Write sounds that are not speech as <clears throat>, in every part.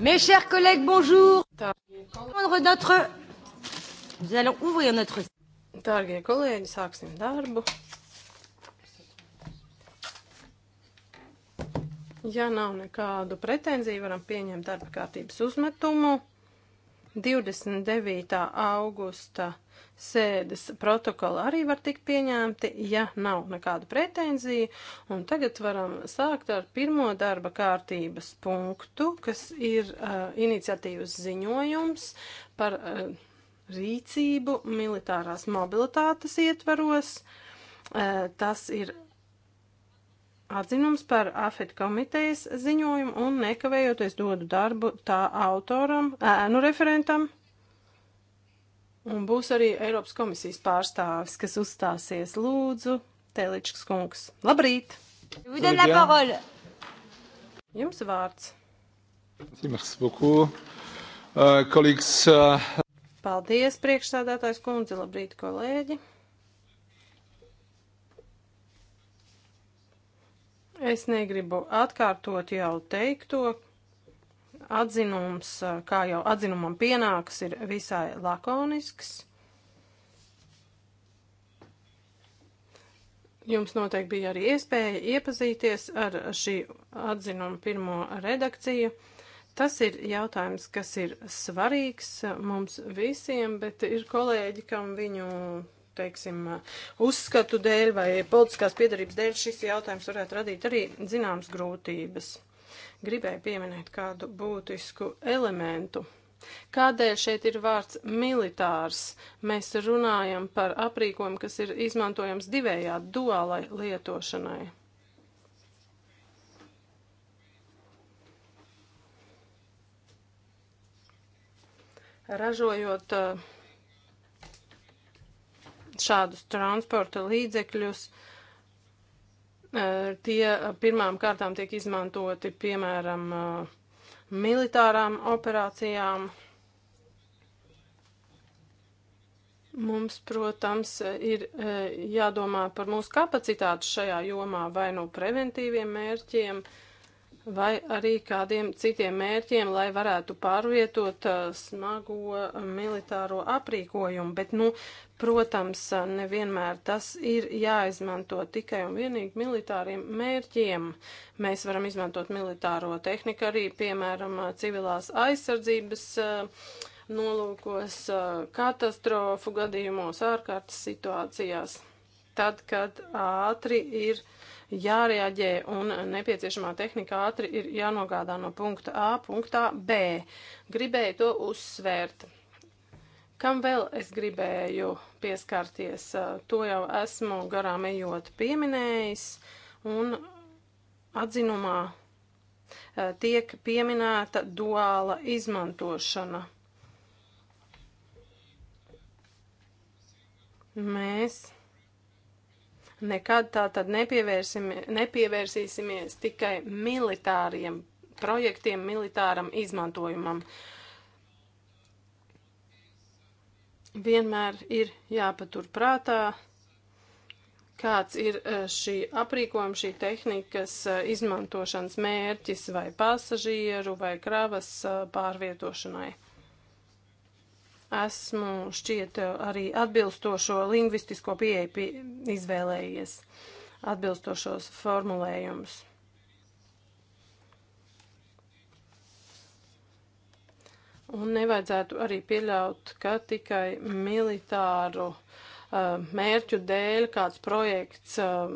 Mes chers collègues, bonjour. Notre... Nous allons ouvrir notre. Dārgie kolēģi, sāksim darbu. Ja nav nekādu pretenziju, varam pieņemt darba kārtības uzmetumu. 29. augusta sēdes protokola arī var tikt pieņemti, ja nav nekādu pretenziju. Un tagad varam sākt ar pirmo darba kārtības punktu, kas ir uh, iniciatīvas ziņojums par uh, rīcību militārās mobilitātes ietvaros. Uh, tas ir atzinums par AFET komitejas ziņojumu un nekavējoties dodu darbu tā autoram, ēnu referentam. Un būs arī Eiropas komisijas pārstāvis, kas uzstāsies. Lūdzu, Teličs kungs. Labrīt! Jums vārds. Merci beaucoup. Uh, kolīgs. Uh... Paldies, priekšsādātājs kundze. Labrīt, kolēģi. Es negribu atkārtot jau teikto, atzinums, eh, kā jau atzinumam pienāks, ir visai lakonisks. Jums noteikti bija arī iespēja iepazīties ar šī atzinuma pirmo redakciju. Tas ir jautājums, kas ir svarīgs mums visiem, bet ir kolēģi, kam viņu, teiksim, uzskatu dēļ vai politiskās piedarības dēļ šis jautājums varētu radīt arī zināmas grūtības. Gribēju pieminēt kādu būtisku elementu. Kādēļ šeit ir vārds militārs? Mēs runājam par aprīkojumu, kas ir izmantojams divējā duālai lietošanai. Ražojot eh, šādus transporta līdzekļus, uh, tie pirmām kārtām tiek izmantoti, piemēram, militārām operācijām. Mums, protams, ir jādomā par mūsu kapacitāti šajā jomā vai no nu preventīviem mērķiem, vai arī kādiem citiem mērķiem, lai varētu pārvietot smago militāro aprīkojumu. Bet, nu, Protams, nevienmēr tas ir jāizmanto tikai un vienīgi militāriem mērķiem. Mēs varam izmantot militāro tehniku arī, piemēram, civilās aizsardzības eh, nolūkos, eh, katastrofu gadījumos, ārkārtas situācijās. Tad, kad ātri ir jārēģē un nepieciešamā tehnika ātri ir jānogādā no punkta A punktā B. Gribēju to uzsvērt. Kam vēl es gribēju pieskarties, to jau esmu garām ejot pieminējis, un atzinumā tiek pieminēta duāla izmantošana. Mēs nekad tā tad nepievērsīsimies tikai militāriem projektiem, militāram izmantojumam. Uh, vienmēr ir jāpatur prātā, kāds ir e, šī aprīkojuma, šī tehnikas e, izmantošanas mērķis vai pasažieru vai kravas e, pārvietošanai. Esmu šķiet arī atbilstošo lingvistisko pieeju izvēlējies, atbilstošos formulējumus. Un nevajadzētu arī pieļaut, ka tikai militāru uh, mērķu dēļ kāds projekts uh,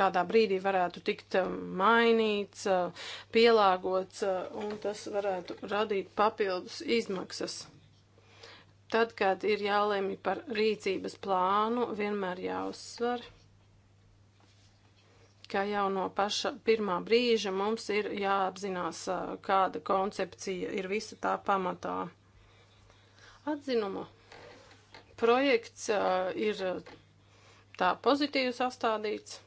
kādā brīdī varētu tikt uh, mainīts, uh, pielāgots, uh, un tas varētu radīt papildus izmaksas. Tad, kad ir jālemj par rīcības plānu, vienmēr jāuzsver ka jau no paša pirmā brīža mums ir jāapzinās, kāda koncepcija ir visa tā pamatā. Atzinuma projekts ir tā pozitīvi sastādīts.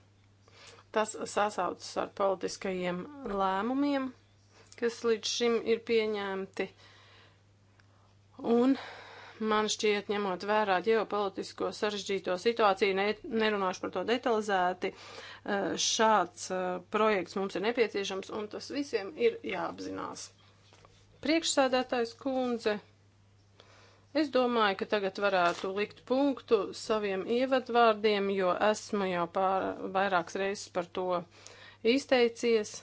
Tas sasaucas ar politiskajiem lēmumiem, kas līdz šim ir pieņemti. Un man šķiet, ņemot vērā ģeopolitisko sarežģīto situāciju, ne, nerunāšu par to detalizēti, eh, šāds eh, projekts mums ir nepieciešams un tas visiem ir jāapzinās. Priekšsēdētājs kundze, es domāju, ka tagad varētu likt punktu saviem ievadvārdiem, jo esmu jau pār, vairākas reizes par to izteicies.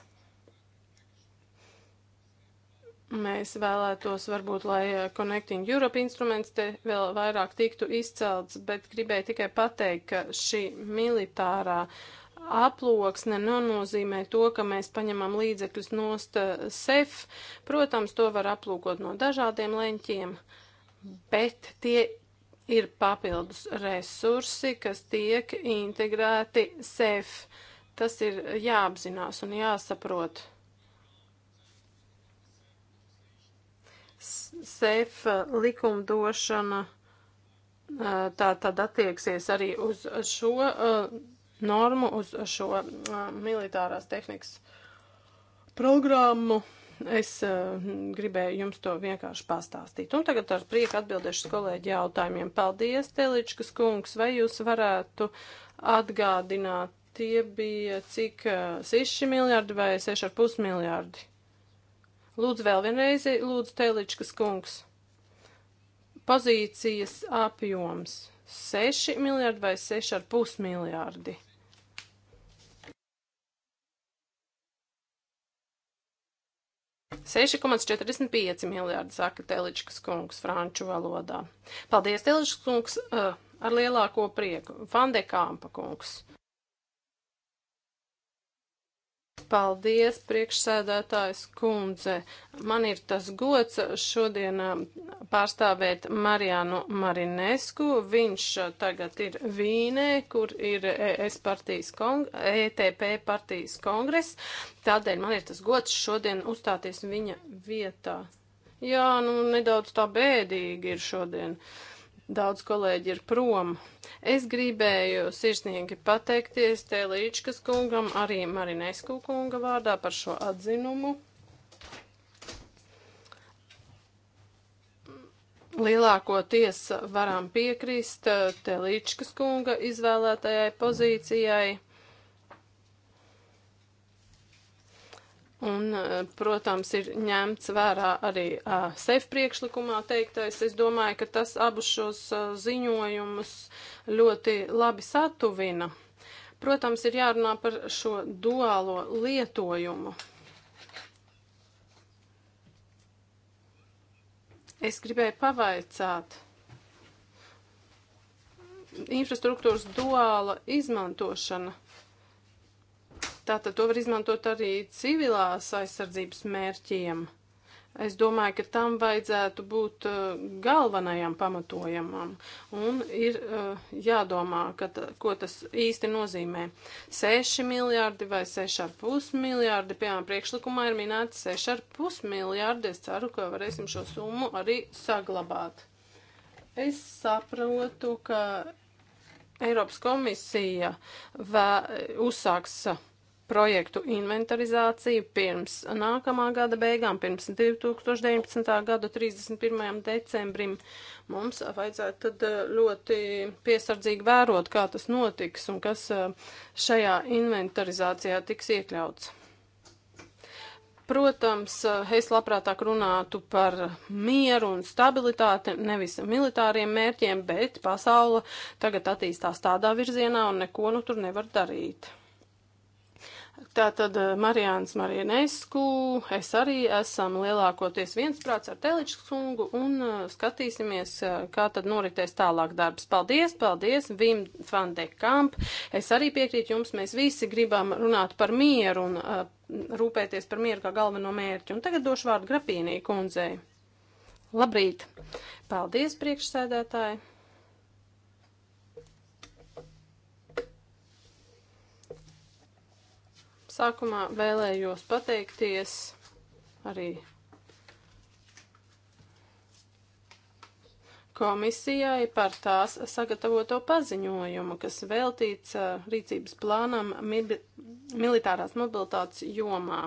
Mēs vēlētos varbūt, lai eh, Connecting Europe instruments te vēl vairāk tiktu izcelts, bet gribēju tikai pateikt, ka šī militārā aploksne nenozīmē to, ka mēs paņemam līdzekļus nost eh, sef. Protams, to var aplūkot no dažādiem leņķiem, bet tie ir papildus resursi, kas tiek integrēti sef. Tas ir jāapzinās un jāsaprot. SEF likumdošana tā tad attieksies arī uz šo uh, normu, uz šo uh, militārās tehnikas programmu. Es uh, gribēju jums to vienkārši pastāstīt. Un tagad ar prieku atbildēšu uz kolēģi jautājumiem. Paldies, Teličkas kungs, vai jūs varētu atgādināt, tie bija cik 6 miljardi vai 6,5 miljardi? Lūdzu, vēl vienreiz, lūdzu, Teličkas kungs. Pozīcijas apjoms - 6 miljardi vai 6,5 miljardi? Seši komats četrdesmit pieci miljardi, saka Teličkas kungs franču valodā. Paldies, Teličkas kungs, eh, ar lielāko prieku. Fandekāmpa kungs. Paldies, priekšsēdētājs kundze. Man ir tas gods šodien pārstāvēt Marianu Marinesku. Viņš tagad ir Vīnē, kur ir ES partijas kong ETP partijas kongress. Tādēļ man ir tas gods šodien uzstāties viņa vietā. Jā, nu nedaudz tā bēdīgi ir šodien. Uh, daudz kolēģi ir prom. Es gribēju sirsnīgi pateikties Tēlīčkas kungam, arī Marinesku kunga vārdā par šo atzinumu. Lielākoties varam piekrist Tēlīčkas kunga izvēlētajai pozīcijai. Un, eh, protams, ir ņemts vērā arī uh, eh, sev priekšlikumā teiktais. Es domāju, ka tas abus šos uh, ziņojumus ļoti labi satuvina. Protams, ir jārunā par šo duālo lietojumu. Es gribēju pavaicāt infrastruktūras duāla izmantošana Tātad to var izmantot arī civilās aizsardzības mērķiem. Es domāju, ka tam vajadzētu būt uh, galvenajam pamatojamam. Un ir uh, jādomā, ka, ko tas īsti nozīmē. 6 miljārdi vai 6,5 miljārdi, piemēram, priekšlikumā ir minēti 6,5 miljārdi. Es ceru, ka varēsim šo summu arī saglabāt. Es saprotu, ka Eiropas komisija uzsāks. Uh, projektu inventarizāciju pirms nākamā gada beigām, pirms 2019. gada 31. decembrim. Mums vajadzētu tad eh, ļoti piesardzīgi vērot, kā tas notiks un kas eh, šajā inventarizācijā tiks iekļauts. Protams, eh, es labprātāk runātu par mieru un stabilitāti, nevis militāriem mērķiem, bet pasaula tagad attīstās tādā virzienā un neko nu tur nevar darīt. Tātad eh, Marijāns Marienesku, es arī esam lielākoties viensprāts ar Teličs kungu un uh, skatīsimies, uh, kā tad noritēs tālāk darbs. Paldies, paldies, Vim van de Kamp. Es arī piekrītu jums, mēs visi gribam runāt par mieru un uh, rūpēties par mieru kā galveno mērķi. Un tagad došu vārdu Grapīnī kundzei. Labrīt! Paldies, priekšsēdētāji! Sākumā vēlējos pateikties arī komisijai par tās sagatavoto paziņojumu, kas veltīts uh, rīcības plānam mi militārās mobilitātes jomā.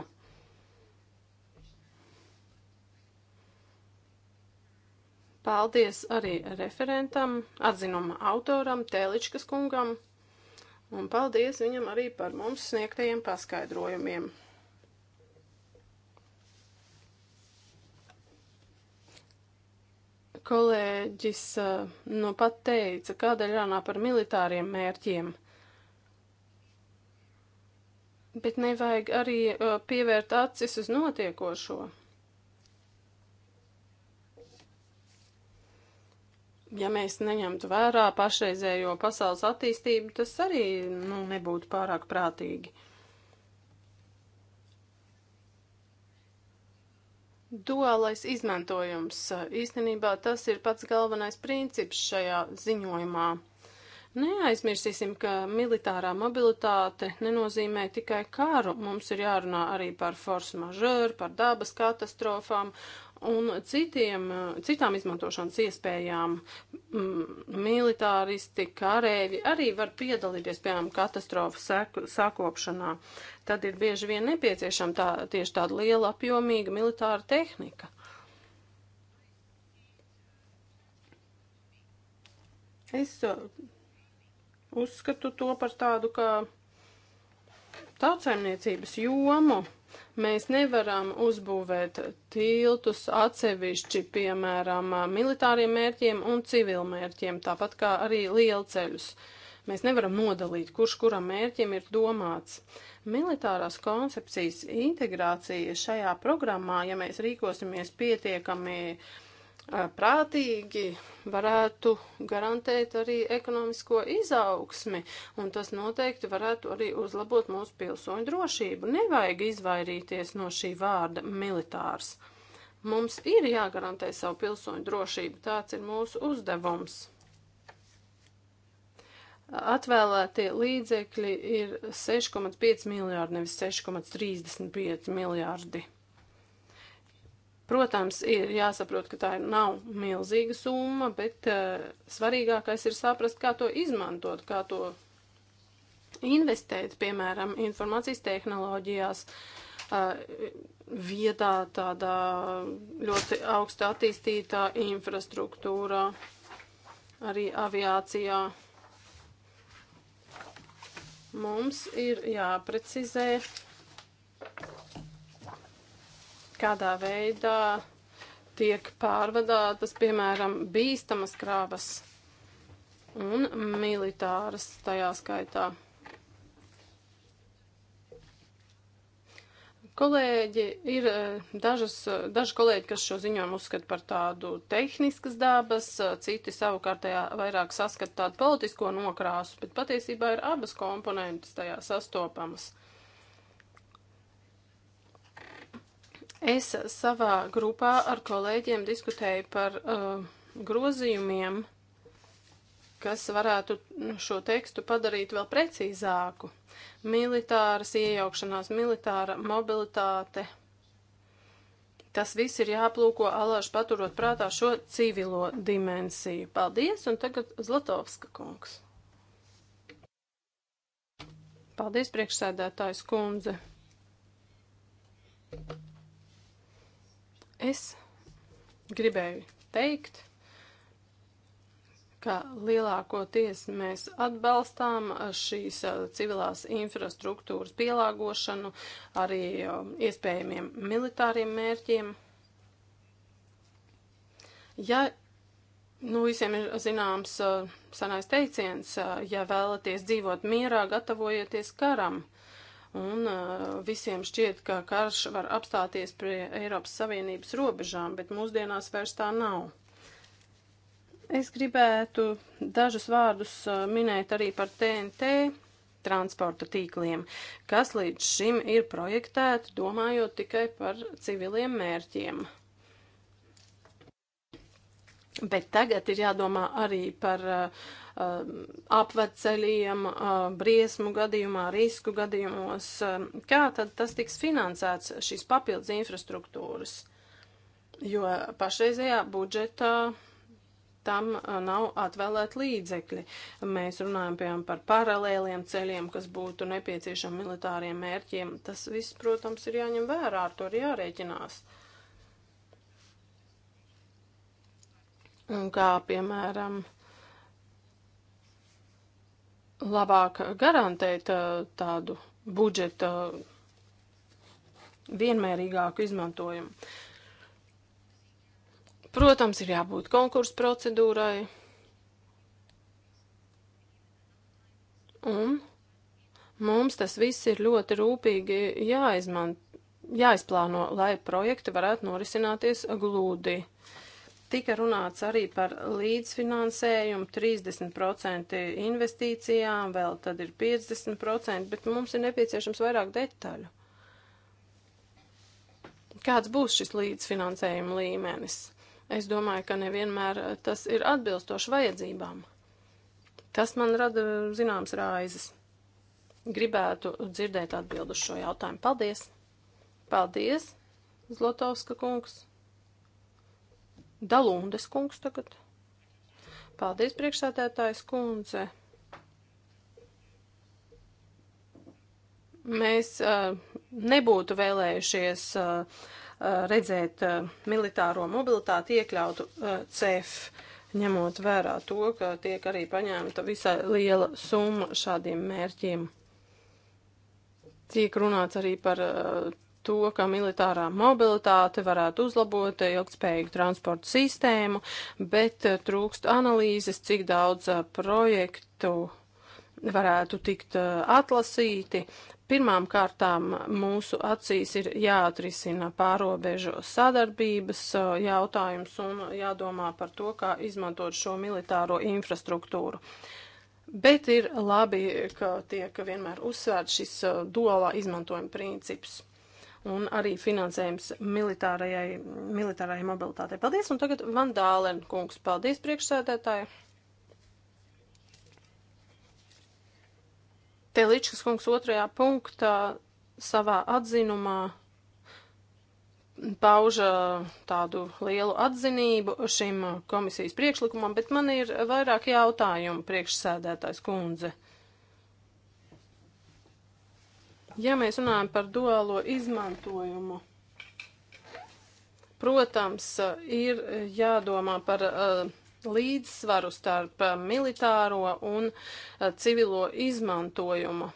Paldies arī referentam, atzinuma autoram, Tēličkas kungam. Un paldies viņam arī par mums sniegtajiem paskaidrojumiem. Kolēģis eh, nu pat teica, kādēļ runā par militāriem mērķiem. Bet nevajag arī eh, pievērt acis uz notiekošo. ja mēs neņemtu vērā pašreizējo pasaules attīstību, tas arī nu, nebūtu pārāk prātīgi. Duālais izmantojums īstenībā tas ir pats galvenais princips šajā ziņojumā. Neaizmirsīsim, ka militārā mobilitāte nenozīmē tikai kāru. Mums ir jārunā arī par force majeure, par dabas katastrofām un citiem, eh, citām izmantošanas iespējām. Mm, militāristi, karēvi arī var piedalīties, piemēram, katastrofu sēku, sākopšanā. Tad ir bieži vien nepieciešama tā, tieši tāda liela apjomīga militāra tehnika. Es eh, uzskatu to par tādu kā tautsaimniecības jomu. Mēs nevaram uzbūvēt tiltus atsevišķi, piemēram, militāriem mērķiem un civilmērķiem, tāpat kā arī lielceļus. Mēs nevaram nodalīt, kurš kuram mērķim ir domāts. Militārās koncepcijas integrācija šajā programmā, ja mēs rīkosimies pietiekami uh, prātīgi varētu garantēt arī ekonomisko izaugsmi, un tas noteikti varētu arī uzlabot mūsu pilsoņu drošību. Nevajag izvairīties no šī vārda militārs. Mums ir jāgarantē savu pilsoņu drošību, tāds ir mūsu uzdevums. Atvēlētie līdzekļi ir 6,5 miljārdi, nevis 6,35 miljārdi. Protams, ir jāsaprot, ka tā nav milzīga summa, bet uh, svarīgākais ir saprast, kā to izmantot, kā to investēt, piemēram, informācijas tehnoloģijās, uh, vietā tādā ļoti augsti attīstītā infrastruktūrā, arī aviācijā. Mums ir jāprecizē kādā veidā tiek pārvadātas, piemēram, bīstamas krāvas un militāras tajā skaitā. Kolēģi ir eh, dažas, eh, daži kolēģi, kas šo ziņojumu uzskata par tādu tehniskas dabas, eh, citi savukārt tajā vairāk saskata tādu politisko nokrāsu, bet patiesībā ir abas komponentes tajā sastopamas. Uh, Es savā grupā ar kolēģiem diskutēju par uh, grozījumiem, kas varētu šo tekstu padarīt vēl precīzāku. Militāras iejaukšanās, militāra mobilitāte. Tas viss ir jāplūko alāž paturot prātā šo civilo dimensiju. Paldies, un tagad Zlatovska kungs. Paldies, priekšsēdētājs kundze. Thank you. Es gribēju teikt, ka lielākoties mēs atbalstām šīs civilās infrastruktūras pielāgošanu arī iespējamiem militāriem mērķiem. Ja nu, visiem ir zināms sanais teiciens, ja vēlaties dzīvot mierā, gatavojieties karam – un uh, visiem šķiet, ka karš var apstāties pie Eiropas Savienības robežām, bet mūsdienās vairs tā nav. Es gribētu dažus vārdus uh, minēt arī par TNT transporta tīkliem, kas līdz šim ir projektēti domājot tikai par civiliem mērķiem. Bet tagad ir jādomā arī par uh, Um, apveceļiem, um, briesmu gadījumā, risku gadījumos. Um, kā tad tas tiks finansēts šīs papildus infrastruktūras? Jo pašreizējā budžetā tam uh, nav atvēlēti līdzekļi. Mēs runājam, piemēram, par paralēliem ceļiem, kas būtu nepieciešami militāriem mērķiem. Tas viss, protams, ir jāņem vērā, ar to ir jārēķinās. Un kā, piemēram, labāk garantēt uh, tādu budžeta vienmērīgāku izmantojumu. Protams, ir jābūt konkursu procedūrai. Un mums tas viss ir ļoti rūpīgi jāizman, jāizplāno, lai projekti varētu norisināties glūdi. Tika runāts arī par līdzfinansējumu, 30% investīcijām, vēl tad ir 50%, bet mums ir nepieciešams vairāk detaļu. Kāds būs šis līdzfinansējuma līmenis? Es domāju, ka nevienmēr tas ir atbilstoši vajadzībām. Tas man rada zināmas raizes. Gribētu dzirdēt atbildu šo jautājumu. Paldies! Paldies, Zlotovska kungs! Dalundes kungs tagad. Paldies, priekšsādētājs kundze. Mēs uh, nebūtu vēlējušies uh, redzēt uh, militāro mobilitāti iekļautu uh, CEF, ņemot vērā to, ka tiek arī paņēmta visai liela summa šādiem mērķiem. Tiek runāts arī par uh, to, ka militārā mobilitāte varētu uzlabot ilgspējīgu transportu sistēmu, bet eh, trūkst analīzes, cik daudz eh, projektu varētu tikt eh, atlasīti. Pirmām kārtām mūsu acīs ir jāatrisina pārobežu sadarbības jautājums un jādomā par to, kā izmantot šo militāro infrastruktūru. Bet ir labi, ka tiek vienmēr uzsvērts šis duolā izmantojuma princips un arī finansējums militārajai, militārajai mobilitātei. Paldies, un tagad Van Dālen kungs. Paldies, priekšsēdētāji. Teličkas kungs otrajā punktā savā atzinumā pauž tādu lielu atzinību šim komisijas priekšlikumam, bet man ir vairāk jautājumu priekšsēdētājs kundze. Uh, Ja mēs runājam par duālo izmantojumu, protams, ir jādomā par uh, līdzsvaru starp uh, militāro un uh, civilo izmantojumu.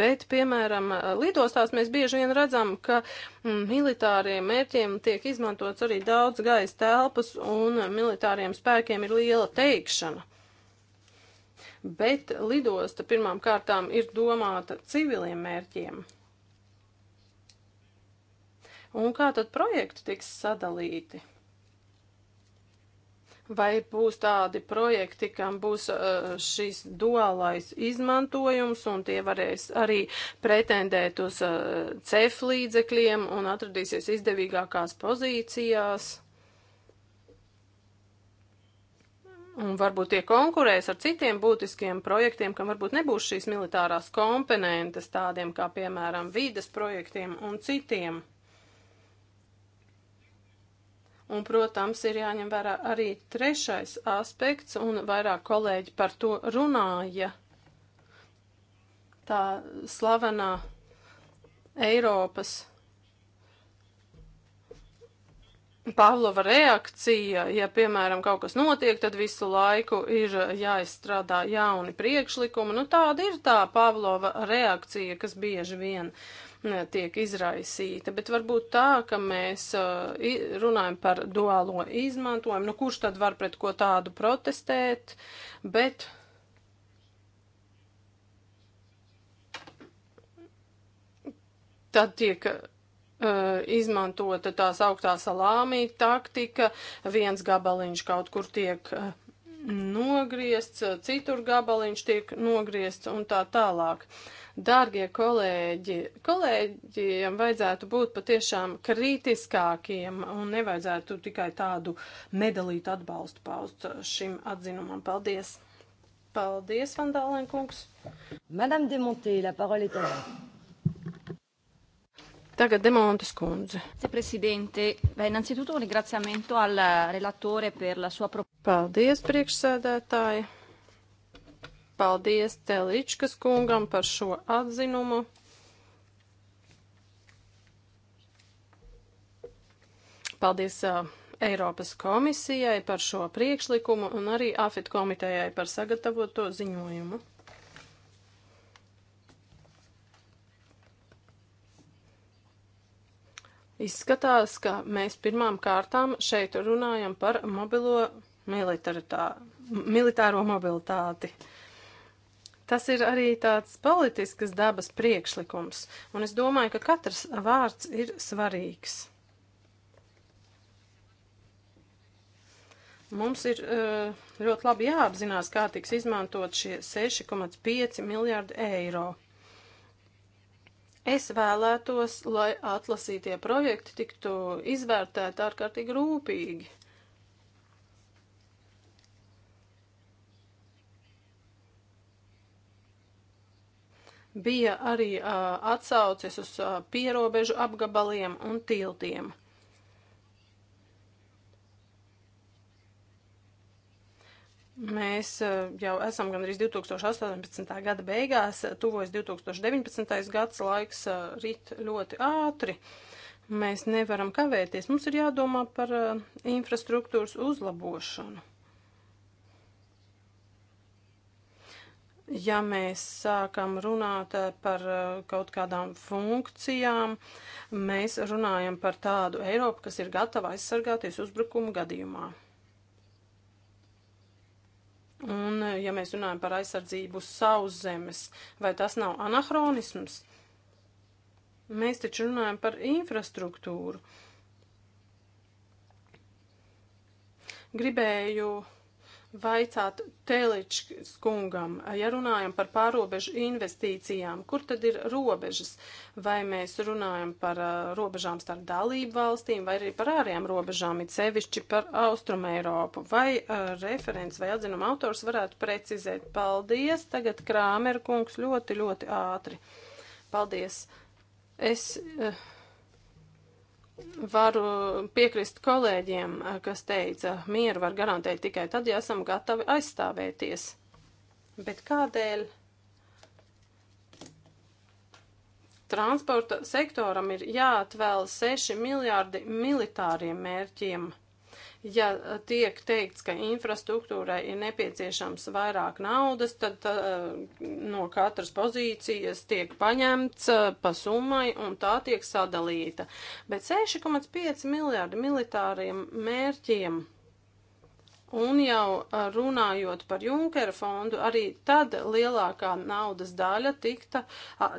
Bet, piemēram, lidostās mēs bieži vien redzam, ka mm, militāriem mērķiem tiek izmantots arī daudz gaisa telpas un militāriem spēkiem ir liela teikšana bet lidosta pirmām kārtām ir domāta civiliem mērķiem. Un kā tad projekti tiks sadalīti? Vai būs tādi projekti, kam būs uh, šis duālais izmantojums un tie varēs arī pretendēt uz uh, CEF līdzekļiem un atradīsies izdevīgākās pozīcijās? Un varbūt tie konkurēs ar citiem būtiskiem projektiem, kam varbūt nebūs šīs militārās komponentes, tādiem kā, piemēram, vīdes projektiem un citiem. Un, protams, ir jāņem vērā arī trešais aspekts, un vairāk kolēģi par to runāja. Tā slavenā Eiropas Pavlova reakcija, ja, piemēram, kaut kas notiek, tad visu laiku ir jāizstrādā jauni priekšlikumi. Nu, tāda ir tā Pavlova reakcija, kas bieži vien tiek izraisīta, bet varbūt tā, ka mēs uh, runājam par duālo izmantojumu, nu, kurš tad var pret ko tādu protestēt, bet. Tad tiek Uh, izmantota tās augtā salāmī taktika, viens gabaliņš kaut kur tiek uh, nogriezts, uh, citur gabaliņš tiek nogriezts un tā tālāk. Dārgie kolēģi, kolēģiem vajadzētu būt patiešām kritiskākiem un nevajadzētu tikai tādu nedalītu atbalstu paust šim atzinumam. Paldies! Paldies, Vandālēnkungs! Madame Demontē, la parole est à vous. Tagad Demontes kundze. Paldies, priekšsēdētāji. Paldies Teličkas kungam par šo atzinumu. Paldies uh, Eiropas komisijai par šo priekšlikumu un arī AFIT komitejai par sagatavoto ziņojumu. Izskatās, ka mēs pirmām kārtām šeit runājam par mobilo militāro mobilitāti. Tas ir arī tāds politiskas dabas priekšlikums, un es domāju, ka katrs vārds ir svarīgs. Mums ir eh, ļoti labi jāapzinās, kā tiks izmantot šie 6,5 miljardi eiro. Es vēlētos, lai atlasītie projekti tiktu izvērtēti ārkārtīgi rūpīgi. bija arī uh, atsauces uz uh, pierobežu apgabaliem un tiltiem. Mēs eh, jau esam gandrīz 2018. gada beigās, eh, tuvojas 2019. gads, laiks eh, rit ļoti ātri. Mēs nevaram kavēties, mums ir jādomā par infrastruktūras uzlabošanu. ja mēs sākam runāt par kaut kādām funkcijām, mēs runājam par tādu Eiropu, kas ir gatava aizsargāties uzbrukumu gadījumā. Un, eh, ja mēs runājam par aizsardzību savus zemes, vai tas nav anahronisms? Mēs taču runājam par infrastruktūru. Gribēju vaicāt Teličs kungam, ja runājam par pārobežu investīcijām, kur tad ir robežas? Vai mēs runājam par uh, robežām starp dalību valstīm vai arī par ārējām robežām, it sevišķi par Austrumu Eiropu? Vai uh, referents vai atzinuma autors varētu precizēt? Paldies, tagad Krāmer kungs ļoti, ļoti ātri. Paldies. Es. Uh, Varu piekrist kolēģiem, kas teica, mieru var garantēt tikai tad, ja esam gatavi aizstāvēties. Bet kādēļ transporta sektoram ir jāatvēl 6 miljārdi militāriem mērķiem? Ja uh, tiek teikts, ka infrastruktūrai ir nepieciešams vairāk naudas, tad uh, no katras pozīcijas tiek paņemts uh, pa summai un tā tiek sadalīta. Bet 6,5 miljārdi militāriem mērķiem Un jau runājot par Junkera fondu, arī tad lielākā naudas daļa tikta,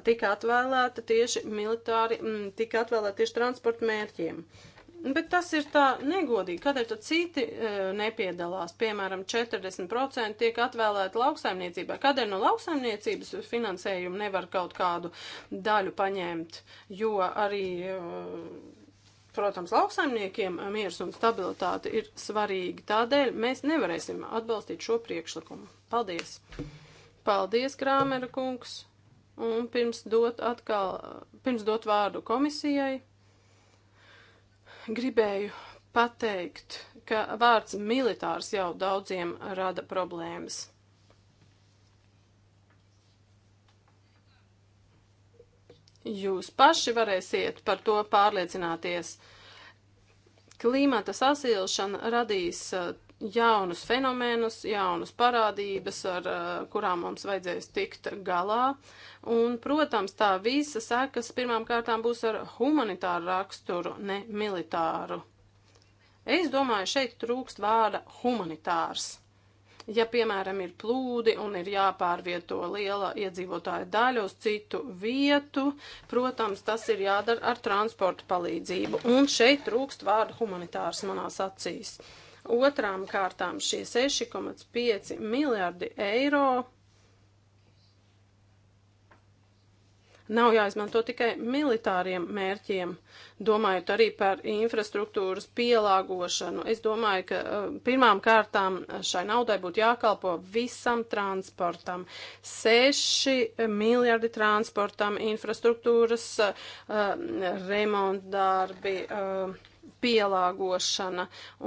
tika atvēlēta tieši militāri, tika atvēlēta tieši transporta mērķiem. Uh, Bet tas ir tā negodīgi. Kādēļ tad citi e, nepiedalās? Piemēram, 40% tiek atvēlēti lauksaimniecībai. Kādēļ no lauksaimniecības finansējuma nevar kaut kādu daļu paņemt? Jo arī, e, protams, lauksaimniekiem miers un stabilitāte ir svarīgi. Tādēļ mēs nevarēsim atbalstīt šo priekšlikumu. Paldies! Paldies, Krāmera kungs! Un pirms dot atkal, pirms dot vārdu komisijai gribēju pateikt, ka vārds militārs jau daudziem rada problēmas. Jūs paši varēsiet par to pārliecināties. Klimata sasilšana radīs eh, jaunus fenomenus, jaunas parādības, ar eh, kurām mums vajadzēs tikt galā. Un, protams, tā visa sekas pirmām kārtām būs ar humanitāru raksturu, ne militāru. Es domāju, šeit trūkst vārda humanitārs. Ja, piemēram, ir plūdi un ir jāpārvieto liela iedzīvotāja daļa uz citu vietu, protams, tas ir jādara ar transporta palīdzību. Un šeit trūkst vārdu humanitārs manās acīs. Uh, Otrām kārtām šie 6,5 miljardi eiro nav jāizmanto tikai militāriem mērķiem, domājot arī par infrastruktūras pielāgošanu. Es domāju, ka uh, pirmām kārtām šai naudai būtu jākalpo visam transportam. 6 miljardi transportam, infrastruktūras uh, remontdarbi. Uh, pielāgošana,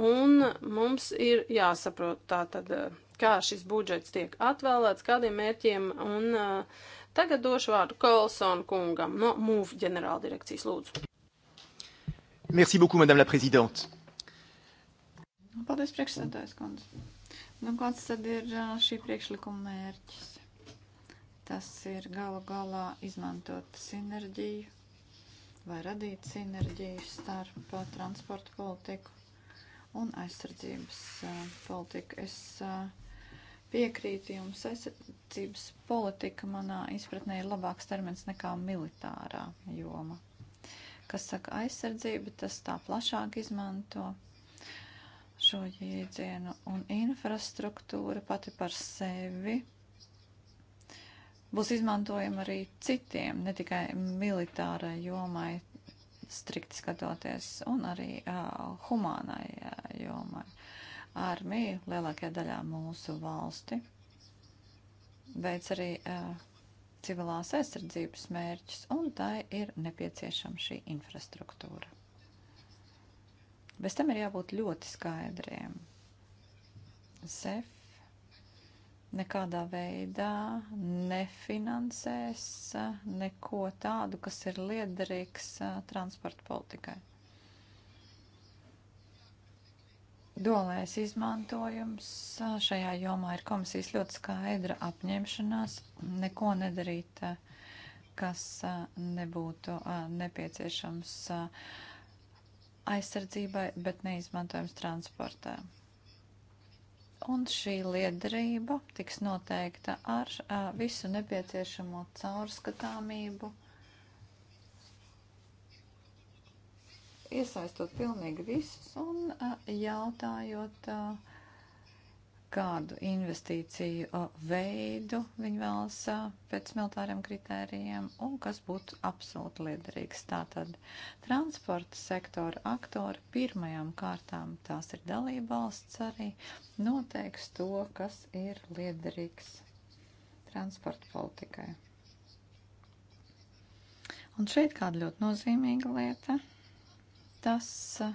un mums ir jāsaprot tātad, kā šis budžets tiek atvēlēts, kādiem mērķiem, un uh, tagad došu vārdu Kolsonu kungam no MUV ģenerāldirekcijas lūdzu. Merci beaucoup, madame la présidente. Paldies, priekšsēdājas kundze. Nu, kāds tad ir šī priekšlikuma mērķis? Tas ir galu galā izmantot sinerģiju lai radītu sinerģiju starp uh, transporta politiku un aizsardzības uh, politiku. Es uh, piekrītu jums, aizsardzības politika manā izpratnē ir labāks termins nekā militārā joma. Kas saka aizsardzība, tas tā plašāk izmanto šo jēdzienu un infrastruktūra pati par sevi būs izmantojama arī citiem, ne tikai militārai jomai strikti skatoties, un arī uh, humānai uh, jomai. Armija lielākajā daļā mūsu valsti veic arī uh, civilās aizsardzības mērķus, un tai ir nepieciešama šī infrastruktūra. Bez tam ir jābūt ļoti skaidriem. SEF nekādā veidā nefinansēs neko tādu, kas ir liederīgs transporta politikai. Duolais izmantojums šajā jomā ir komisijas ļoti skaidra apņemšanās neko nedarīt, kas nebūtu nepieciešams aizsardzībai, bet neizmantojams transportā un šī liederība tiks noteikta ar a, visu nepieciešamo caurskatāmību, iesaistot pilnīgi visus un a, jautājot. A, kādu investīciju uh, veidu viņi vēlas uh, pēc militāriem kritērijiem un kas būtu absolūti liederīgs. Tātad transporta sektora aktori pirmajām kārtām, tās ir dalība valsts arī, noteiks to, kas ir liederīgs transporta politikai. Un šeit kāda ļoti nozīmīga lieta. Tas uh,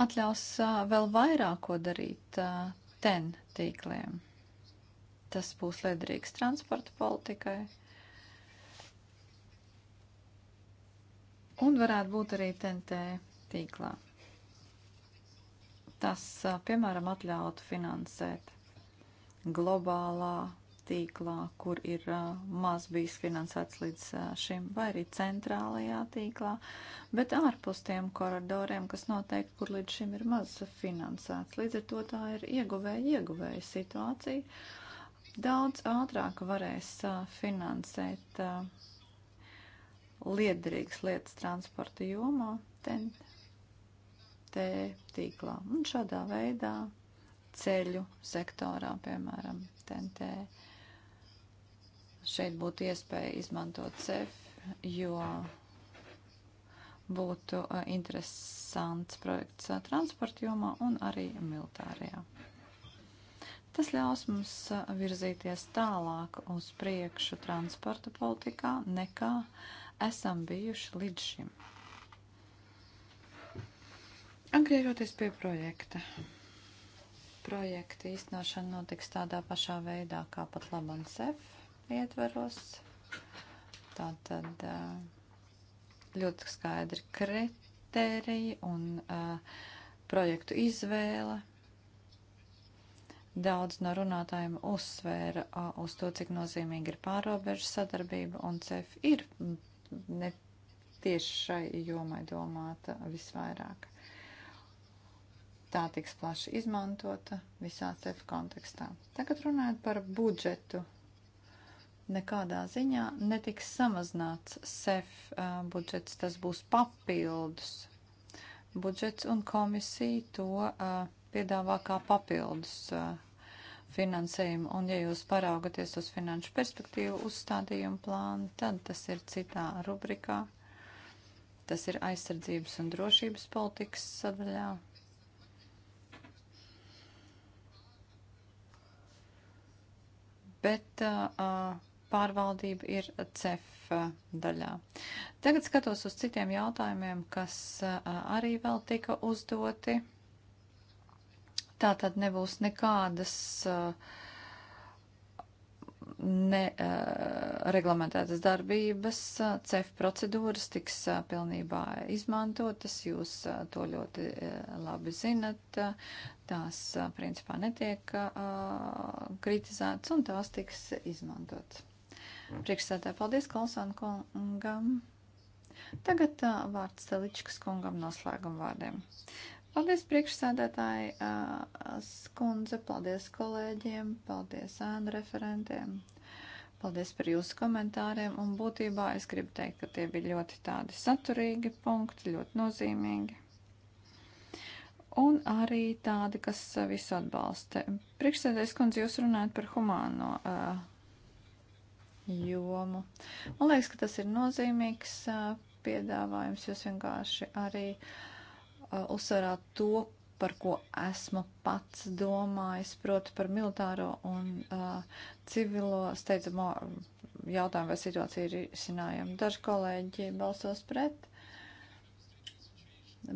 atļaus vēl vairāk ko darīt ten tīkliem. Tas būs liederīgs transporta politikai. Un varētu būt arī TNT tīklā. Tas, piemēram, atļautu finansēt globālā tīklā, kur ir maz bijis finansēts līdz šim, vai arī centrālajā tīklā, bet ārpus tiem koridoriem, kas noteikti, kur līdz šim ir maz finansēts. Līdz ar to tā ir ieguvēja, ieguvēja situācija. Daudz ātrāk varēs finansēt liederīgas lietas transporta jomā, TNT tīklā. Un šādā veidā ceļu sektorā, piemēram, TNT šeit būtu iespēja izmantot CEF, jo būtu interesants projekts transporta jomā un arī militārajā. Tas ļaus mums virzīties tālāk uz priekšu transporta politikā nekā esam bijuši līdz šim. Atgriežoties pie projekta. Projekta īstenošana notiks tādā pašā veidā kā pat Labansef ietvaros. Tātad ļoti skaidri kriteriji un projektu izvēle. Daudz no runātājiem uzsvēra uz to, cik nozīmīgi ir pārobežu sadarbība, un CEF ir ne tieši šai jomai domāta visvairāk. Tā tiks plaši izmantota visā CEF kontekstā. Tagad runājot par budžetu nekādā ziņā netiks samazināts SEF uh, budžets, tas būs papildus. Budžets un komisija to uh, piedāvā kā papildus uh, finansējumu, un ja jūs paraugaties uz finanšu perspektīvu uzstādījumu plānu, tad tas ir citā rubrikā. Tas ir aizsardzības un drošības politikas sadaļā, bet uh, pārvaldība ir CEF daļā. Tagad skatos uz citiem jautājumiem, kas arī vēl tika uzdoti. Tā tad nebūs nekādas nereglamentētas darbības, CEF procedūras tiks pilnībā izmantotas, jūs to ļoti labi zinat, tās principā netiek kritizētas un tās tiks izmantotas. Priekšsēdē, paldies Kalsāna kungam. Tagad uh, vārds Teličkas kungam noslēguma vārdiem. Paldies priekšsēdētāji uh, skundze, paldies kolēģiem, paldies ēnu referentiem. Paldies par jūsu komentāriem, un būtībā es gribu teikt, ka tie bija ļoti tādi saturīgi punkti, ļoti nozīmīgi. Un arī tādi, kas visu atbalsta. Priekšsēdēs, kundze, jūs runājat par humāno uh, jomu. Man liekas, ka tas ir nozīmīgs piedāvājums. Jūs vienkārši arī uzsverāt to, par ko esmu pats domājis, proti par militāro un uh, civilo steidzamo jautājumu vai situāciju ir izcinājumu. Daži kolēģi balsos pret,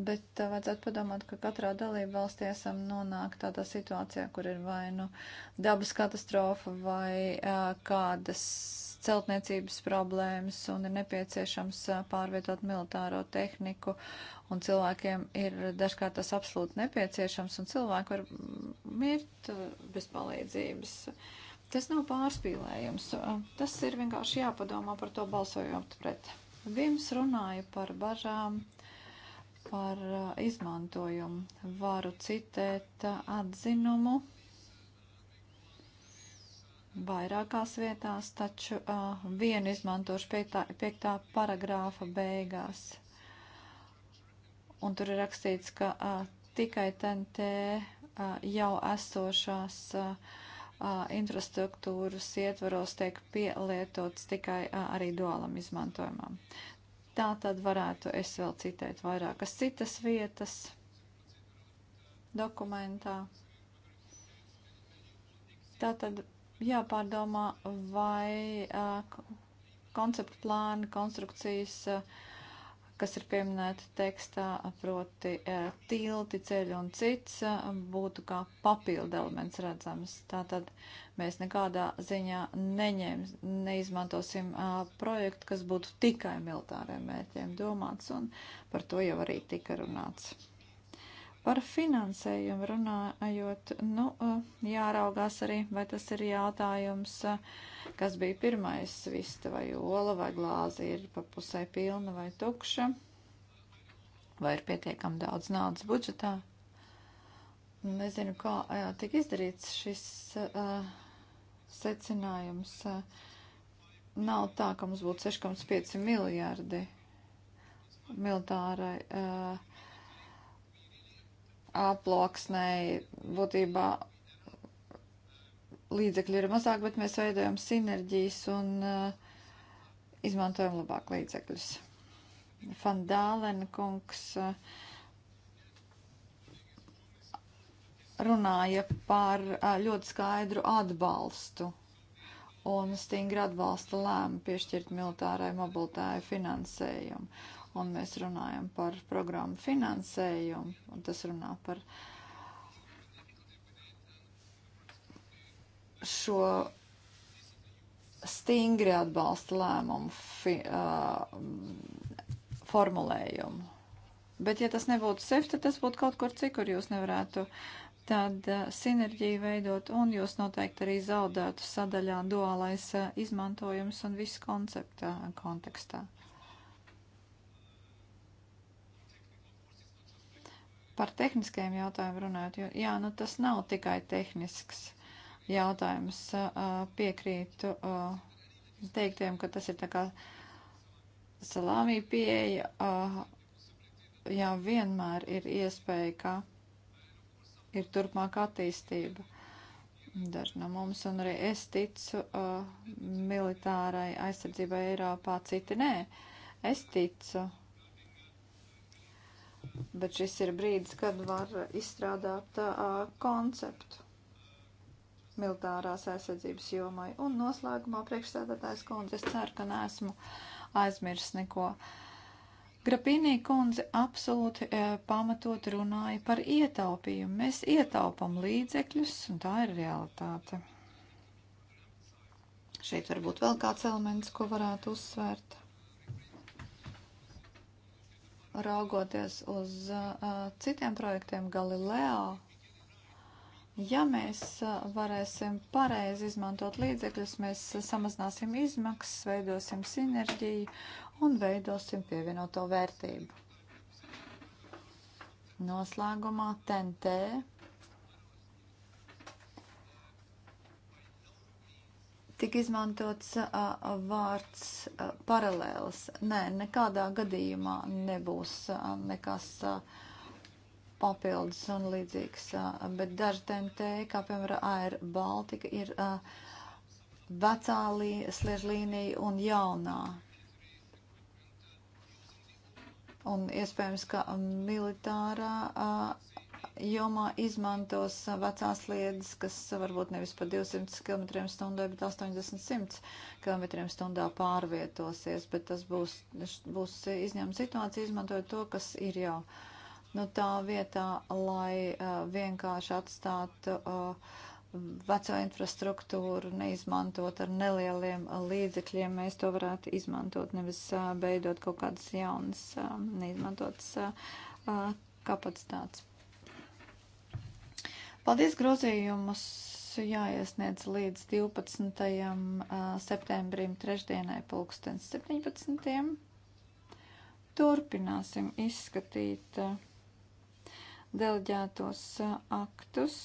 bet uh, vajadzētu padomāt, ka katrā dalība valstī esam nonākt tādā situācijā, kur ir vai nu dabas katastrofa vai uh, kādas celtniecības problēmas un ir nepieciešams pārvietot militāro tehniku, un cilvēkiem ir dažkārt tas absolūti nepieciešams, un cilvēki var mirt bez palīdzības. Tas nav pārspīlējums, tas ir vienkārši jāpadomā par to balsojot pret. Vims runāja par bažām, par izmantojumu. Varu citēt atzinumu vairākās vietās, taču uh, vienu izmantošu piektā, piektā paragrāfa beigās. Un tur ir rakstīts, ka uh, tikai TNT uh, jau esošās uh, infrastruktūras ietvaros tiek pielietots tikai uh, arī duālam izmantojumam. Tā tad varētu es vēl citēt vairākas citas vietas dokumentā. Tātad jāpārdomā, vai konceptu plāni, konstrukcijas, kas ir pieminēti tekstā, proti tilti, ceļi un cits, būtu kā papildu elements redzams. Tātad mēs nekādā ziņā neņem, neizmantosim projektu, kas būtu tikai militāriem mērķiem domāts, un par to jau arī tika runāts. Par finansējumu runājot, nu, eh, jāraugās arī, vai tas ir jautājums, eh, kas bija pirmais vista vai ola vai glāzi ir pa pusē pilna vai tukša, vai ir pietiekam daudz naudas budžetā. Nezinu, kā eh, tika izdarīts šis uh, secinājums. Uh, nav tā, ka mums būtu 6,5 miljārdi militārai. Uh, aploksnei būtībā līdzekļi ir mazāk, bet mēs veidojam sinerģijas un uh, izmantojam labāk līdzekļus. Fandālena kungs uh, runāja par uh, ļoti skaidru atbalstu un stingri atbalsta lēmu piešķirt militārai mobilitārai finansējumu un mēs runājam par programmu finansējumu, un tas runā par šo stingri atbalsta lēmumu fi, uh, formulējumu. Bet ja tas nebūtu sev, tad tas būtu kaut kur cikur, jūs nevarētu tad uh, sinerģiju veidot, un jūs noteikti arī zaudētu sadaļā duālais uh, izmantojums un viss koncepta uh, kontekstā. Par tehniskajiem jautājumiem runājot, jo jā, nu tas nav tikai tehnisks jautājums. Piekrītu teiktiem, ka tas ir tā kā salāmī pieeja. Jā, vienmēr ir iespēja, ka ir turpmāka attīstība. Daži no mums, un arī es ticu uh, militārai aizsardzībai Eiropā, citi nē. Es ticu bet šis ir brīdis, kad var izstrādāt uh, konceptu militārās aizsardzības jomai. Un noslēgumā priekšstādātājs kundze, es ceru, ka neesmu aizmirst neko. Grapīnī kundze absolūti e, pamatot runāja par ietaupījumu. Mēs ietaupam līdzekļus, un tā ir realitāte. Šeit varbūt vēl kāds elements, ko varētu uzsvērt raugoties uz citiem projektiem Galileo, ja mēs varēsim pareizi izmantot līdzekļus, mēs samazināsim izmaksas, veidosim sinerģiju un veidosim pievienoto vērtību. Noslēgumā TNT tika izmantots uh, vārds uh, paralēls. Nē, nekādā gadījumā nebūs uh, nekas uh, papildus un līdzīgs, uh, bet daži TNT, kā piemēram Air Baltica, ir uh, vecā lī, sliežu līnija un jaunā. Un iespējams, ka militārā. Uh, jomā izmantos vecās sliedas, kas varbūt nevis pa 200 km stundai, bet 80-100 km stundā pārvietosies, bet tas būs, būs izņēmuma situācija, izmantojot to, kas ir jau. Nu, tā vietā, lai uh, vienkārši atstātu uh, veco infrastruktūru neizmantot ar nelieliem līdzekļiem, mēs to varētu izmantot, nevis beidot kaut kādas jaunas neizmantotas kapacitātes. Paldies grozījumus jāiesniedz līdz 12. septembrim trešdienai pulkstens 17. Turpināsim izskatīt deleģētos aktus.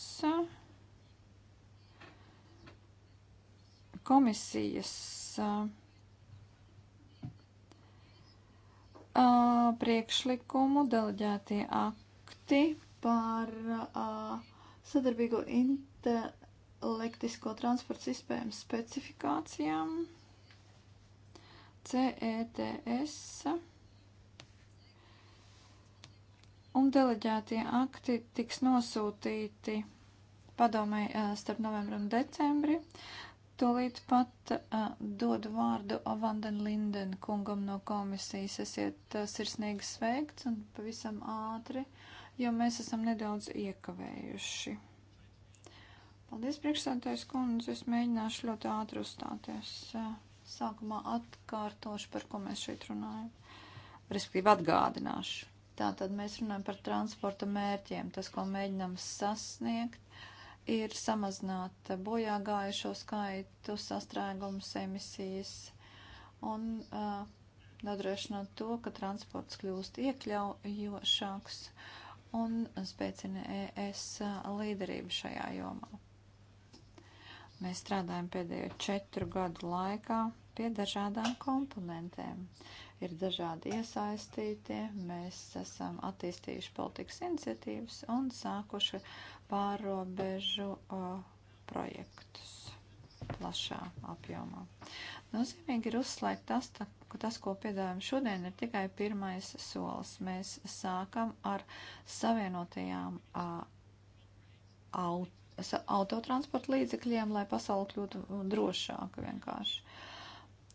Komisijas priekšlikumu deleģētie akti par uh, sadarbīgo intelektisko transporta sistēmu specifikācijām CETS un deleģētie akti tiks nosūtīti padomē eh, starp novembru un decembri. Tolīt pat uh, eh, dodu vārdu Vanden Linden kungam no komisijas. Esiet uh, sirsnīgi sveikts un pavisam ātri. Uh, jo mēs esam nedaudz iekavējuši. Paldies, priekšsēdētājs kundze, es mēģināšu ļoti ātri uzstāties. Sākumā atkārtošu, par ko mēs šeit runājam, respektīvi atgādināšu. Tātad mēs runājam par transporta mērķiem. Tas, ko mēģinam sasniegt, ir samazināt bojā gājušo skaitu, sastrēgumus, emisijas un uh, nodrošināt to, ka transports kļūst iekļaujošāks un spēcina ES līderību šajā jomā. Mēs strādājam pēdējo četru gadu laikā pie dažādām komponentēm. Ir dažādi iesaistītie, mēs esam attīstījuši politikas iniciatīvas un sākuši pārobežu uh, projektus plašā apjomā. Nozīmīgi ir uzslēgt tas, tā, ka tas, ko piedāvājam šodien, ir tikai pirmais solis. Mēs sākam ar savienotajām aut autotransporta līdzekļiem, lai pasauli kļūtu drošāka vienkārši.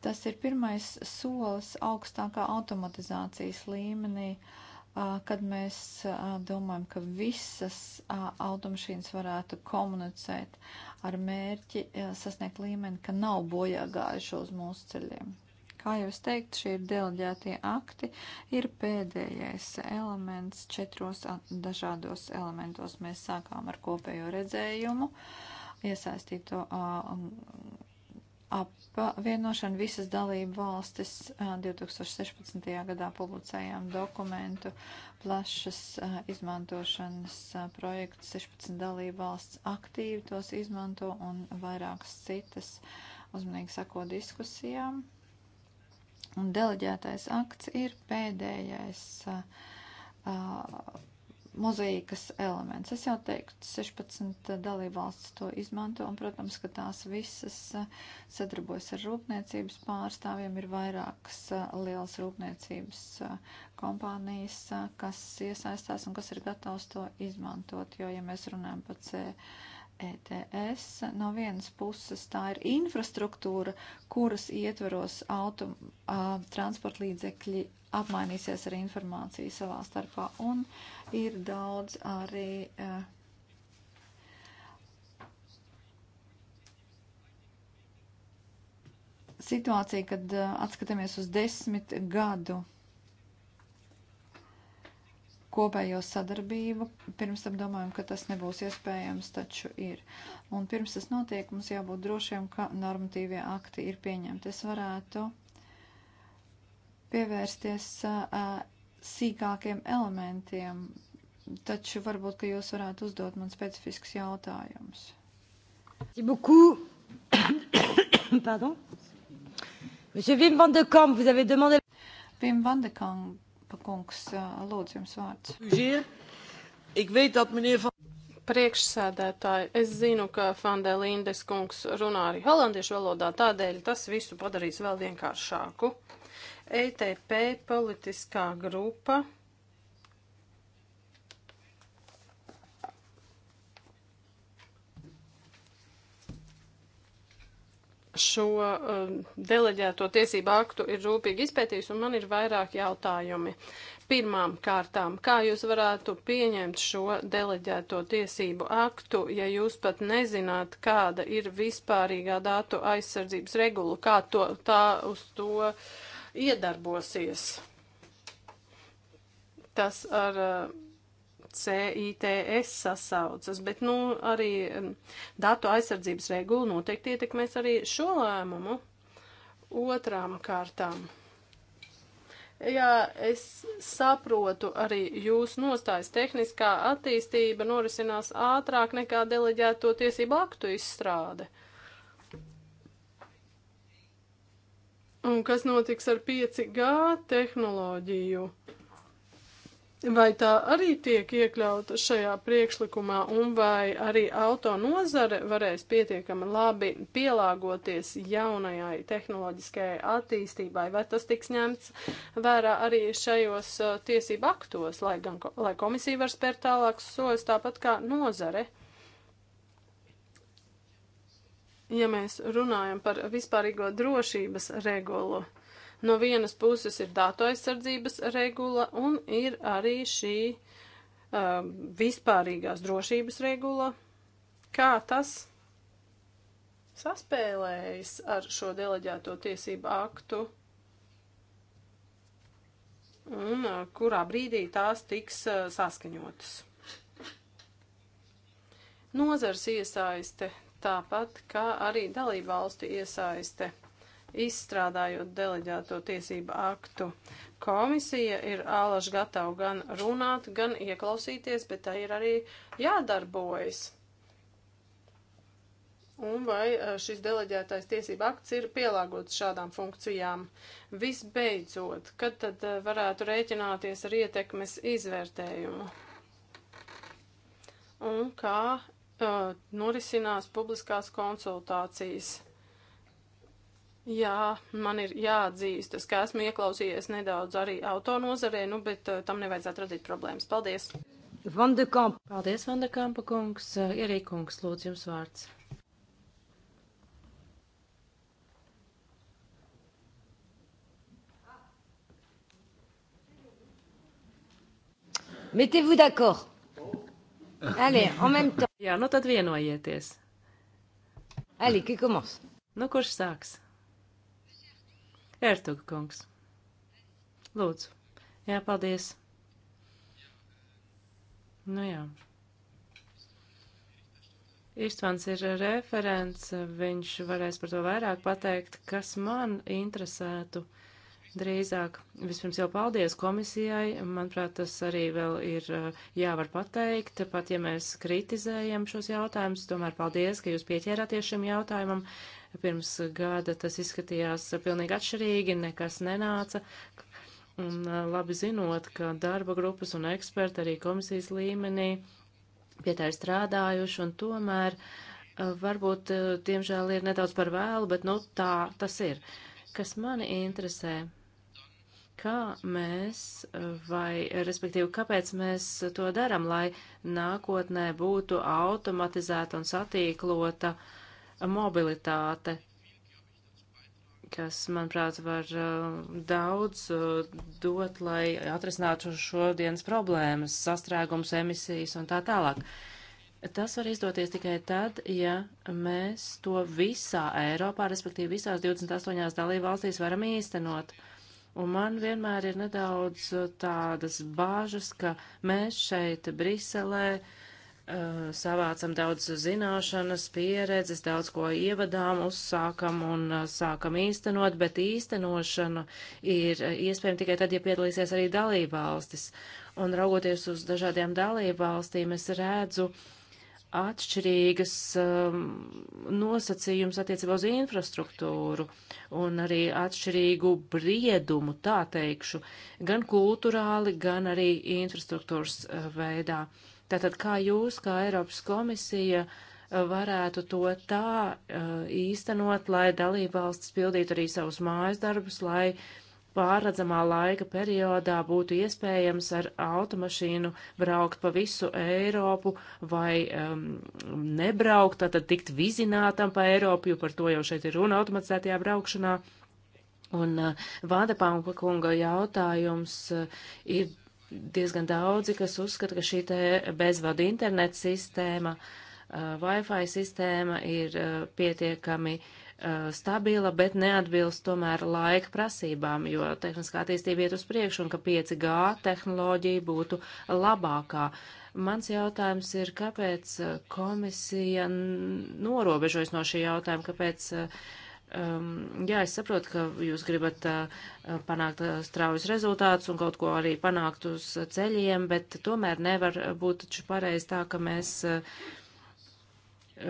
Tas ir pirmais solis augstākā automatizācijas līmenī, kad mēs domājam, ka visas automašīnas varētu komunicēt ar mērķi sasniegt līmeni, ka nav bojāgājuši uz mūsu ceļiem. Kā jau es teiktu, šie ir deleģētie akti, ir pēdējais elements četros dažādos elementos. Mēs sākām ar kopējo redzējumu, iesaistīto apvienošanu visas dalību valstis 2016. gadā publicējām dokumentu plašas izmantošanas projektu. 16 dalību valsts aktīvi tos izmanto un vairākas citas uzmanīgi sako diskusijām. Un deleģētais akts ir pēdējais uh, mozaīkas elements. Es jau teiktu, 16 dalībvalstis to izmanto, un, protams, ka tās visas sadarbojas ar rūpniecības pārstāvjiem. Ir vairākas lielas rūpniecības kompānijas, kas iesaistās un kas ir gatavs to izmantot, jo, ja mēs runājam par C. Uh, ETS. No vienas puses tā ir infrastruktūra, kuras ietveros auto uh, transporta līdzekļi apmainīsies ar informāciju savā starpā. Un ir daudz arī. Uh, Situācija, kad uh, atskatāmies uz desmit gadu kopējo sadarbību. Pirms tam domājam, ka tas nebūs iespējams, taču ir. Un pirms tas notiek, mums jābūt drošiem, ka normatīvie akti ir pieņemti. Es varētu pievērsties uh, sīkākiem elementiem, taču varbūt, ka jūs varētu uzdot man specifiskus jautājumus. <coughs> Pardon. Monsieur Wim van de Kamp, vous avez demandé. Wim van de Kamp, Žība kungs, lūdzu jums vārds. Priekšsēdētāji, es zinu, ka Fandē Lindes kungs runā arī holandiešu valodā, tādēļ tas visu padarīs vēl vienkāršāku. ETP politiskā grupa šo uh, deleģēto tiesību aktu ir rūpīgi izpētījis, un man ir vairāk jautājumi. Pirmām kārtām, kā jūs varētu pieņemt šo deleģēto tiesību aktu, ja jūs pat nezināt, kāda ir vispārīgā datu aizsardzības regula, kā to, tā uz to iedarbosies? Tas ar uh, CITS sasaucas, bet, nu, arī um, datu aizsardzības regula noteikti ietekmēs arī šo lēmumu otrām kārtām. Jā, es saprotu arī jūsu nostājas. Tehniskā attīstība norisinās ātrāk nekā deleģēto tiesību aktu izstrāde. Un kas notiks ar 5G tehnoloģiju? Uh, vai tā arī tiek iekļauta šajā priekšlikumā un vai arī auto nozare varēs pietiekami labi pielāgoties jaunajai tehnoloģiskajai attīstībai, vai tas tiks ņemts vērā arī šajos uh, tiesību aktos, lai, gan, lai komisija var spērt tālākus soļus, tāpat kā nozare. Ja mēs runājam par vispārīgo drošības regulu, No vienas puses ir datu aizsardzības regula un ir arī šī uh, vispārīgās drošības regula. Kā tas saspēlējas ar šo deleģēto tiesību aktu? un uh, kurā brīdī tās tiks uh, saskaņotas. Nozars iesaiste, tāpat kā arī dalībvalstu iesaiste izstrādājot deleģēto tiesību aktu. Komisija ir ālaši gatava gan runāt, gan ieklausīties, bet tā ir arī jādarbojas. Un vai e, šis deleģētais tiesība akts ir pielāgots šādām funkcijām? Visbeidzot, kad tad e, varētu rēķināties ar ietekmes izvērtējumu? Un kā uh, norisinās publiskās konsultācijas? Jā, man ir jāatzīstas, ka esmu ieklausījies nedaudz arī autonozarē, nu, bet uh, tam nevajadzētu radīt problēmas. Paldies! Vandekamp. Paldies, Vandekampa kungs. Uh, Ierīkungs, lūdzu, jums vārds. Mettez-vous d'accord. Allez, en même temps. Jā, nu tad vienojieties. Allez, qui commence? Nu, kurš sāks? Ertuga kungs. Lūdzu. Jā, paldies. Nu jā. Istvans ir referents, viņš varēs par to vairāk pateikt, kas man interesētu drīzāk. Vispirms jau paldies komisijai, manuprāt, tas arī vēl ir jāvar pateikt, pat ja mēs kritizējam šos jautājumus, tomēr paldies, ka jūs pieķērāties šim jautājumam. Pirms gada tas izskatījās pilnīgi atšķirīgi, nekas nenāca. Un labi zinot, ka darba grupas un eksperti arī komisijas līmenī pie tā ir strādājuši, un tomēr varbūt, diemžēl, ir nedaudz par vēlu, bet nu tā tas ir. Kas mani interesē, kā mēs, vai respektīvi, kāpēc mēs to darām, lai nākotnē būtu automatizēta un satīklota uh, mobilitāte, kas, manuprāt, var uh, daudz uh, dot, lai atrisinātu šodienas problēmas, sastrēgums, emisijas un tā tālāk. Tas var izdoties tikai tad, ja mēs to visā Eiropā, respektīvi visās 28 dalībvalstīs varam īstenot. Un man vienmēr ir nedaudz uh, tādas bāžas, ka mēs šeit, Briselē, uh, Eh, savācam daudz zināšanas, pieredzes, daudz ko ievadām, uzsākam un eh, sākam īstenot, bet īstenošana ir eh, iespējama tikai tad, ja piedalīsies arī dalībvalstis. Un raugoties uz dažādiem dalībvalstīm, es redzu atšķirīgas um, nosacījums attiecībā uz infrastruktūru un arī atšķirīgu briedumu, tā teikšu, gan kulturāli, gan arī infrastruktūras uh, veidā. Uh, Tātad kā jūs, kā Eiropas komisija, varētu to tā īstenot, lai dalībvalstis pildītu arī savus mājas darbus, lai pārredzamā laika periodā būtu iespējams ar automašīnu braukt pa visu Eiropu vai um, nebraukt, tātad tikt vizinātam pa Eiropu, jo par to jau šeit ir runa automatizētajā braukšanā. Un uh, Vāda Panka kunga jautājums uh, ir diezgan daudzi, kas uzskata, ka šī te bezvadu internet sistēma, uh, Wi-Fi sistēma ir uh, pietiekami uh, stabila, bet neatbilst tomēr laika prasībām, jo tehniskā attīstība iet uz priekšu un ka 5G tehnoloģija būtu labākā. Mans jautājums ir, kāpēc komisija norobežojas no šī jautājuma, kāpēc uh, um, jā, es saprotu, ka jūs gribat uh, panākt uh, straujas rezultātus un kaut ko arī panākt uz uh, ceļiem, bet tomēr nevar būt taču pareizi tā, ka mēs uh,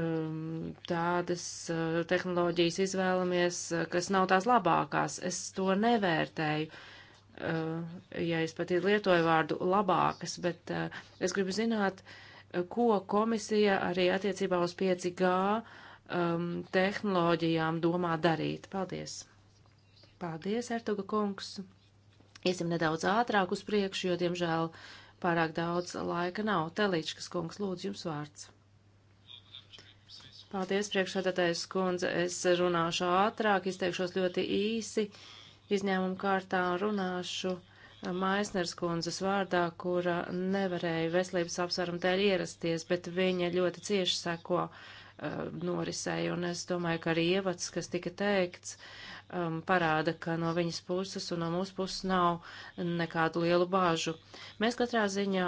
um, tādas uh, tehnoloģijas izvēlamies, uh, kas nav tās labākās. Es to nevērtēju. Uh, ja es pat lietoju vārdu labākas, bet uh, es gribu zināt, uh, ko komisija arī attiecībā uz 5G uh, um, tehnoloģijām domā darīt. Paldies! Paldies, Ertuga kungs! Iesim nedaudz ātrāk uz priekšu, jo, diemžēl, pārāk daudz laika nav. Telīčkas kungs, lūdzu, jums vārds. Paldies, priekšsēdētājs kundze. Es runāšu ātrāk, izteikšos ļoti īsi, izņēmumu kārtā runāšu. Maisners kundzes vārdā, kura nevarēja veselības apsvērumu dēļ ierasties, bet viņa ļoti cieši seko uh, Uh, norisēja, un es domāju, ka arī ievads, kas tika teikts, um, parāda, ka no viņas puses un no mūsu puses nav nekādu lielu bāžu. Mēs katrā ziņā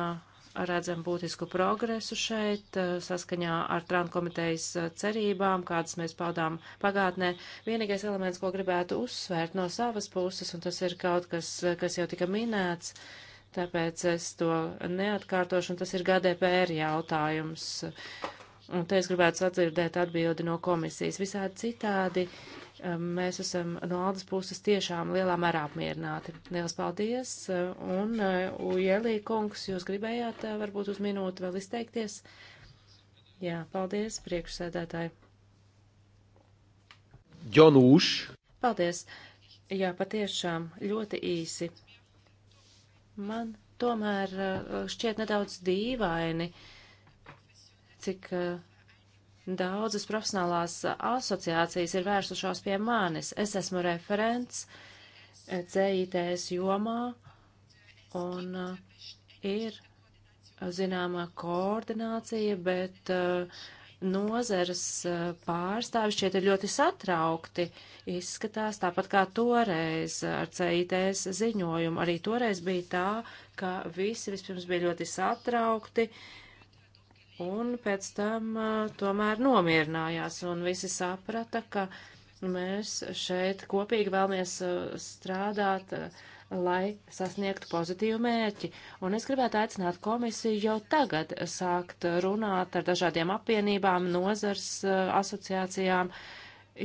redzam būtisku progresu šeit, uh, saskaņā ar Trānu komitejas uh, cerībām, kādas mēs paudām pagātnē. Vienīgais elements, ko gribētu uzsvērt no savas puses, un tas ir kaut kas, kas jau tika minēts, tāpēc es to neatkārtošu, un tas ir GDPR jautājums Un te es gribētu sadzirdēt atbildi no komisijas. Visādi citādi um, mēs esam no Aldas puses tiešām lielā mērā apmierināti. Liels paldies! Un uh, Ujelī kungs, jūs gribējāt uh, varbūt uz minūti vēl izteikties? Jā, paldies, priekšsēdētāji. Janūš. Paldies. Jā, patiešām ļoti īsi. Man tomēr uh, šķiet nedaudz dīvaini. Uh, cik eh, daudzas profesionālās asociācijas ir vērsušās pie manis. Es esmu referents eh, CITS jomā un eh, ir zināmā koordinācija, bet nozeres pārstāvis šeit ir ļoti satraukti. Izskatās tāpat kā toreiz ar CITS ziņojumu. Arī toreiz bija tā, ka visi vispirms bija ļoti satraukti. Uh, Un pēc tam uh, tomēr nomierinājās un visi saprata, ka mēs šeit kopīgi vēlamies uh, strādāt, uh, lai sasniegtu pozitīvu mērķi. Un es gribētu aicināt komisiju jau tagad sākt runāt ar dažādiem apvienībām, nozars asociācijām. Uh,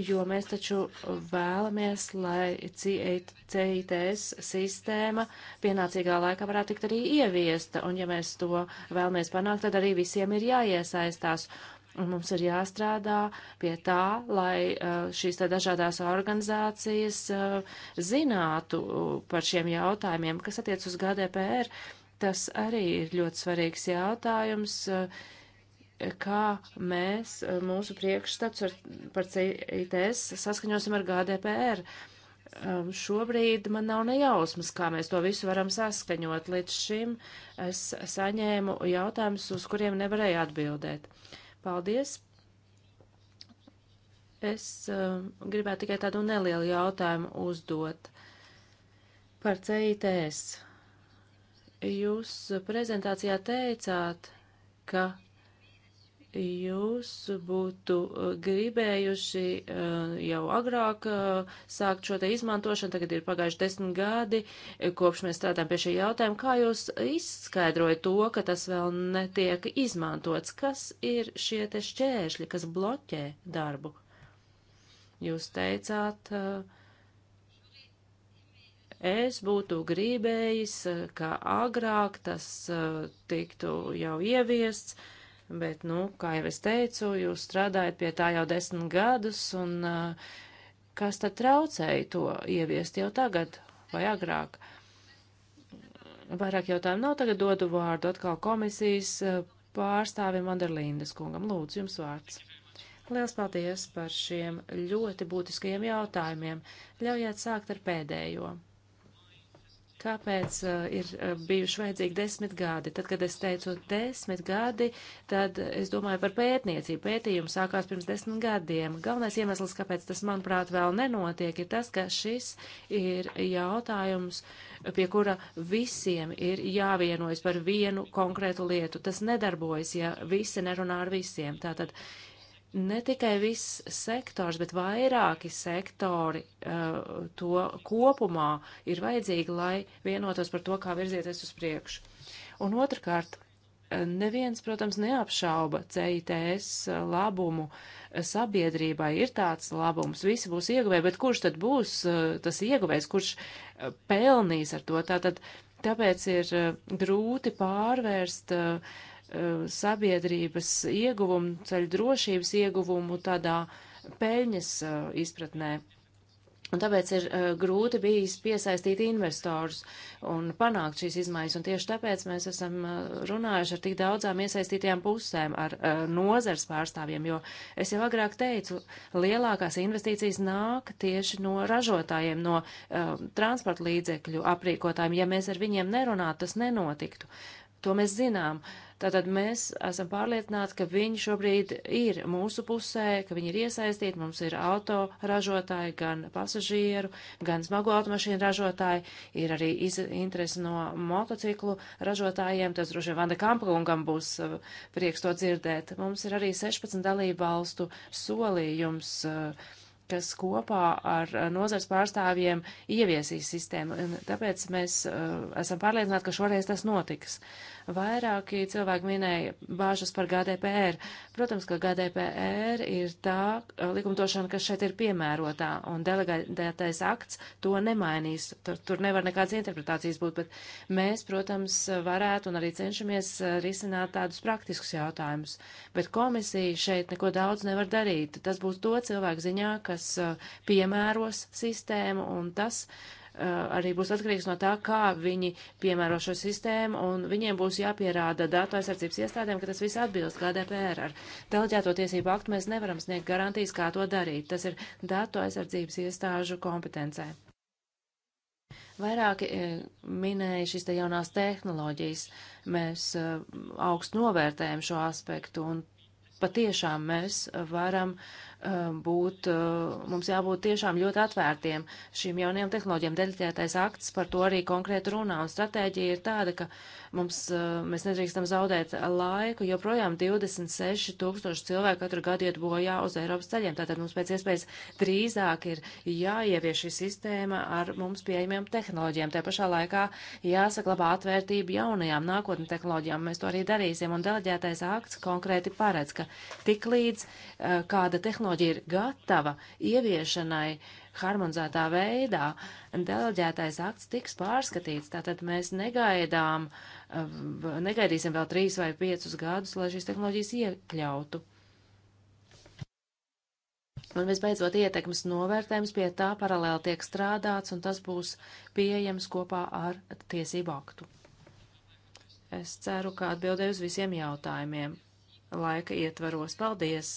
jo mēs taču vēlamies, lai CITS sistēma pienācīgā laikā varētu tikt arī ieviesta, un ja mēs to vēlamies panākt, tad arī visiem ir jāiesaistās. Un mums ir jāstrādā pie tā, lai uh, šīs tā dažādās organizācijas uh, zinātu par šiem jautājumiem, kas attiec uz GDPR. Tas arī ir ļoti svarīgs jautājums. Uh, kā mēs eh, mūsu priekšstats par CITS saskaņosim ar GDPR. Um, šobrīd man nav nejausmas, kā mēs to visu varam saskaņot. Līdz šim es saņēmu jautājumus, uz kuriem nevarēju atbildēt. Paldies! Es uh, gribētu tikai tādu nelielu jautājumu uzdot par CITS. Jūs prezentācijā teicāt, ka jūs būtu uh, gribējuši uh, jau agrāk uh, sākt šo te izmantošanu, tagad ir pagājuši desmit gadi, eh, kopš mēs strādājam pie šī jautājuma, kā jūs izskaidrojat to, ka tas vēl netiek izmantots? Kas ir šie te šķēršļi, kas bloķē darbu? Jūs teicāt, es būtu gribējis, ka agrāk tas tiktu jau ieviests, Bet, nu, kā jau es teicu, jūs strādājat pie tā jau desmit gadus, un uh, kas tad traucēja to ieviest jau tagad vai agrāk? Vairāk jautājumu nav, tagad dodu vārdu atkal komisijas pārstāvim Anderlīndes kungam. Lūdzu, jums vārds. Liels paldies par šiem ļoti būtiskajiem jautājumiem. Ļaujiet sākt ar pēdējo kāpēc uh, ir uh, bijuši vajadzīgi desmit gadi. Tad, kad es teicu desmit gadi, tad es domāju par pētniecību. Pētījums sākās pirms desmit gadiem. Galvenais iemesls, kāpēc tas, manuprāt, vēl nenotiek, ir tas, ka šis ir jautājums, pie kura visiem ir jāvienojas par vienu konkrētu lietu. Tas nedarbojas, ja visi nerunā ar visiem. Tātad ne tikai viss sektors, bet vairāki sektori uh, to kopumā ir vajadzīgi, lai vienotos par to, kā virzieties uz priekšu. Un otrkārt, uh, neviens, protams, neapšauba CITS uh, labumu uh, sabiedrībai. Ir tāds labums, visi būs ieguvēji, bet kurš tad būs uh, tas ieguvējs, kurš uh, pelnīs ar to? Tātad, tāpēc ir grūti pārvērst uh, Eh, sabiedrības ieguvumu, ceļu drošības ieguvumu tādā peļņas eh, izpratnē. Un tāpēc ir uh, grūti bijis piesaistīt investorus un panākt šīs izmaiņas. Un tieši tāpēc mēs esam uh, runājuši ar tik daudzām iesaistītajām pusēm, ar uh, nozars pārstāvjiem, jo es jau agrāk teicu, lielākās investīcijas nāk tieši no ražotājiem, no uh, transporta līdzekļu aprīkotājiem. Ja mēs ar viņiem nerunātu, tas nenotiktu. To mēs zinām. Tātad mēs esam pārliecināti, ka viņi šobrīd ir mūsu pusē, ka viņi ir iesaistīti. Mums ir auto ražotāji, gan pasažieru, gan smago automašīnu ražotāji. Ir arī interesi no motociklu ražotājiem. Tas droši vien Vanda Kampkungam būs uh, prieks to dzirdēt. Mums ir arī 16 dalību valstu solījums. Uh, kas kopā ar eh, nozars pārstāvjiem ieviesīs sistēmu. Un tāpēc mēs uh, esam pārliecināti, ka šoreiz tas notiks. Vairāki cilvēki minēja bāžas par GDPR. Protams, ka GDPR ir tā uh, likumdošana, kas šeit ir piemērotā, un delegētais akts to nemainīs. Tur, tur nevar nekādas interpretācijas būt, bet mēs, protams, varētu un arī cenšamies uh, risināt tādus praktiskus jautājumus. Bet komisija šeit neko daudz nevar darīt. Tas būs to cilvēku ziņā, kas uh, piemēros sistēmu, un tas Eh, arī būs atkarīgs no tā, kā viņi piemēro šo sistēmu, un viņiem būs jāpierāda datu aizsardzības iestādēm, ka tas viss atbilst GDPR. Ar delģēto tiesību aktu mēs nevaram sniegt garantijas, kā to darīt. Tas ir datu aizsardzības iestāžu kompetencē. Vairāki eh, minēja šīs te jaunās tehnoloģijas. Mēs eh, augstu novērtējam šo aspektu, un patiešām mēs varam uh, Um, būt, uh, mums jābūt tiešām ļoti atvērtiem šīm jaunajām tehnoloģijām. Deļķētais akts par to arī konkrēti runā, un stratēģija ir tāda, ka mums, uh, mēs nedrīkstam zaudēt laiku, jo projām 26 tūkstoši cilvēku katru gadu iet bojā uz Eiropas ceļiem. Tātad mums pēc iespējas drīzāk ir jāievieš šī sistēma ar mums pieejamiem tehnoloģijām. Te pašā laikā jāsaklabā atvērtība jaunajām nākotnē tehnoloģijām. Mēs to arī darīsim, un deleģētais akts konkrēti paredz, ka tik līdz uh, kāda tehnoloģija tehnoloģija ir gatava ieviešanai harmonizētā veidā. Deleģētais akts tiks pārskatīts, tātad mēs negaidām, eh, negaidīsim vēl trīs vai piecus gadus, lai šīs tehnoloģijas iekļautu. Un visbeidzot, ietekmes novērtējums pie tā paralēli tiek strādāts, un tas būs pieejams kopā ar tiesību aktu. Es ceru, ka atbildēju uz visiem jautājumiem. Laika ietvaros. Paldies!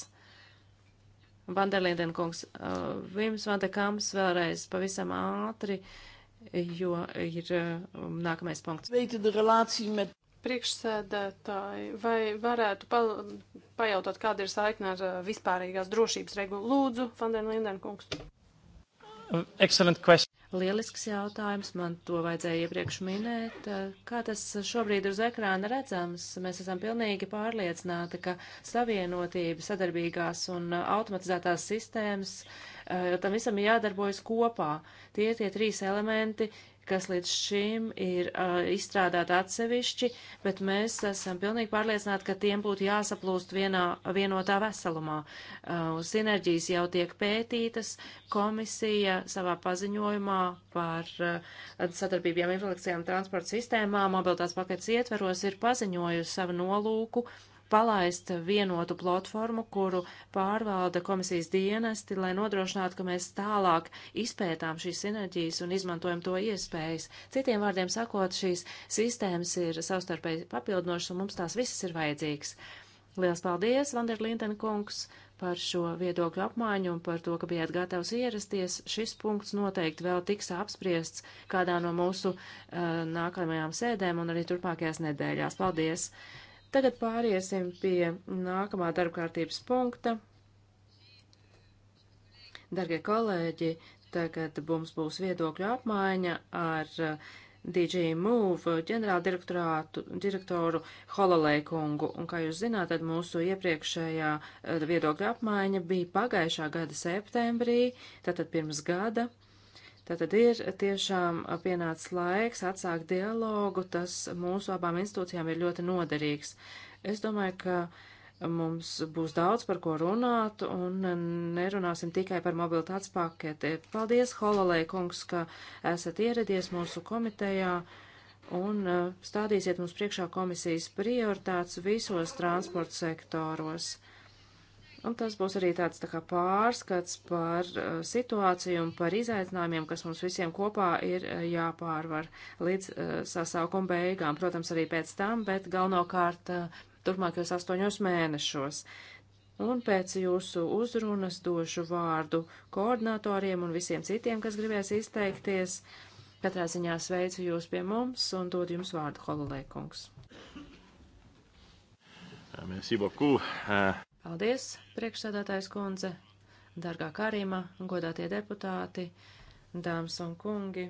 Vanderlīdenkungs, uh, Vims Vandekams vēlreiz pavisam ātri, jo ir uh, nākamais punkts. Veikta relācija met priekšsēdētāji, vai varētu pa, pajautāt, kāda ir saikne ar uh, vispārīgās drošības regulu? Lūdzu, Fandēna Lindenkungs. Excellent question. Lielisks jautājums, man to vajadzēja iepriekš minēt. Eh, kā tas šobrīd uz ekrāna redzams, mēs esam pilnīgi pārliecināti, ka savienotība, sadarbīgās un automatizētās sistēmas, eh, tam visam jādarbojas kopā. Tie ir tie trīs elementi, kas līdz šim ir uh, izstrādāti atsevišķi, bet mēs esam pilnīgi pārliecināti, ka tiem būtu jāsaplūst vienā, vienotā veselumā. Uh, sinerģijas jau tiek pētītas, komisija savā paziņojumā par uh, sadarbībām infrakcijām transporta sistēmā mobilitātes paketes ietveros ir paziņojusi savu nolūku uh, palaist vienotu platformu, kuru pārvalda komisijas dienesti, lai nodrošinātu, ka mēs tālāk izpētām šīs sinerģijas un izmantojam to iespējas. Citiem vārdiem sakot, šīs sistēmas ir savstarpēji papildinošas un mums tās visas ir vajadzīgas. Liels paldies, Vanderlinden kungs, par šo viedokļu apmaiņu un par to, ka bijāt gatavs ierasties. Šis punkts noteikti vēl tiks apspriests kādā no mūsu uh, nākamajām sēdēm un arī turpmākajās nedēļās. Paldies! Tagad pāriesim pie nākamā darbkārtības punkta. Dargie kolēģi, tagad mums būs viedokļu apmaiņa ar eh, DJ Move ģenerāldirektoru Hololēkungu. Un, kā jūs zināt, tad mūsu iepriekšējā eh, viedokļa apmaiņa bija pagājušā gada septembrī, tātad pirms gada. Tātad ir tiešām pienācis laiks atsākt dialogu, tas mūsu abām institūcijām ir ļoti noderīgs. Es domāju, ka mums būs daudz par ko runāt un nerunāsim tikai par mobilitātes paketi. Paldies, Hololē kungs, ka esat ieradies mūsu komitejā un uh, stādīsiet mums priekšā komisijas prioritātes visos transporta sektoros. Un tas būs arī tāds tā kā pārskats par uh, situāciju un par izaicinājumiem, kas mums visiem kopā ir uh, jāpārvar līdz uh, sasaukuma beigām. Protams, arī pēc tam, bet galvenokārt uh, turpmākajos astoņos mēnešos. Un pēc jūsu uzrunas došu vārdu koordinatoriem un visiem citiem, kas gribēs izteikties. Katrā ziņā sveicu jūs pie mums un dod jums vārdu, Holulēkungs. Merci beaucoup. Uh... Paldies, priekšsēdētājs kundze, dargā Karīma, godātie deputāti, dāmas un kungi.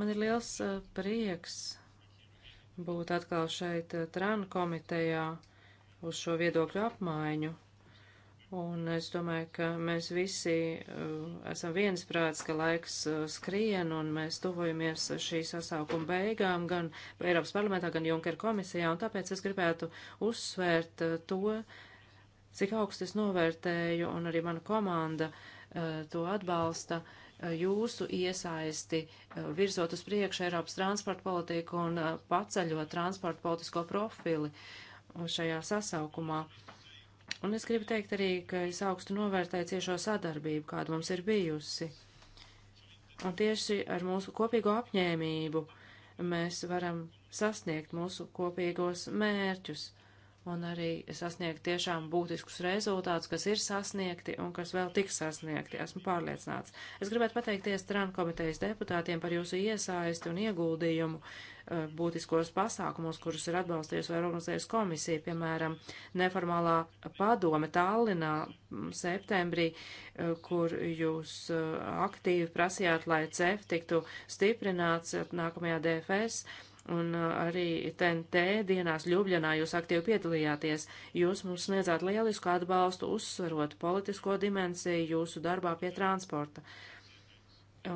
Man ir liels eh, prieks būt atkal šeit eh, TRAN komitejā uz šo viedokļu apmaiņu. Un es domāju, ka mēs visi uh, esam viensprāts, ka laiks uh, skrien un mēs tuvojamies šī sasaukuma beigām gan Eiropas parlamentā, gan Junker komisijā. Un tāpēc es gribētu uzsvērt uh, to, cik augstu es novērtēju un arī mana komanda uh, to atbalsta uh, jūsu iesaisti uh, virzot uz priekšu Eiropas transporta politiku un uh, paceļot transporta politisko profili uh, šajā sasaukumā. Uh, Un es gribu teikt arī, ka es augstu novērtēju ciešo sadarbību, kāda mums ir bijusi. Un tieši ar mūsu kopīgo apņēmību mēs varam sasniegt mūsu kopīgos mērķus un arī sasniegt tiešām būtiskus rezultātus, kas ir sasniegti un kas vēl tiks sasniegti, esmu pārliecināts. Es gribētu pateikties Trānu komitejas deputātiem par jūsu iesaisti un ieguldījumu eh, būtiskos pasākumos, kurus ir atbalstījusi vai organizējusi komisija, piemēram, neformālā padome Tallinā septembrī, eh, kur jūs eh, aktīvi prasījāt, lai CEF tiktu stiprināts nākamajā DFS Un uh, arī TNT dienās Ljubļanā jūs aktīvi piedalījāties. Jūs mums sniedzāt lielisku atbalstu, uzsverot politisko dimensiju jūsu darbā pie transporta.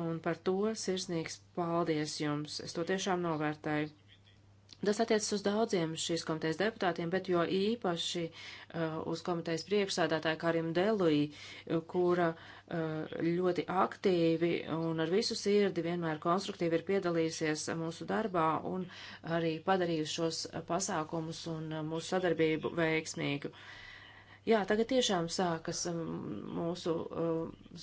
Un par to sirsnīgs paldies jums. Es to tiešām novērtēju. Tas attiecas uz daudziem šīs komitejas deputātiem, bet jo īpaši uh, uz komitejas priekšsādātāju Karim Delui, uh, kura uh, ļoti aktīvi un ar visu sirdi vienmēr konstruktīvi ir piedalījusies mūsu darbā un arī padarījušos uh, pasākumus un uh, mūsu sadarbību veiksmīgu. Uh, Jā, tagad tiešām sākas um, mūsu uh,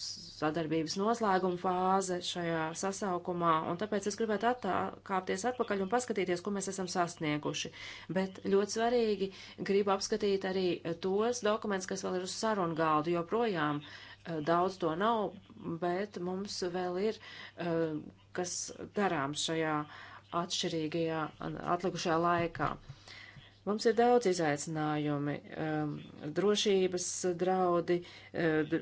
sadarbības noslēguma fāze šajā sasaukumā, un tāpēc es gribētu atkāpties atpakaļ un paskatīties, ko mēs esam sasnieguši. Bet ļoti svarīgi gribu apskatīt arī tos dokumentus, kas vēl ir uz sarunu galdu, jo projām uh, daudz to nav, bet mums vēl ir uh, kas darāms šajā atšķirīgajā atlikušajā laikā. Uh, Mums ir daudz izaicinājumi um, - drošības draudi, uh,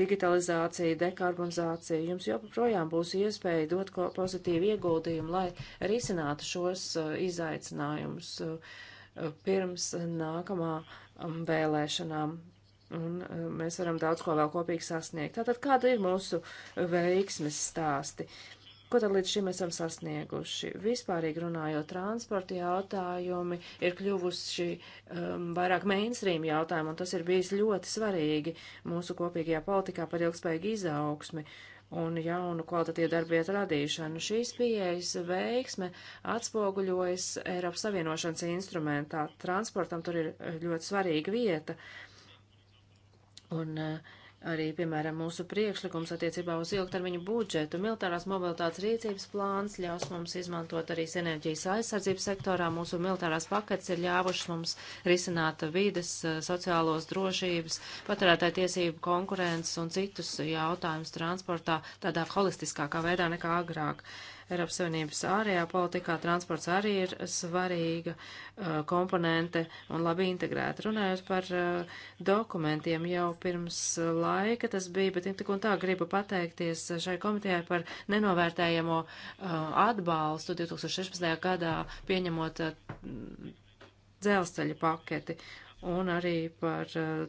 digitalizācija, dekarbonizācija. Jums joprojām būs iespēja dot pozitīvu ieguldījumu, lai risinātu šos uh, izaicinājumus uh, pirms nākamā um, vēlēšanām. Un mēs varam daudz ko vēl kopīgi sasniegt. Tātad, kāda ir mūsu veiksmes stāsti? Uh, Ko tad līdz šim esam sasnieguši? Vispārīgi runājot, transporta jautājumi ir kļuvuši um, vairāk mainstream jautājumi, un tas ir bijis ļoti svarīgi mūsu kopīgajā politikā par ilgspējīgu izaugsmi un jaunu kvalitatīvu darbietu radīšanu. Šīs pieejas veiksme atspoguļojas Eiropas Savienošanas instrumentā. Transportam tur ir ļoti svarīga vieta. Un, uh, arī, piemēram, mūsu priekšlikums attiecībā uz ilgtermiņu budžetu. Militārās mobilitātes rīcības plāns ļaus mums izmantot arī enerģijas aizsardzības sektorā. Mūsu militārās paketes ir ļāvušas mums risināt vides, eh, sociālos drošības, patērētāju tiesību konkurences un citus jautājumus transportā tādā holistiskākā veidā nekā agrāk. Uh, Eiropas Savienības ārējā politikā transports arī ir svarīga uh, komponente un labi integrēta. Runājot par uh, dokumentiem jau pirms laika tas bija, bet tik un tā gribu pateikties šai komitejai par nenovērtējamo uh, atbalstu 2016. gadā pieņemot uh, dzelzceļa paketi un arī par uh,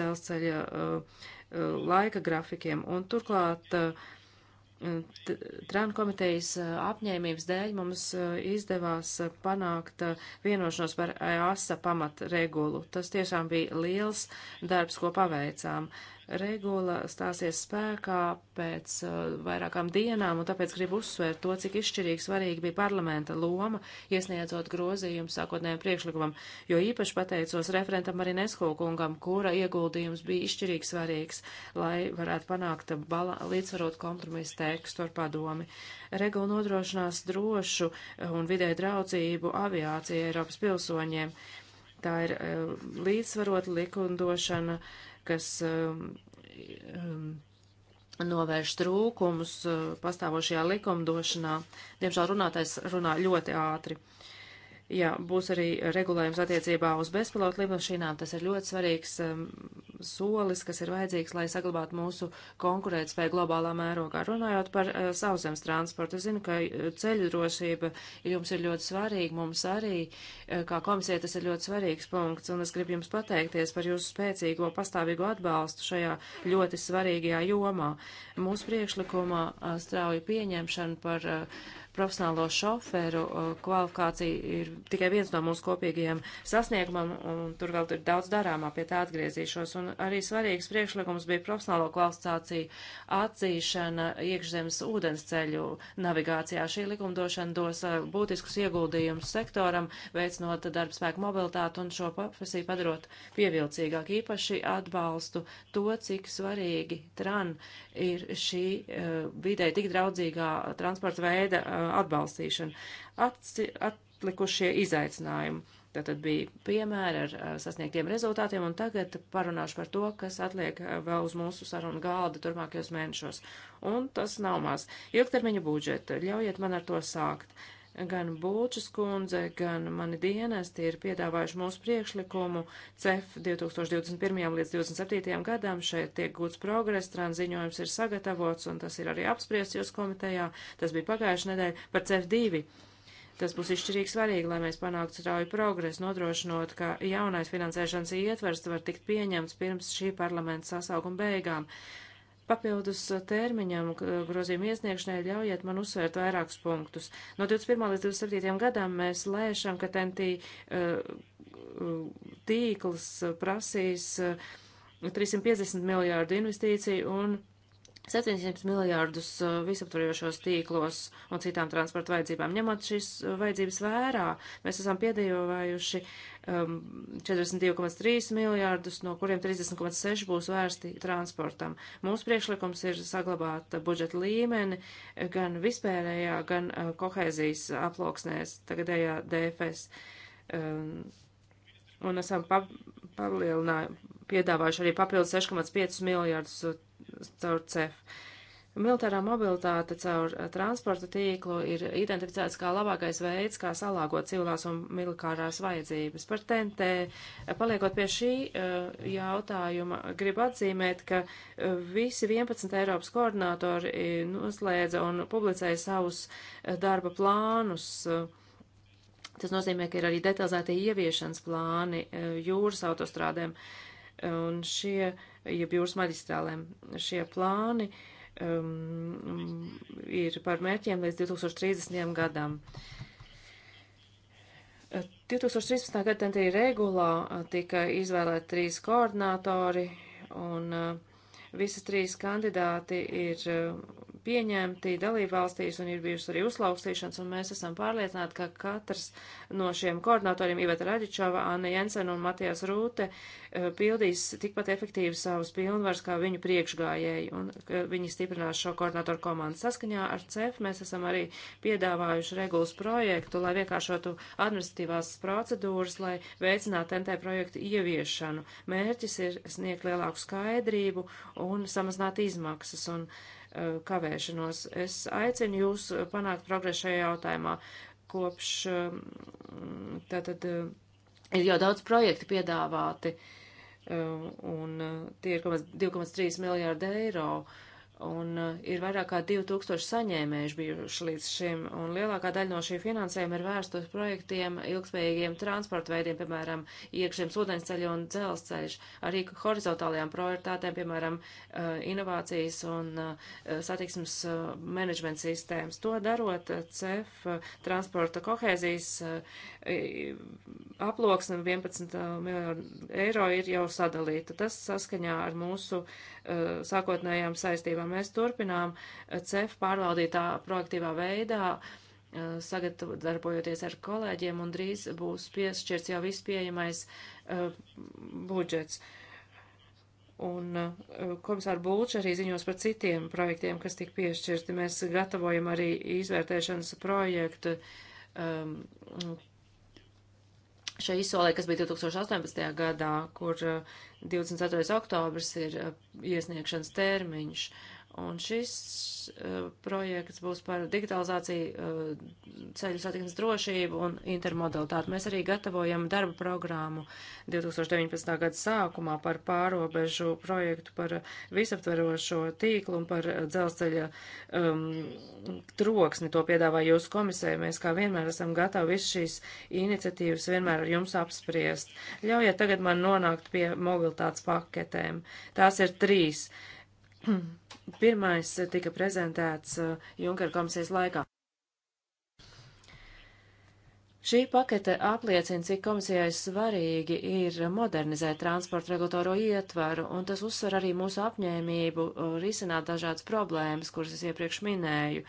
dzelzceļa uh, laika grafikiem. Un turklāt uh, Trānu komitejas apņēmības dēļ mums izdevās panākt vienošanos par ASA pamatregulu. Tas tiešām bija liels darbs, ko paveicām regula stāsies spēkā pēc uh, vairākām dienām, un tāpēc gribu uzsvērt to, cik izšķirīgi svarīgi bija parlamenta loma, iesniedzot grozījumu sākotnējiem priekšlikumam, jo īpaši pateicos referentam arī Neskokungam, kura ieguldījums bija izšķirīgi svarīgs, lai varētu panākt līdzsvarot kompromisu tekstu ar padomi. Regula nodrošinās drošu un vidē draudzību aviācija Eiropas pilsoņiem. Tā ir uh, līdzsvarota likundošana. Uh, kas um, um, novērš trūkumus uh, pastāvošajā likumdošanā. Diemžēl runātais runā ļoti ātri. Uh, Jā, būs arī regulējums attiecībā uz bezpilotu lidmašīnām. Tas ir ļoti svarīgs um, solis, kas ir vajadzīgs, lai saglabātu mūsu konkurētspēju globālā mērogā. Runājot par uh, sauszemes transportu, es zinu, ka uh, ceļu drošība jums ir ļoti svarīga. Mums arī, uh, kā komisija, tas ir ļoti svarīgs punkts, un es gribu jums pateikties par jūsu spēcīgo pastāvīgo atbalstu šajā ļoti svarīgajā jomā. Mūsu priekšlikumā uh, strauju pieņemšanu par. Uh, profesionālo šoferu uh, kvalifikācija ir tikai viens no mūsu kopīgajiem sasniegumam, un tur vēl ir daudz darāmā, pie tā atgriezīšos. Un arī svarīgs priekšlikums bija profesionālo kvalifikāciju atzīšana iekšzemes ūdensceļu navigācijā. Šī likumdošana dos uh, būtiskus ieguldījumus sektoram, veicinot darbspēku mobilitātu un šo profesiju padarot pievilcīgāk. Īpaši atbalstu to, cik svarīgi TRAN ir šī uh, vidē tik draudzīgā transporta veida uh, atbalstīšanu. Atci, atlikušie izaicinājumi. Tātad bija piemēri ar, ar sasniegtiem rezultātiem, un tagad parunāšu par to, kas atliek eh, vēl uz mūsu sarunu galda turpmākajos mēnešos. Un tas nav maz. Ilgtermiņa budžeta. Ļaujiet man ar to sākt. Gan Būčas kundze, gan mani dienesti ir piedāvājuši mūsu priekšlikumu CEF 2021. līdz 2027. gadam. Šeit tiek gūts progress, tranziņojums ir sagatavots un tas ir arī apspriests jūs komitejā. Tas bija pagājuši nedēļa par CEF 2. Tas būs izšķirīgi svarīgi, lai mēs panāktu strauju progresu, nodrošinot, ka jaunais finansēšanas ietvers var tikt pieņemts pirms šī parlamenta sasauguma beigām. Papildus uh, termiņam uh, grozījuma iesniegšanai ļaujiet man uzsvērt vairākus punktus. No 21. līdz 27. gadam mēs lēšam, ka TNT uh, tīkls prasīs 350 miljārdu investīciju un 700 miljārdus uh, visaptvarojošos tīklos un citām transporta vajadzībām. Ņemot šīs uh, vajadzības vērā, mēs esam piedējojuši um, 42,3 miljārdus, no kuriem 30,6 būs vērsti transportam. Mūsu priekšlikums ir saglabāt uh, budžeta līmeni gan vispārējā, gan uh, kohēzijas aploksnēs, tagadējā DFS. Um, un esam pa, palielinājuši piedāvājuši arī papildus 6,5 miljārdus caur CEF. Militārā mobilitāte caur eh, transporta tīklu ir identificēts kā labākais veids, kā salāgot civilās un militārās vajadzības. Par TNT, eh, paliekot pie šī eh, jautājuma, gribu atzīmēt, ka visi 11 Eiropas koordinātori noslēdza un publicēja savus darba plānus. Tas nozīmē, ka ir arī detalizēti ieviešanas plāni jūras autostrādēm. Uh, Un šie, jeb jūras maģistrālēm, šie plāni um, ir par mērķiem līdz 2030. gadam. 2013. gada tentī regulā uh, tika izvēlēti trīs koordinātori, un uh, visas trīs kandidāti ir uh, pieņemti dalībvalstīs un ir bijusi arī uzlaukstīšanas, un mēs esam pārliecināti, ka katrs no šiem koordinatoriem, Iveta Raģičova, Anna Jensen un Matijas Rūte, e, pildīs tikpat efektīvi savus pilnvars kā viņu priekšgājēji, un e, viņi stiprinās šo koordinatoru komandu. Saskaņā ar CEF mēs esam arī piedāvājuši regulas projektu, lai vienkāršotu administratīvās procedūras, lai veicinātu NT projektu ieviešanu. Mērķis ir sniegt lielāku skaidrību un samazināt izmaksas. Un, uh, Eh, kavēšanos. Es aicinu jūs panākt progresu šajā jautājumā. Kopš mm, tātad eh, ir jau daudz projektu piedāvāti, eh, un tie ir 2,3 miljārdi eiro Un uh, ir vairāk kā 2000 saņēmējuši bijuši līdz šim, un lielākā daļa no šī finansējuma ir vērsta uz projektiem ilgspējīgiem transporta veidiem, piemēram, iekšzemes ūdensceļi un dzelzceļš, arī horizontālajām prioritātēm, piemēram, uh, inovācijas un uh, satiksmes uh, menedžment sistēmas. To darot, uh, CEF uh, transporta kohēzijas uh, aploksne 11 miljonu eiro ir jau sadalīta. Tas saskaņā ar mūsu uh, sākotnējām saistībām jo mēs turpinām eh, CEF pārvaldītā proaktīvā veidā, eh, sagatavojoties ar kolēģiem, un drīz būs piešķirts jau vispieejamais uh, budžets. Un uh, komisāra Bulča arī ziņos par citiem projektiem, kas tika piešķirti. Mēs gatavojam arī izvērtēšanas projektu um, šai izsolē, kas bija 2018. gadā, kur uh, 24. oktobrs ir uh, iesniegšanas termiņš. Uh, Un šis uh, projekts būs par digitalizāciju, uh, ceļu satiksmes drošību un intermodalitāti. Mēs arī gatavojam darba programmu 2019. gada sākumā par pārobežu projektu par visaptverošo tīklu un par e, dzelzceļa um, troksni. To piedāvā jūsu komisēja. Mēs kā vienmēr esam gatavi visu šīs iniciatīvas vienmēr ar jums apspriest. Ļaujiet tagad man nonākt pie mobilitātes paketēm. Tās ir trīs. Uh, <clears throat> Pirmais tika prezentēts uh, Junkara komisijas laikā. Šī pakete apliecina, cik komisijai svarīgi ir modernizēt transporta regulatoro ietvaru, un tas uzsver arī mūsu apņēmību uh, risināt dažādas problēmas, kuras es iepriekš minēju.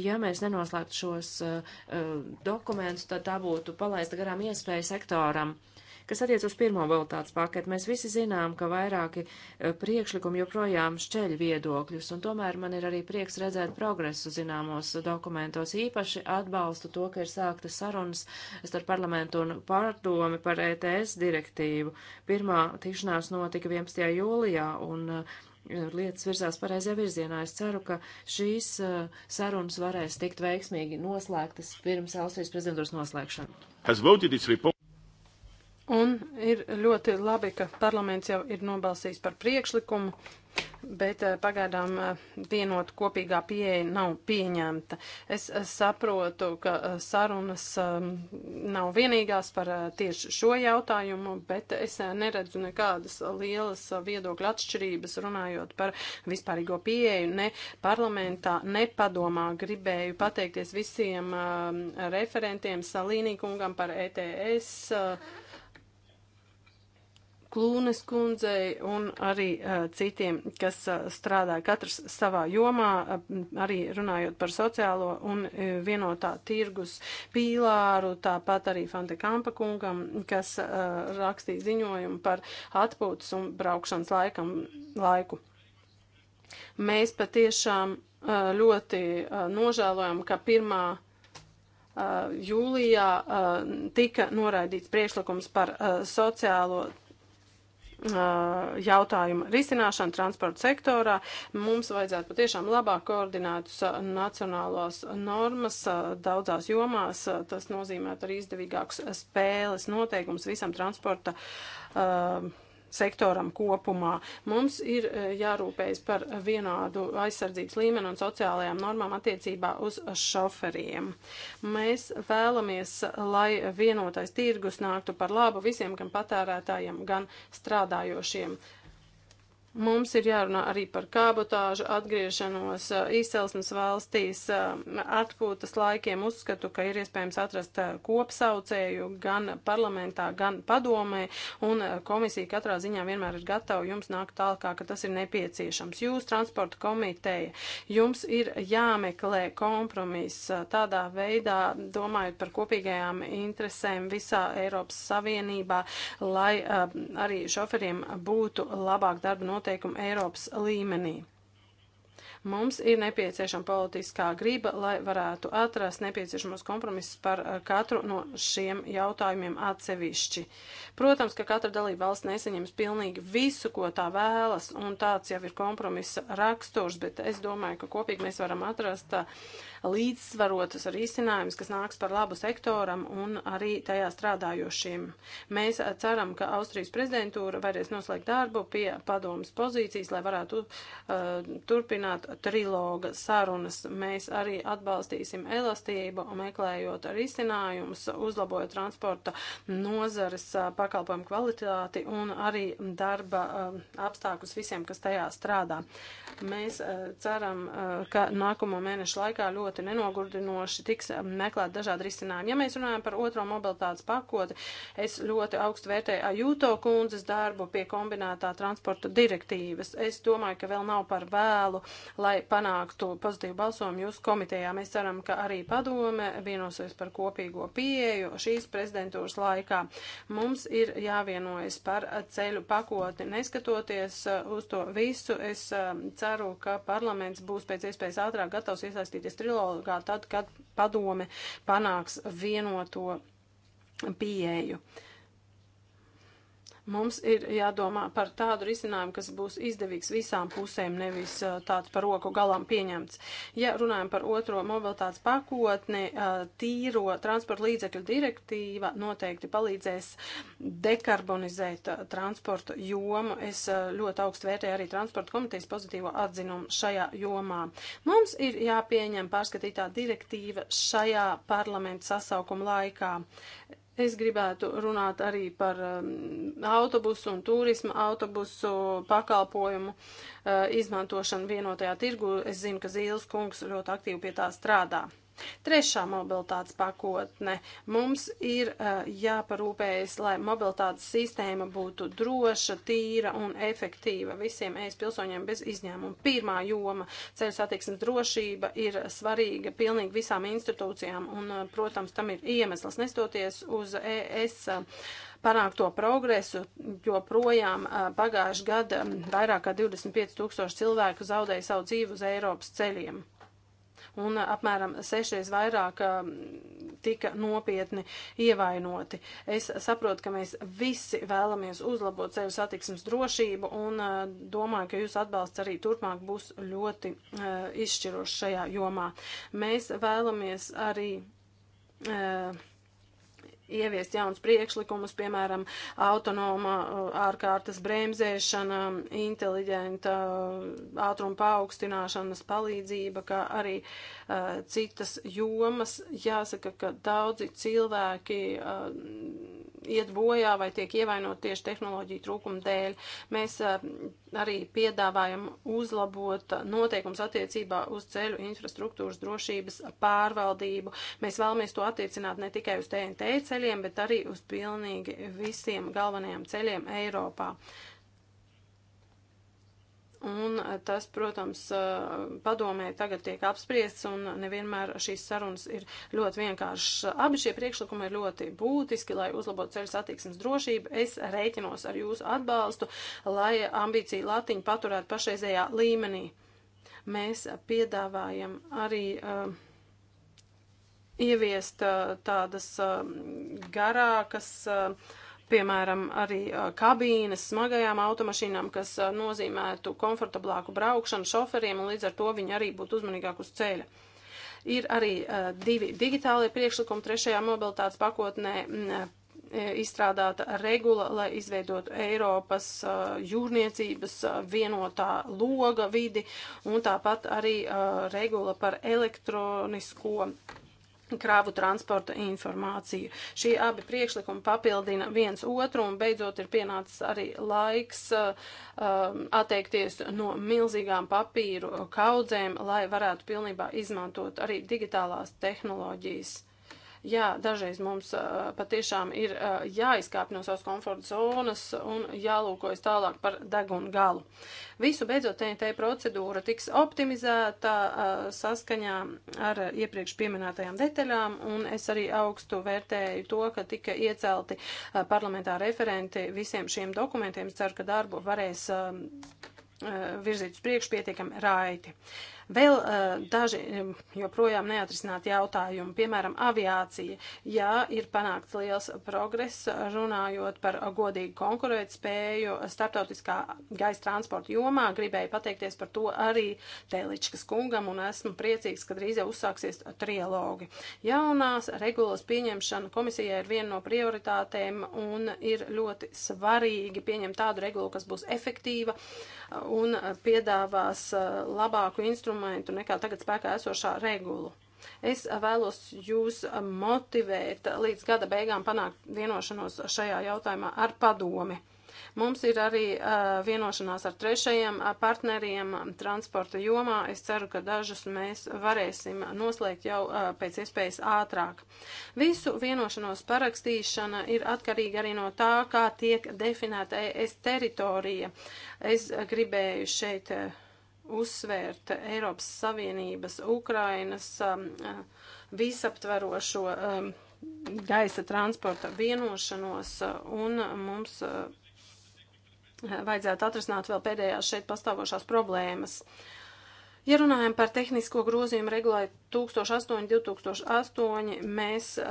Ja mēs nenoslēgtu šos uh, uh dokumentus, tad tā būtu palaista garām iespēja sektoram uh, Kas attiec uz pirmo mobilitātes paketu, mēs visi zinām, ka vairāki eh, priekšlikumi joprojām šķeļ viedokļus, un tomēr man ir arī prieks redzēt progresu zināmos dokumentos. Īpaši atbalstu to, ka ir sākta sarunas starp parlamentu un pārdomi par ETS direktīvu. Pirmā tikšanās notika 11. jūlijā, un eh, lietas virzās pareizajā virzienā. Es ceru, ka šīs uh, sarunas varēs tikt veiksmīgi noslēgtas pirms Austrijas prezidentūras noslēgšana. Un ir ļoti labi, ka parlaments jau ir nobalsījis par priekšlikumu, bet eh, pagaidām eh, vienot kopīgā pieeja nav pieņemta. Es eh, saprotu, ka sarunas ehm, nav vienīgās par tieši šo jautājumu, bet es neredzu nekādas lielas viedokļa atšķirības runājot par vispārīgo pieeju ne parlamentā, ne padomā. Gribēju pateikties visiem ehm, referentiem, Salīnī kungam par ETS Klūnes kundzei un arī uh, citiem, kas uh, strādā katrs savā jomā, uh, arī runājot par sociālo un uh, vienotā tirgus pīlāru, tāpat arī Fante Kampa kungam, kas uh, rakstīja ziņojumu par atpūtas un braukšanas laikam, laiku. Mēs patiešām uh, ļoti uh, nožēlojam, ka pirmā jūlijā tika noraidīts priekšlikums par sociālo jautājumu risināšanu transporta sektorā. Mums vajadzētu patiešām labāk koordinētas nacionālās normas daudzās jomās. Tas nozīmētu arī izdevīgākus spēles noteikumus visam transporta uh, sektoram kopumā. Mums ir eh, jārūpējas par vienādu aizsardzības līmeni un sociālajām normām attiecībā uz šoferiem. Mēs vēlamies, lai vienotais tirgus nāktu par labu visiem, gan patērētājiem, gan strādājošiem. Uh, Mums ir jārunā arī par kābotāžu, atgriešanos izcelsmes valstīs, atpūtas laikiem. Uzskatu, ka ir iespējams atrast kopsaucēju gan parlamentā, gan padomē, un komisija katrā ziņā vienmēr ir gatava jums nākt tālākā, ka tas ir nepieciešams. Jūs, transporta komiteja, jums ir jāmeklē kompromiss tādā veidā, domājot par kopīgajām interesēm visā Eiropas Savienībā, lai arī šoferiem būtu labāk darba notiekumi noteikumi Eiropas līmenī. Mums ir nepieciešama politiskā grība, lai varētu atrast nepieciešamos kompromisus par eh, katru no šiem jautājumiem atsevišķi. Protams, ka katra dalība valsts nesaņems pilnīgi visu, ko tā vēlas, un tāds jau ir kompromisa raksturs, bet es domāju, ka kopīgi mēs varam atrast eh, līdzsvarotas ar izcinājumus, kas nāks par labu sektoram un arī tajā strādājošiem. Mēs eh, ceram, ka Austrijas prezidentūra varēs noslēgt darbu pie padomas pozīcijas, lai varētu uh, turpināt triloga sarunas. Mēs arī atbalstīsim elastību, meklējot risinājumus, uzlabojot transporta nozares pakalpojumu kvalitāti un arī darba apstākļus visiem, kas tajā strādā. Mēs ceram, ka nākamo mēnešu laikā ļoti nenogurdinoši tiks meklēt dažādi risinājumi. Ja mēs runājam par otro mobilitātes pakoti, es ļoti augstu vērtēju Ajūto kundzes darbu pie kombinētā transporta direktīvas. Es domāju, ka vēl nav par vēlu, lai panāktu pozitīvu balsojumu jūsu komitejā. Mēs ceram, ka arī padome vienosies par kopīgo pieeju šīs prezidentūras laikā. Mums ir jāvienojas par ceļu pakoti. Neskatoties uh, uz to visu, es um, ceru, ka parlaments būs pēc iespējas ātrāk gatavs iesaistīties trilogā tad, kad padome panāks vienoto pieeju. Uh, pieeju. Mums ir jādomā par tādu risinājumu, kas būs izdevīgs visām pusēm, nevis tāds par roku galam pieņemts. Ja runājam par otro mobilitātes pakotni, tīro transporta līdzekļu direktīva noteikti palīdzēs dekarbonizēt transporta jomu. Es ļoti augstu vērtēju arī transporta komitejas pozitīvo atzinumu šajā jomā. Mums ir jāpieņem pārskatītā direktīva šajā parlamenta sasaukuma laikā. Es gribētu runāt arī par um, autobusu un turisma autobusu pakalpojumu uh, izmantošanu vienotajā tirgu. Es zinu, ka Zīles kungs ļoti aktīvi pie tā strādā. Trešā mobilitātes pakotne. Mums ir uh, jāparūpējas, lai mobilitātes sistēma būtu droša, tīra un efektīva visiem ES pilsoņiem bez izņēmuma. Pirmā joma - ceļu satiksmes drošība ir svarīga pilnīgi visām institūcijām un, eh, protams, tam ir iemesls nestoties uz ES panākto progresu, jo projām eh, pagājuši gada mm, vairāk kā 25 tūkstoši cilvēku zaudēja savu dzīvi uz Eiropas ceļiem un apmēram sešreiz vairāk um, tika nopietni ievainoti. Es saprotu, ka mēs visi vēlamies uzlabot ceļu satiksmes drošību un uh, domāju, ka jūsu atbalsts arī turpmāk būs ļoti uh, izšķirošs šajā jomā. Mēs vēlamies arī. Uh, ieviest jauns priekšlikumus, piemēram, autonoma uh, ārkārtas bremzēšana, inteliģenta uh, ātruma paaugstināšanas palīdzība, kā arī uh, citas jomas. Jāsaka, ka daudzi cilvēki uh, iet bojā vai tiek ievainot tieši tehnoloģiju trūkuma dēļ. Mēs eh, arī piedāvājam uzlabot noteikums attiecībā uz ceļu infrastruktūras drošības pārvaldību. Mēs vēlamies to attiecināt ne tikai uz TNT ceļiem, bet arī uz pilnīgi visiem galvenajiem ceļiem Eiropā. Uh, Un eh, tas, protams, eh, padomē tagad tiek apspriests, un nevienmēr šīs sarunas ir ļoti vienkāršas. Abi šie priekšlikumi ir ļoti būtiski, lai uzlabotu ceļu satiksmes drošību. Es rēķinos ar jūsu atbalstu, lai ambīciju latiņu paturētu pašreizējā līmenī. Mēs piedāvājam arī uh, ieviest uh, tādas uh, garākas. Uh, piemēram, arī kabīnes smagajām automašīnām, kas nozīmētu komfortablāku braukšanu šoferiem, un līdz ar to viņi arī būtu uzmanīgāk uz ceļa. Ir arī divi digitālie priekšlikumi trešajā mobilitātes pakotnē izstrādāta regula, lai izveidotu Eiropas jūrniecības vienotā loga vidi, un tāpat arī regula par elektronisko krāvu transporta informāciju. Šie abi priekšlikumi papildina viens otru un beidzot ir pienācis arī laiks uh, um, atteikties no milzīgām papīru kaudzēm, lai varētu pilnībā izmantot arī digitālās tehnoloģijas. Jā, dažreiz mums uh, patiešām ir uh, jāizkāp no savas komforta zonas un jālūkojas tālāk par degunu galu. Visu beidzot, TNT procedūra tiks optimizēta uh, saskaņā ar iepriekš pieminētajām detaļām, un es arī augstu vērtēju to, ka tika iecelti uh, parlamentā referenti visiem šiem dokumentiem. Es ceru, ka darbu varēs. Uh, virzīt uz priekšu pietiekami raiti. Uh, Vēl uh, daži joprojām neatrisināti jautājumi, piemēram, aviācija. Jā, ir panākts liels progress runājot par godīgu konkurētspēju starptautiskā gaisa transporta jomā. Gribēju pateikties par to arī Tēličkas kungam un esmu priecīgs, ka drīz jau uzsāksies trialogi. Jaunās regulas pieņemšana komisijai ir viena no prioritātēm un ir ļoti svarīgi pieņemt tādu regulu, kas būs efektīva un piedāvās labāku instrumentu instrumentu nekā tagad spēkā esošā regula. Es vēlos jūs motivēt līdz gada beigām panākt vienošanos šajā jautājumā ar padomi. Mums ir arī uh, vienošanās ar trešajiem partneriem transporta jomā. Es ceru, ka dažus mēs varēsim noslēgt jau uh, pēc iespējas ātrāk. Visu vienošanos parakstīšana ir atkarīga arī no tā, kā tiek definēta ES teritorija. Es gribēju šeit. Uh, uzsvērt Eiropas Savienības, Ukrainas um, uh, visaptverošo um, gaisa transporta vienošanos, uh, un mums uh, vajadzētu atrisināt vēl pēdējās šeit pastāvošās problēmas. Uh, Ja runājam par tehnisko grozījumu regulai 1008-2008, mēs uh,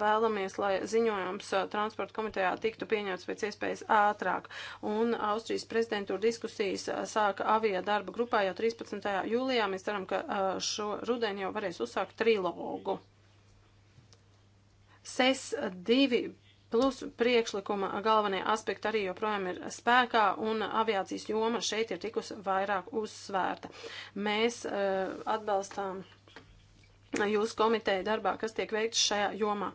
vēlamies, lai ziņojums uh, transporta komitejā tiktu pieņemts pēc iespējas ātrāk. Un Austrijas prezidentūra diskusijas uh, sāka avia darba grupā jau 13. jūlijā. Mēs ceram, ka uh, šo rudeni jau varēs uzsākt trilogu. SES 2 Plus priekšlikuma galvenie aspekti arī joprojām ir spēkā un aviācijas joma šeit ir tikus vairāk uzsvērta. Mēs uh, atbalstām jūsu komiteja darbā, kas tiek veikts šajā jomā.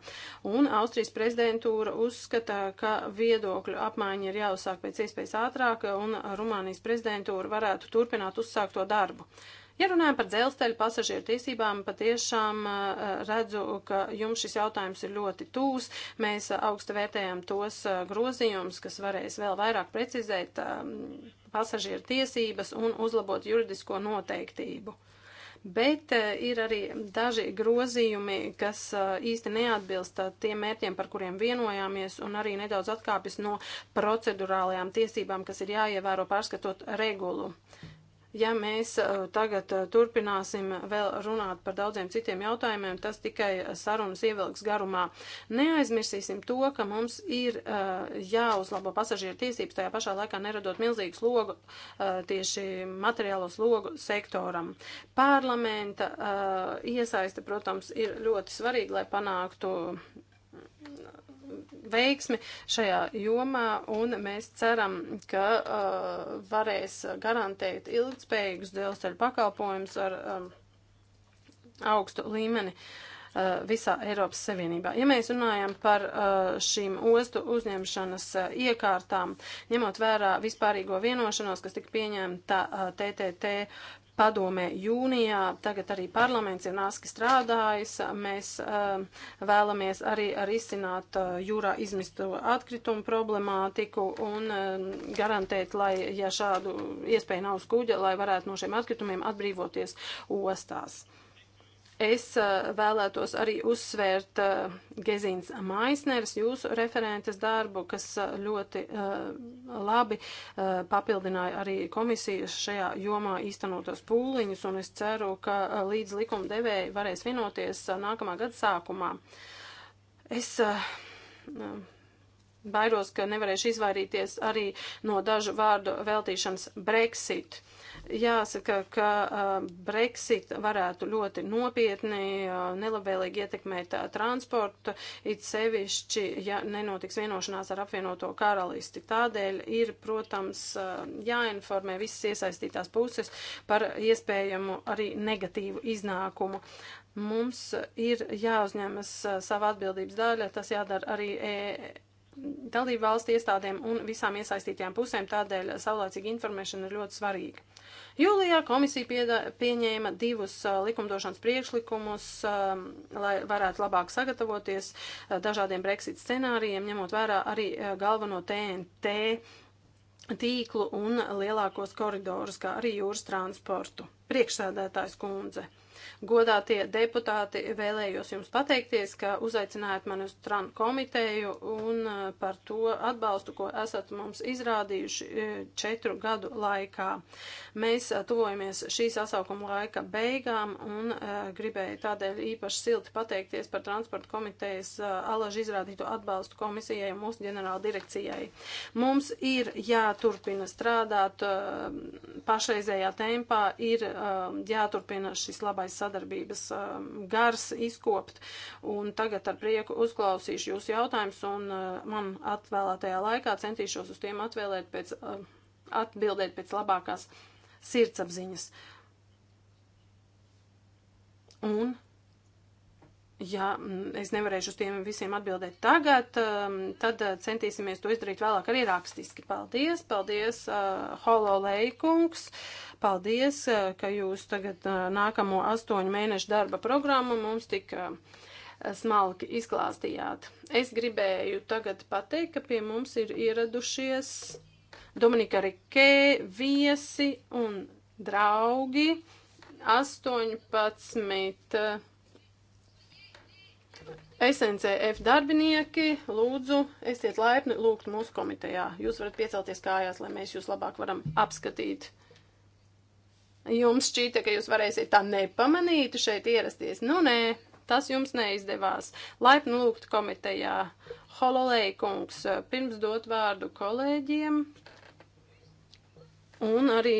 Un Austrijas prezidentūra uzskata, ka viedokļu apmaiņa ir jāuzsāk pēc iespējas ātrāk, un Rumānijas prezidentūra varētu turpināt uzsākt to darbu. Uh, Ja runājam par dzelzceļa pasažieru tiesībām, patiešām eh, redzu, ka jums šis jautājums ir ļoti tūs. Mēs eh, augstu vērtējam tos eh, grozījumus, kas varēs vēl vairāk precizēt ehm, pasažieru tiesības un uzlabot juridisko noteiktību bet ir arī daži grozījumi, kas īsti neatbilst tiem mērķiem, par kuriem vienojāmies, un arī nedaudz atkāpjas no procedurālajām tiesībām, kas ir jāievēro pārskatot regulu. Ja mēs uh, tagad uh, turpināsim vēl runāt par daudziem citiem jautājumiem, tas tikai sarunas ievilks garumā. Neaizmirsīsim to, ka mums ir uh, jāuzlabo pasažieru tiesības, tajā pašā laikā neradot milzīgu slogu tieši materiālo slogu sektoram. Parlamenta iesaiste, protams, ir ļoti svarīga, lai panāktu veiksmi šajā jomā, un mēs ceram, ka uh, varēs garantēt ilgspējīgus dzelzceļu pakalpojumus ar um, augstu līmeni uh, visā Eiropas Savienībā. Ja mēs runājam par uh, šīm ostu uzņemšanas uh, iekārtām, ņemot vērā vispārīgo vienošanos, kas tika pieņemta TTT uh, padomē jūnijā, tagad arī parlaments ir nāski strādājis, mēs uh, vēlamies arī risināt uh, jūrā izmistu atkritumu problemātiku un uh, garantēt, lai, ja šādu iespēju nav uz kuģa, lai varētu no šiem atkritumiem atbrīvoties ostās. Es uh, vēlētos arī uzsvērt uh, Gezins Maisners, jūsu referentes darbu, kas uh, ļoti labi papildināja arī komisijas šajā jomā īstenotos pūliņus, un es ceru, ka līdz likumdevēji varēs vienoties nākamā gada sākumā. Es um, baidos, ka nevarēšu izvairīties arī no dažu vārdu veltīšanas Brexit Jāsaka, ka Brexit varētu ļoti nopietni, nelabvēlīgi ietekmēt transportu, it sevišķi, ja nenotiks vienošanās ar apvienoto karalisti. Tādēļ ir, protams, jāinformē visas iesaistītās puses par iespējamu arī negatīvu iznākumu mums ir jāuzņemas sava atbildības daļa, tas jādara arī e dalību valstu iestādēm un visām iesaistītajām pusēm, tādēļ saulēcīga informēšana ir ļoti svarīga. Jūlijā komisija piedā, pieņēma divus uh, likumdošanas priekšlikumus, um, lai varētu labāk sagatavoties uh, dažādiem Brexit scenārijiem, ņemot vērā arī uh, galveno TNT tīklu un lielākos koridorus, kā arī jūras transportu. Priekšsēdētājs kundze. Godātie deputāti, vēlējos jums pateikties, ka uzaicinājāt mani uz TRAN komiteju un uh, par to atbalstu, ko esat mums izrādījuši uh, četru gadu laikā. Mēs uh, tuvojamies šī sasaukuma laika beigām un gribēju tādēļ īpaši silti pateikties par transporta komitejas alaži izrādīto atbalstu komisijai un mūsu ģenerāla direkcijai. Mums ir jāturpina strādāt pašreizējā tempā, ir um, jāturpina šis labais turpmākas sadarbības um, gars izkopt. Un tagad ar prieku uzklausīšu jūsu jautājumus un uh, man atvēlētajā laikā centīšos uz tiem atvēlēt pēc, um, atbildēt pēc labākās sirdsapziņas. Un Ja mm, es nevarēšu uz tiem visiem atbildēt tagad, mm, tad eh, centīsimies to izdarīt vēlāk arī rakstiski. Paldies, paldies, uh, Holo Leikungs, paldies, uh, ka jūs tagad uh, nākamo astoņu mēnešu darba programmu mums tik smalki izklāstījāt. Es gribēju tagad pateikt, ka pie mums ir ieradušies Dominika Rikē, viesi un draugi 18. SNCF darbinieki, lūdzu, esiet laipni lūgt mūsu komitejā. Jūs varat piecelties kājās, lai mēs jūs labāk varam apskatīt. Jums šķīta, ka jūs varēsiet tā nepamanīti šeit ierasties. Nu, nē, tas jums neizdevās. Laipni lūgt komitejā. Hololei kungs, pirms dot vārdu kolēģiem un arī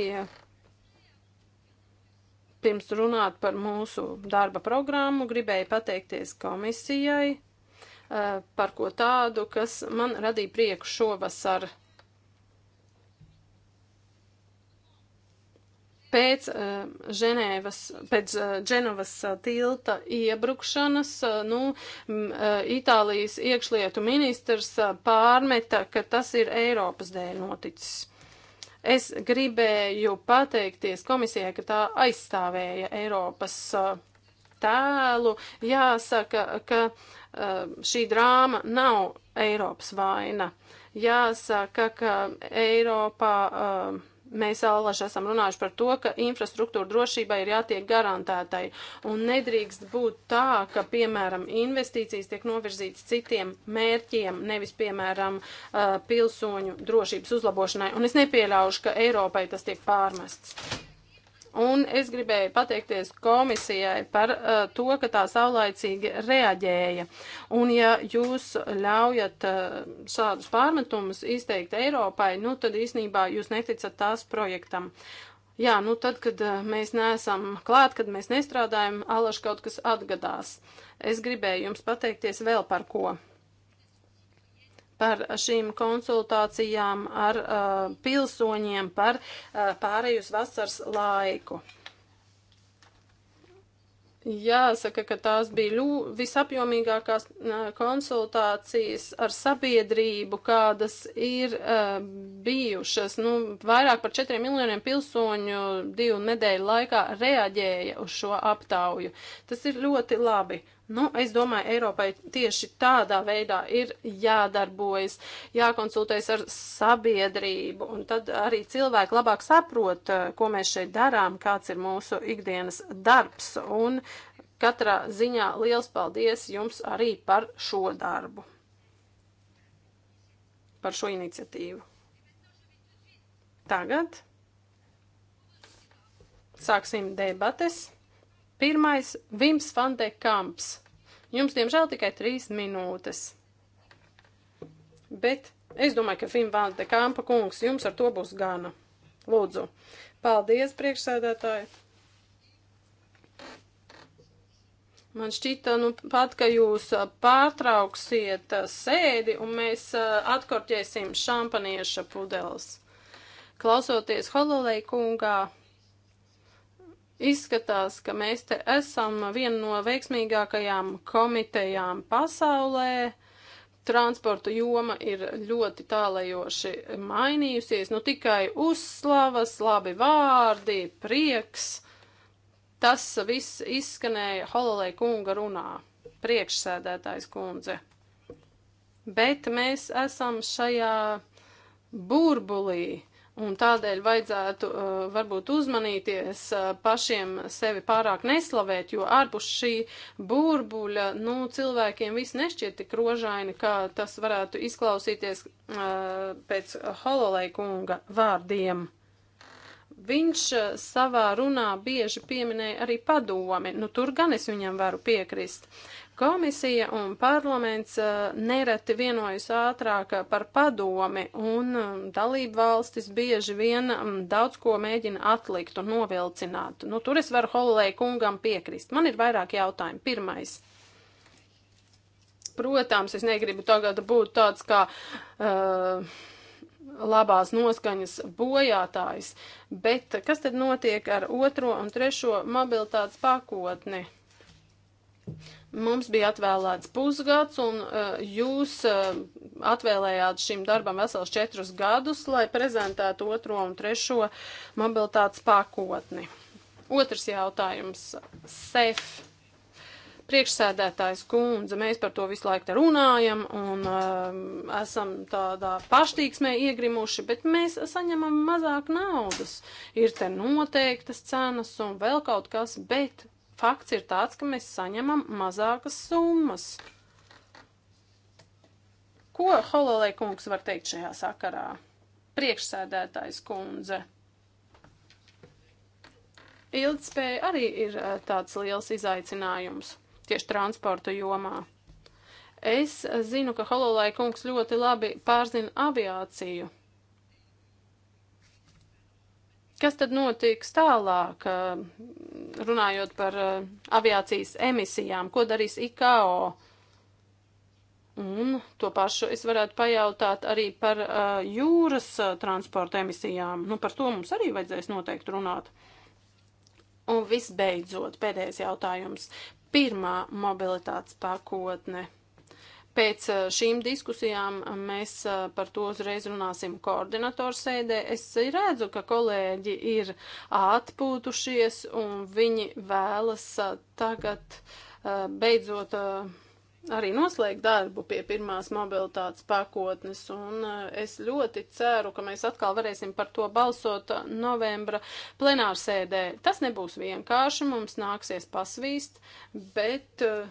Pirms runāt par mūsu darba programmu, gribēju pateikties komisijai eh, par ko tādu, kas man radīja prieku šovasar. pēc uh, Ženēvas, pēc uh, Dženovas uh, tilta iebrukšanas, uh, nu, m, uh, Itālijas iekšlietu ministrs uh, pārmeta, ka tas ir Eiropas dēļ noticis. Es gribēju pateikties komisijai, ka tā aizstāvēja Eiropas uh, tēlu. Jāsaka, ka uh, šī drāma nav Eiropas vaina. Jāsaka, ka Eiropā uh, Mēs allaž esam runājuši par to, ka infrastruktūra drošībai ir jātiek garantētai un nedrīkst būt tā, ka, piemēram, investīcijas tiek novirzītas citiem mērķiem, nevis, piemēram, uh, pilsoņu drošības uzlabošanai. Un es nepieļaušu, ka Eiropai tas tiek pārmests. Un es gribēju pateikties komisijai par uh, to, ka tā saulaicīgi reaģēja. Un ja jūs ļaujat uh, šādus pārmetumus izteikt Eiropai, nu tad īsnībā jūs neticat tās projektam. Jā, nu tad, kad uh, mēs neesam klāt, kad mēs nestrādājam, alaž kaut kas atgadās. Es gribēju jums pateikties vēl par ko par šīm konsultācijām ar uh, pilsoņiem par uh, pārējus vasaras laiku. Jāsaka, ka tās bija ļū, visapjomīgākās uh, konsultācijas ar sabiedrību, kādas ir uh, bijušas. Nu, vairāk par 4 miljoniem pilsoņu divu nedēļu laikā reaģēja uz šo aptauju. Tas ir ļoti labi. Nu, es domāju, Eiropai tieši tādā veidā ir jādarbojas, jākonsultējas ar sabiedrību, un tad arī cilvēki labāk saprot, eh, ko mēs šeit darām, kāds ir mūsu ikdienas darbs. Un katrā ziņā liels paldies jums arī par šo darbu, par šo iniciatīvu. Tagad sāksim debates. Pirmais - Vims Fandekams. Jums, diemžēl, tikai trīs minūtes. Bet es domāju, ka Fimvāns de Kampa kungs, jums ar to būs gana. Lūdzu. Paldies, priekšsēdētāji. Man šķita, nu, pat, ka jūs pārtrauksiet sēdi un mēs atkorķēsim šampanieša pudeles. Klausoties Hololei kungā Izskatās, ka mēs te esam viena no veiksmīgākajām komitejām pasaulē. Transporta joma ir ļoti tālajoši mainījusies, nu tikai uzslavas, labi vārdi, prieks. Tas viss izskanēja Hololei kunga runā, priekšsēdētājs kundze. Bet mēs esam šajā burbulī, Un tādēļ vajadzētu uh, varbūt uzmanīties uh, pašiem sevi pārāk neslavēt, jo ārpus šī burbuļa, nu, cilvēkiem viss nešķiet tik rožaini, kā tas varētu izklausīties uh, pēc Hololaikunga vārdiem. Viņš uh, savā runā bieži pieminēja arī padomi, nu tur gan es viņam varu piekrist. Komisija un parlaments eh, nereti vienojas ātrāk par padomi, un um, dalību valstis bieži vien um, daudz ko mēģina atlikt un novilcināt. Nu, tur es varu Hololei kungam piekrist. Man ir vairāk jautājumu. Pirmais protams, es negribu tagad būt tāds kā uh, labās noskaņas bojātājs, bet kas tad notiek ar otro un trešo mobilitātes pakotni? Mums bija atvēlēts pusgads, un uh, jūs uh, atvēlējāt šim darbam vesels četrus gadus, lai prezentētu otro un trešo mobilitātes pakotni. Otrs jautājums - SEF. Priekšsēdētājs kundze, mēs par to visu laiku te runājam un um, uh, esam tādā paštīksmē iegrimuši, bet mēs saņemam mazāk naudas. Ir te noteiktas cenas un vēl kaut kas, bet fakts ir tāds, ka mēs saņemam mazākas summas. Ko Hololē kungs var teikt šajā sakarā? Priekšsēdētājs kundze. Ilgtspēja arī ir eh, tāds liels izaicinājums tieši transporta jomā. Es eh, zinu, ka Hololai kungs ļoti labi pārzina aviāciju. Kas tad notiks tālāk, eh, runājot par eh, aviācijas emisijām? Ko darīs IKO? Un to pašu es varētu pajautāt arī par eh, jūras transporta emisijām. Nu, par to mums arī vajadzēs noteikti runāt. Un visbeidzot, pēdējais jautājums. Pirmā mobilitātes pakotne Pēc eh, šīm diskusijām eh, mēs eh, par to uzreiz runāsim koordinatoru sēdē. Es redzu, ka kolēģi ir atpūtušies un viņi vēlas tagad beidzot arī noslēgt darbu pie pirmās mobilitātes pakotnes, un es ļoti ceru, ka mēs atkal varēsim par to balsot novembra plenārsēdē. Tas nebūs vienkārši, mums nāksies pasvīst, bet uh,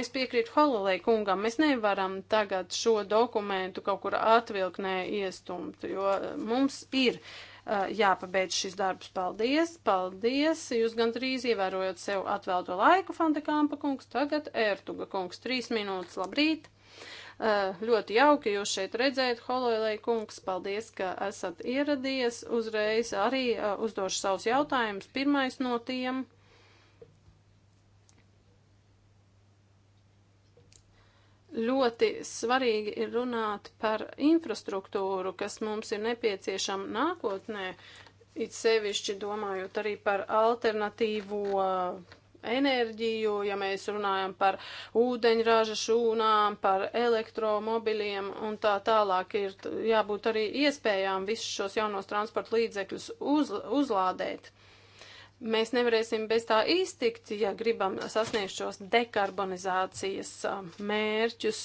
Es piekrītu Hololei kungam, mēs nevaram tagad šo dokumentu kaut kur atvilknē iestumt, jo uh, mums ir uh, jāpabeidz šis darbs. Paldies, paldies, jūs gandrīz ievērojot sev atvēlto laiku, Fantekāmpa kungs, tagad Ertuga kungs, trīs minūtes, labrīt. Uh, ļoti jauki jūs šeit redzēt, Hololei kungs, paldies, ka esat ieradies. Uzreiz arī uh, uzdošu savus jautājumus. Pirmais no tiem. Uh, ļoti svarīgi ir runāt par infrastruktūru, kas mums ir nepieciešama nākotnē, it sevišķi domājot arī par alternatīvo uh, enerģiju, ja mēs runājam par ūdeņraža šūnām, par elektromobiliem un tā tālāk ir jābūt arī iespējām visus šos jaunos transporta līdzekļus uz, uzlādēt. Mēs nevarēsim bez tā iztikt, ja gribam sasniegt šos dekarbonizācijas mērķus.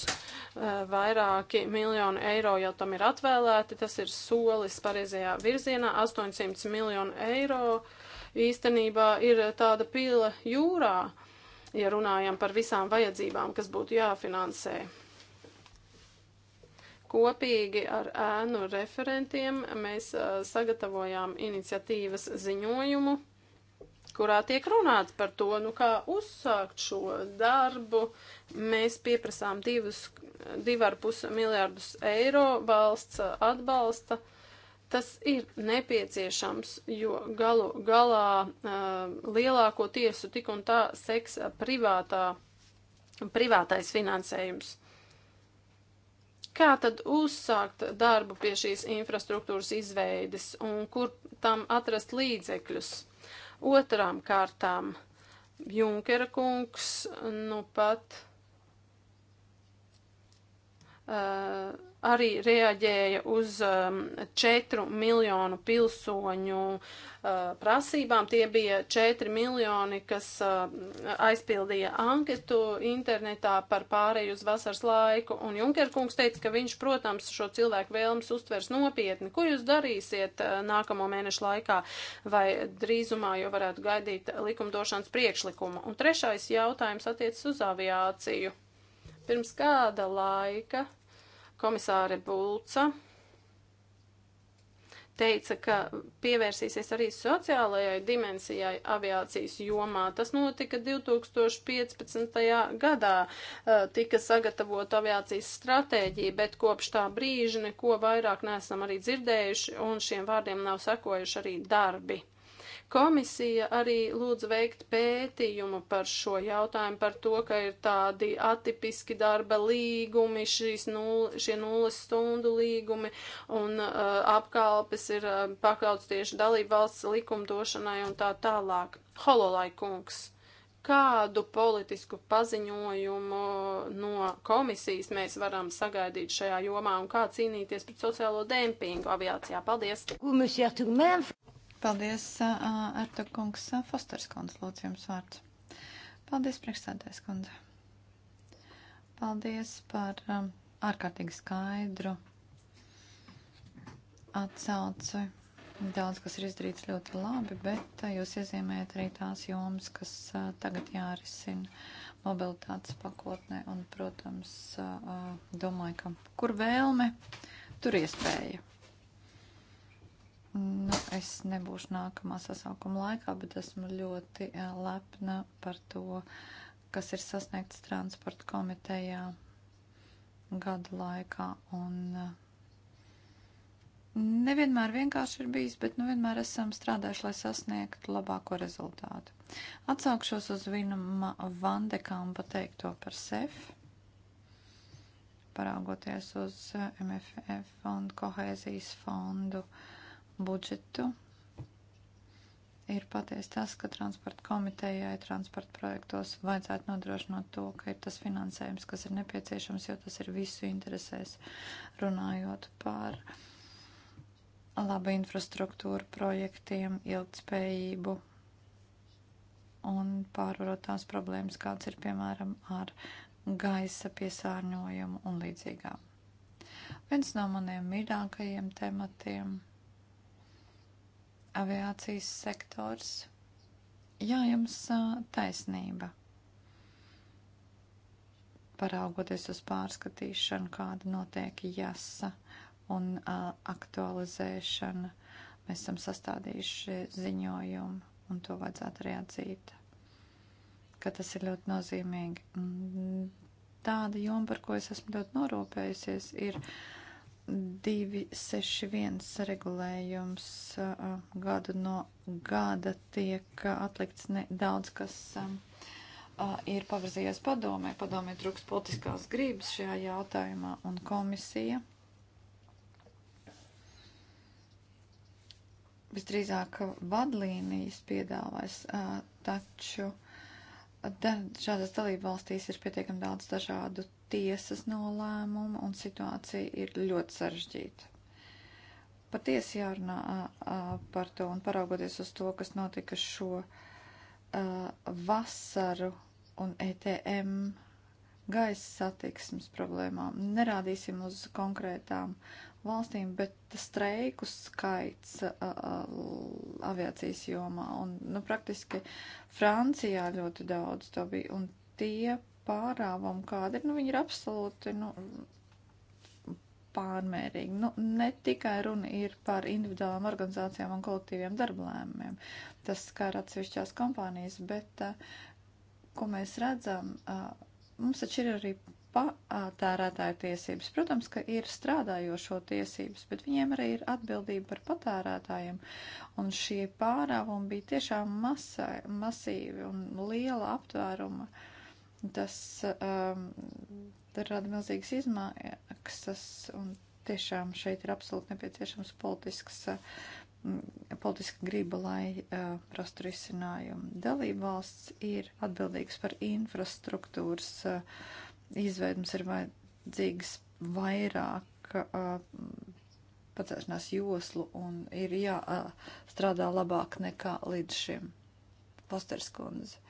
Vairāki miljoni eiro jau tam ir atvēlēti. Tas ir solis pareizajā virzienā - 800 miljonu eiro. Īstenībā ir tāda pila jūrā, ja runājam par visām vajadzībām, kas būtu jāfinansē. Kopīgi ar ēnu referentiem mēs sagatavojām iniciatīvas ziņojumu kurā tiek runāts par to, nu kā uzsākt šo darbu. Mēs pieprasām divus, divu ar pus miljārdus eiro valsts atbalsta. Tas ir nepieciešams, jo galu galā uh, lielāko tiesu tik un tā seks privātā, privātais finansējums. Kā tad uzsākt darbu pie šīs infrastruktūras izveides un kur tam atrast līdzekļus? Otrām kārtām Junkera kungs, nu pat uh, arī reaģēja uz um, 4 miljonu pilsoņu uh, prasībām. Tie bija 4 miljoni, kas uh, aizpildīja anketu internetā par pārēju uz vasaras laiku. Un Junkerkungs teica, ka viņš, protams, šo cilvēku vēlmes uztvers nopietni. Ko jūs darīsiet uh, nākamo mēnešu laikā vai drīzumā, jo varētu gaidīt likumdošanas priekšlikumu? Un trešais jautājums attiecas uz aviāciju. Pirms kāda laika Komisāre Bulca teica, ka pievērsīsies arī sociālajai dimensijai aviācijas jomā. Tas notika 2015. gadā, tika sagatavota aviācijas stratēģija, bet kopš tā brīža neko vairāk neesam arī dzirdējuši, un šiem vārdiem nav sekojuši arī darbi. Komisija arī lūdz veikt pētījumu par šo jautājumu, par to, ka ir tādi atipiski darba līgumi, nul, šie nulles stundu līgumi un uh, apkalpes ir uh, pakauts tieši dalību valsts likumdošanai un tā tālāk. Hololai kungs kādu politisku paziņojumu no komisijas mēs varam sagaidīt šajā jomā un kā cīnīties pret sociālo dempingu aviācijā. Paldies! Paldies, Arta kungs. Fosters kundze, lūdzu jums vārds. Paldies, priekšstādājs kundze. Paldies par um, ārkārtīgi skaidru atsauci. Daudz, kas ir izdarīts ļoti labi, bet jūs iezīmējat arī tās jomas, kas tagad jārisina mobilitātes pakotnē. Un, protams, domāju, ka kur vēlme, tur iespēja. Nu, es nebūšu nākamā sasaukuma laikā, bet esmu ļoti e, lepna par to, kas ir sasniegts transporta komitejā gadu laikā. Un, e, Nevienmēr vienkārši ir bijis, bet nu vienmēr esam strādājuši, lai sasniegtu labāko rezultātu. Atsaukšos uz Vinuma Vandekampa teikto par SEF, paraugoties uz e, MFF fondu, kohēzijas fondu. Uh, budžetu ir patiesi tas, ka transporta komitejai transporta projektos vajadzētu nodrošināt to, ka ir tas finansējums, kas ir nepieciešams, jo tas ir visu interesēs runājot par labu infrastruktūru projektiem, ilgtspējību un pārvarot tās problēmas, kāds ir piemēram ar gaisa piesārņojumu un līdzīgām. Viens no maniem mīļākajiem tematiem - aviācijas sektors. Jā, jums taisnība. Paraugoties uz pārskatīšanu, kāda notiek jāsa un aktualizēšana, mēs esam sastādījuši ziņojumu, un to vajadzētu arī atzīt, ka tas ir ļoti nozīmīgi. Tāda joma, par ko es esmu ļoti norūpējusies, ir. Uh, 261 regulējums gadu no gada tiek atlikts nedaudz, kas ir pavirzījies padomē. Padomē trūks politiskās grības šajā jautājumā un komisija. Visdrīzāk vadlīnijas piedāvājas, taču dažādās dalībvalstīs ir pietiekami daudz dažādu tiesas nolēmumu, un situācija ir ļoti sarežģīta. Patiesi jārunā par to, un paraugoties uz to, kas notika šo vasaru un ETM gaisa satiksmes problēmām, nerādīsim uz konkrētām valstīm, bet streiku skaits a, a, aviācijas jomā, un nu, praktiski Francijā ļoti daudz to bija, un tie pārāvumi, kāda ir, nu, viņi ir absolūti, nu, pārmērīgi. Nu, ne tikai runa ir par individuālām organizācijām un kolektīviem darblēmumiem. Tas skar atsevišķās kompānijas, bet, eh, ko mēs redzam, eh, mums taču ir arī patērētāju tiesības. Protams, ka ir strādājošo tiesības, bet viņiem arī ir atbildība par patērētājiem. Un šie pārāvumi bija tiešām masai, masīvi un liela aptvēruma. Uh, Tas um, rada milzīgas izmaksas un tiešām šeit ir absolūti nepieciešams politisks, mm, politiska griba, lai uh, rastu risinājumu. Dalībvalsts ir atbildīgs par infrastruktūras uh, izveidu. Mums ir vajadzīgs vairāk uh, pacelšanās joslu un ir jāstrādā uh, labāk nekā līdz šim. Posters kundze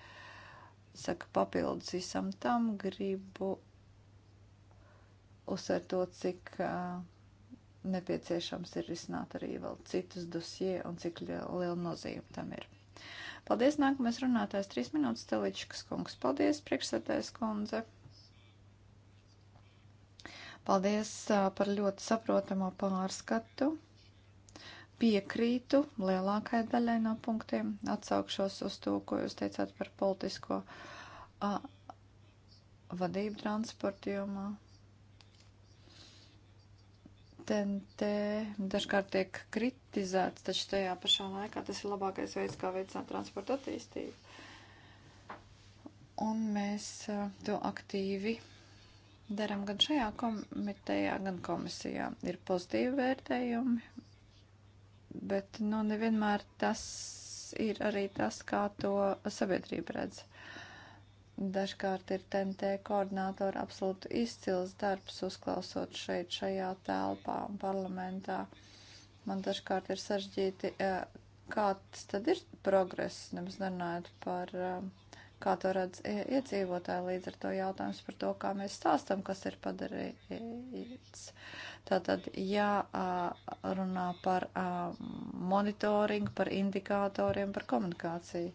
saka papildus visam tam, gribu uzsvērt to, cik uh, nepieciešams ir risināt arī vēl citus dosie un cik liela nozīme tam ir. Paldies, nākamais runātājs, trīs minūtes, Teličkas kungs. Paldies, priekšsētājs kundze. Paldies uh, par ļoti saprotamo pārskatu piekrītu lielākai daļai no punktiem. Atsaukšos uz to, ko jūs teicāt par politisko a, vadību transporta jomā. TNT dažkārt tiek kritizēts, taču tajā pašā laikā tas ir labākais veids, kā veicināt transporta attīstību. Un mēs a, to aktīvi darām gan šajā komitejā, gan komisijā. Ir pozitīvi vērtējumi, bet nu, nevienmēr tas ir arī tas, kā to sabiedrība redz. Dažkārt ir TNT koordinātori absolūti izcils darbs, uzklausot šeit, šajā telpā un parlamentā. Man dažkārt ir sažģīti, eh, kāds tad ir progress, nemaz nerunājot par uh, kā to redz iedzīvotāji. Līdz ar to jautājums par to, kā mēs stāstam, kas ir padarīts. Tātad jārunā par monitoringu, par indikatoriem, par komunikāciju.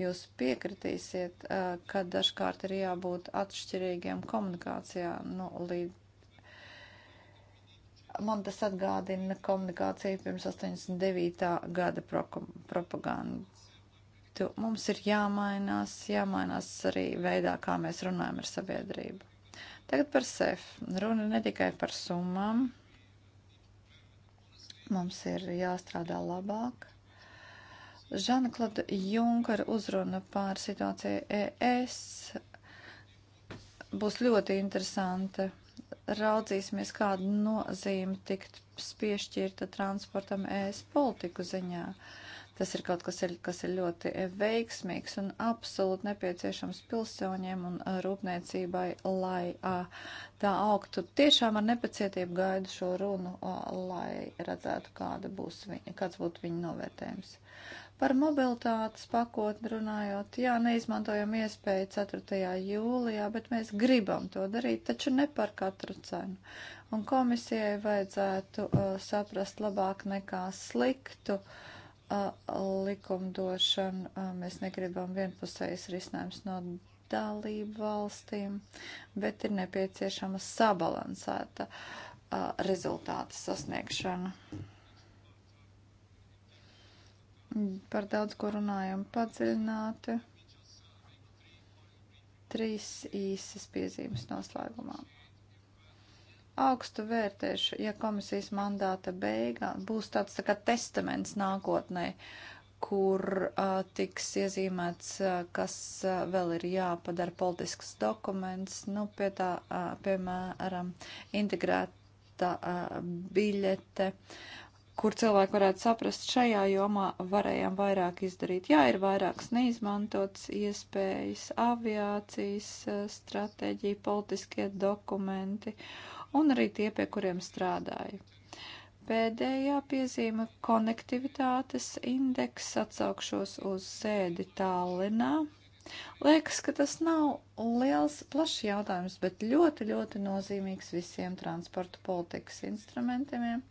Jūs piekritīsiet, ka dažkārt ir jābūt atšķirīgiem komunikācijā. Nu, līdz Man tas atgādina komunikāciju pirms 89. gada propagandu citu, mums ir jāmainās, jāmainās arī veidā, kā mēs runājam ar sabiedrību. Tagad par SEF. Runa ne tikai par summām. Mums ir jāstrādā labāk. Žanklada Junkara uzruna pār situāciju ES būs ļoti interesanta. Raudzīsimies, kādu nozīmi tikt piešķirta transportam ES politiku ziņā. Uh, Tas ir kaut kas, ir, kas ir ļoti veiksmīgs un absolūti nepieciešams pilsoņiem un rūpniecībai, lai a, tā augtu. Tiešām ar nepacietību gaidu šo runu, a, lai redzētu, kāda būs viņa, kāds būtu viņa novērtējums. Par mobilitātes pakotni runājot, jā, neizmantojam iespēju 4. jūlijā, bet mēs gribam to darīt, taču ne par katru cenu. Un komisijai vajadzētu uh, saprast labāk nekā sliktu uh, likumdošanu. Mēs negribam vienpusējas risinājums no dalību valstīm, bet ir nepieciešama sabalansēta rezultāta sasniegšana. Par daudz ko runājam padziļināti. Trīs īsas piezīmes noslēgumā augstu vērtēšu, ja komisijas mandāta beigā būs tāds tā kā testaments nākotnē, kur uh, tiks iezīmēts, uh, kas uh, vēl ir jāpadara politisks dokuments, nu, pie tā, uh, piemēram, integrēta uh, biļete, kur cilvēki varētu saprast, šajā jomā varējām vairāk izdarīt. Jā, ir vairākas neizmantotas iespējas, aviācijas uh, stratēģija, politiskie dokumenti. Uh, un arī tie, pie kuriem strādāju. Pēdējā piezīme - konektivitātes indeks atsaukšos uz sēdi Tallinā. Liekas, ka tas nav liels, plašs jautājums, bet ļoti, ļoti nozīmīgs visiem transporta politikas instrumentiem.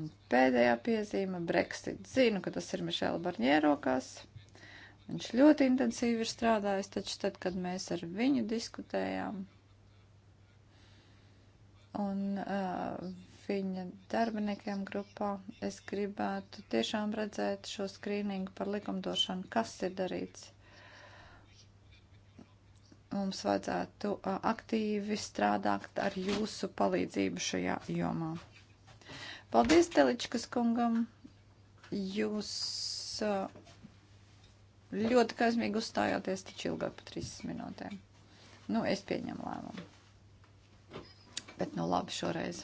Un pēdējā piezīme - Brexit. Zinu, ka tas ir Mišēla Barņērokās. Viņš ļoti intensīvi ir strādājis, taču tad, kad mēs ar viņu diskutējām, un uh, viņa darbiniekiem grupā. Es gribētu tiešām redzēt šo skrīningu par likumdošanu, kas ir darīts. Mums vajadzētu uh, aktīvi strādāt ar jūsu palīdzību šajā jomā. Paldies Teličkas kungam! Jūs uh, ļoti kaismīgi uzstājāties, taču ilgāk par 30 minūtēm. Nu, es pieņemu lēmumu bet nu labi šoreiz.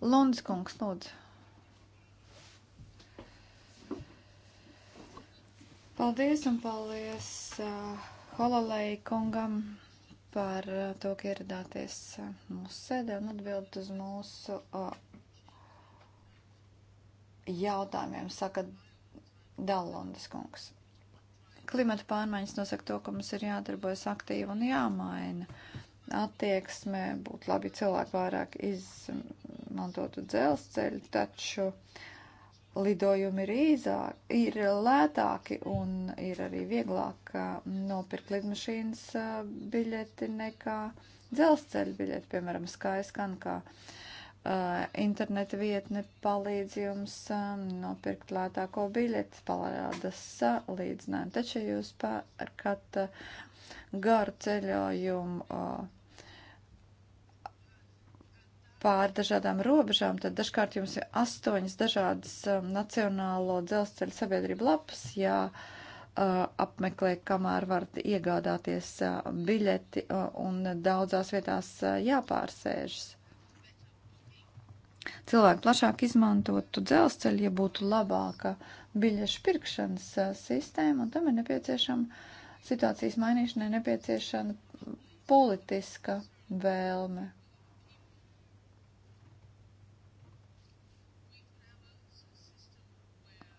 Lunds kungs, lūdzu. Paldies un paldies uh, Hololei kungam par uh, to, ka ieradāties uh, mūsu sēdē un atbild uz mūsu uh, jautājumiem, saka Dallondas kungs. Klimata pārmaiņas nosaka to, ka mums ir jādarbojas aktīvi un jāmaina. Uh, attieksme, būtu labi cilvēki vairāk izmantotu dzelzceļu, taču lidojumi ir, īzāk, ir lētāki un ir arī vieglāk uh, nopirkt lidmašīnas uh, biļeti nekā dzelzceļa biļeti, piemēram, skaiskan, kā uh, interneta vietne palīdz jums um, nopirkt lētāko biļeti, palāda salīdzinājumu. Uh, taču, ja jūs pērkat uh, garu ceļojumu, uh, pāri dažādām robežām, tad dažkārt jums ir astoņas dažādas um, nacionālo dzelzceļa sabiedrību lapas, jā, uh, apmeklē, kamēr varat iegādāties uh, biļeti uh, un daudzās vietās uh, jāpārsēžas. Cilvēki plašāk izmantotu dzelzceļu, ja būtu labāka biļešu pirkšanas uh, sistēma, un tam ir nepieciešama situācijas mainīšanai nepieciešama politiska vēlme.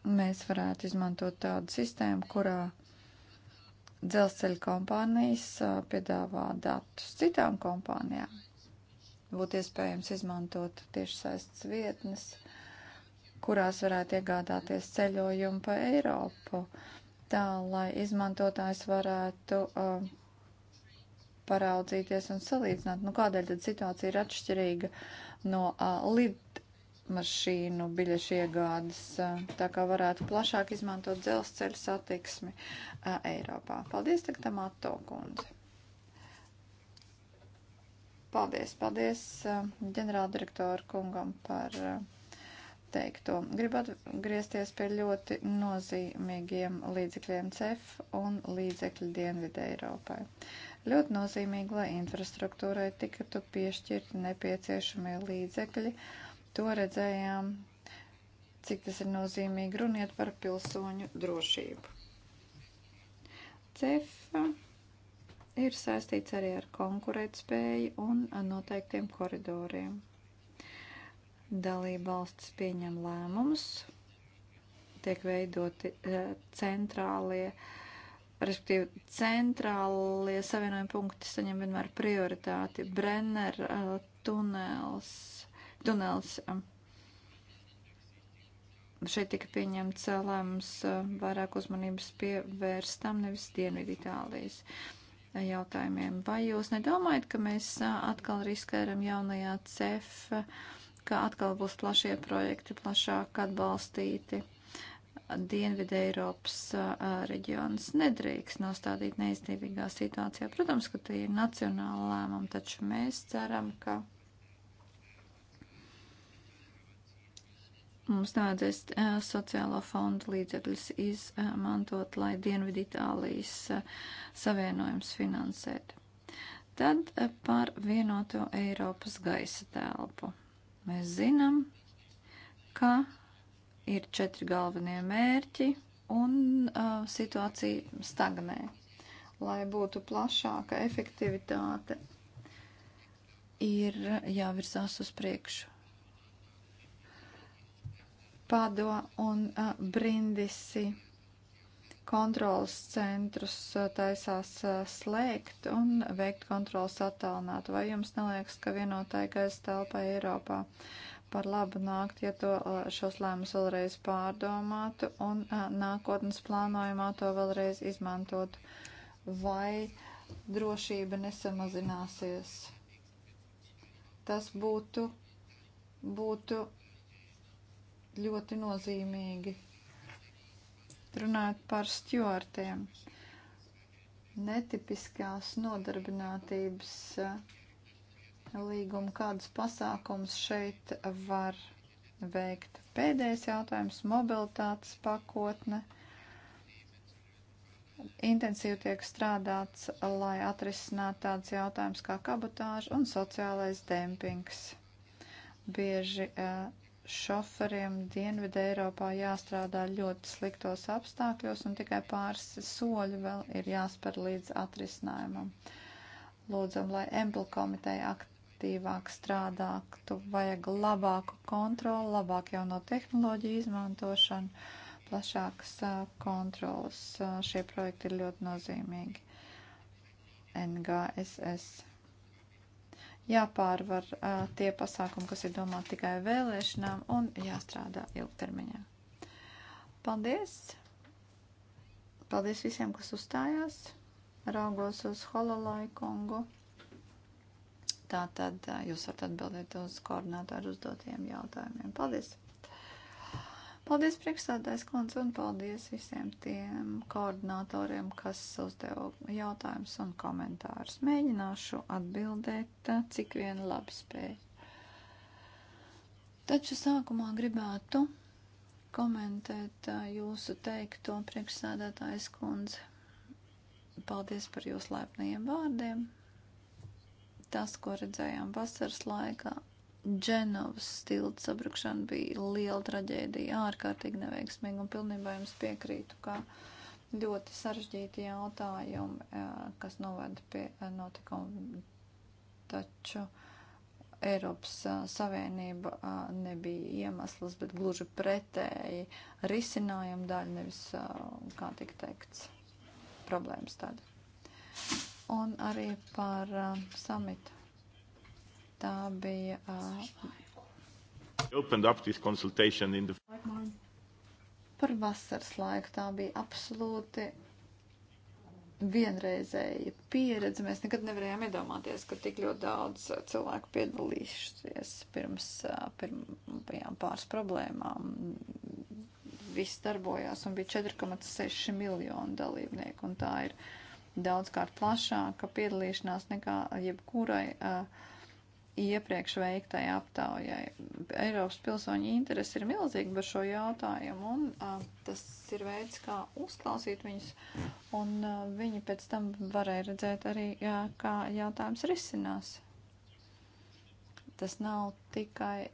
mēs varētu izmantot tādu sistēmu, kurā dzelzceļa kompānijas piedāvā datus citām kompānijām. Būtu iespējams izmantot tiešsaistes vietnes, kurās varētu iegādāties ceļojumu pa Eiropu, tā lai izmantotājs varētu uh, paraudzīties un salīdzināt, nu kādēļ tad situācija ir atšķirīga no uh, lid mašīnu biļešu iegādes, tā kā varētu plašāk izmantot dzelzceļa satiksmi Eiropā. Paldies, tagad Amato kundze. Paldies, paldies ģenerāldirektoru kungam par teikto. Gribu atgriezties pie ļoti nozīmīgiem līdzekļiem CEF un līdzekļu Dienvidē Eiropai ļoti nozīmīgi, lai infrastruktūrai tiktu piešķirti nepieciešamie līdzekļi, to redzējām, cik tas ir nozīmīgi runiet par pilsoņu drošību. Cefa ir saistīts arī ar konkurētspēju un noteiktiem koridoriem. Dalība valsts pieņem lēmumus, tiek veidoti eh, centrālie, respektīvi centrālie savienojumi punkti saņem vienmēr prioritāti. Brenner eh, tunels Makdonalds. Šeit tika pieņemts lēmums vairāk uzmanības pievērstam nevis Dienvidu Itālijas jautājumiem. Vai jūs nedomājat, ka mēs atkal riskējam jaunajā CEF, ka atkal būs plašie projekti, plašāk atbalstīti? Dienvidē Eiropas reģionus nedrīkst nostādīt neizdevīgā situācijā. Protams, ka tie ir nacionāli lēmumi, taču mēs ceram, ka Mums nācies sociālo fondu līdzekļus izmantot, lai Dienvidu Itālijas savienojums finansētu. Tad par vienoto Eiropas gaisa telpu. Mēs zinām, ka ir četri galvenie mērķi un uh, situācija stagnē. Lai būtu plašāka efektivitāte, ir jāvirzās uz priekšu. Pado un uh, Brindisi kontrolas centrus taisās slēgt un veikt kontrolas attālināt. Vai jums neliekas, ka vienotai gaisa telpai Eiropā par labu nākt, ja to šos lēmumus vēlreiz pārdomātu un nākotnes plānojumā to vēlreiz izmantotu? Vai drošība nesamazināsies? Tas būtu, būtu ļoti nozīmīgi. Runājot par stjortiem, netipiskās nodarbinātības eh, līguma, kādus pasākums šeit var veikt. Pēdējais jautājums - mobilitātes pakotne. Intensīvi tiek strādāts, lai atrisinātu tādus jautājumus kā kabotāža un sociālais dempings. Bieži uh, šoferiem Dienvidē Eiropā jāstrādā ļoti sliktos apstākļos un tikai pāris soļi vēl ir jāspēr līdz atrisinājumam. Lūdzam, lai Empla komiteja aktīvāk strādātu, vajag labāku kontroli, labāk jauno tehnoloģiju izmantošanu, plašākas kontrolas. Šie projekti ir ļoti nozīmīgi. NGSS jāpārvar uh, tie pasākumi, kas ir domāti tikai vēlēšanām un jāstrādā ilgtermiņā. Paldies! Paldies visiem, kas uzstājās. Raugos uz Hololai Kongu. Tātad uh, jūs varat atbildēt uz koordinātāru uzdotiem jautājumiem. Paldies! Paldies priekšstādājs kundze un paldies visiem tiem koordinatoriem, kas uzdeva jautājumus un komentārus. Mēģināšu atbildēt, cik vien labi spēju. Taču sākumā gribētu komentēt jūsu teikto priekšsādātājs kundze. Paldies par jūsu laipnajiem vārdiem. Tas, ko redzējām vasaras laikā, Dženovas stilta sabrukšana bija liela traģēdija, ārkārtīgi neveiksmīga un pilnībā jums piekrītu, ka ļoti sarežģīti jautājumi, eh, kas novada pie eh, notikumu. Taču Eiropas eh, Savienība nebija iemesls, bet gluži pretēji risinājuma daļa, nevis, kā tik teikts, problēmas tāda. Un arī par samitu Tā bija. Uh, par vasaras laiku tā bija absolūti vienreizēja pieredze. Mēs nekad nevarējām iedomāties, ka tik ļoti daudz cilvēku piedalīšies pirms pirmajām pāris problēmām. Viss darbojās un bija 4,6 miljonu dalībnieku, un tā ir daudzkārt plašāka piedalīšanās nekā jebkurai uh, iepriekš veiktai aptaujai. Eiropas pilsoņu interesi ir milzīgi par šo jautājumu, un a, tas ir veids, kā uzklausīt viņus, un a, viņi pēc tam varēja redzēt arī, a, kā jautājums risinās. Tas nav tikai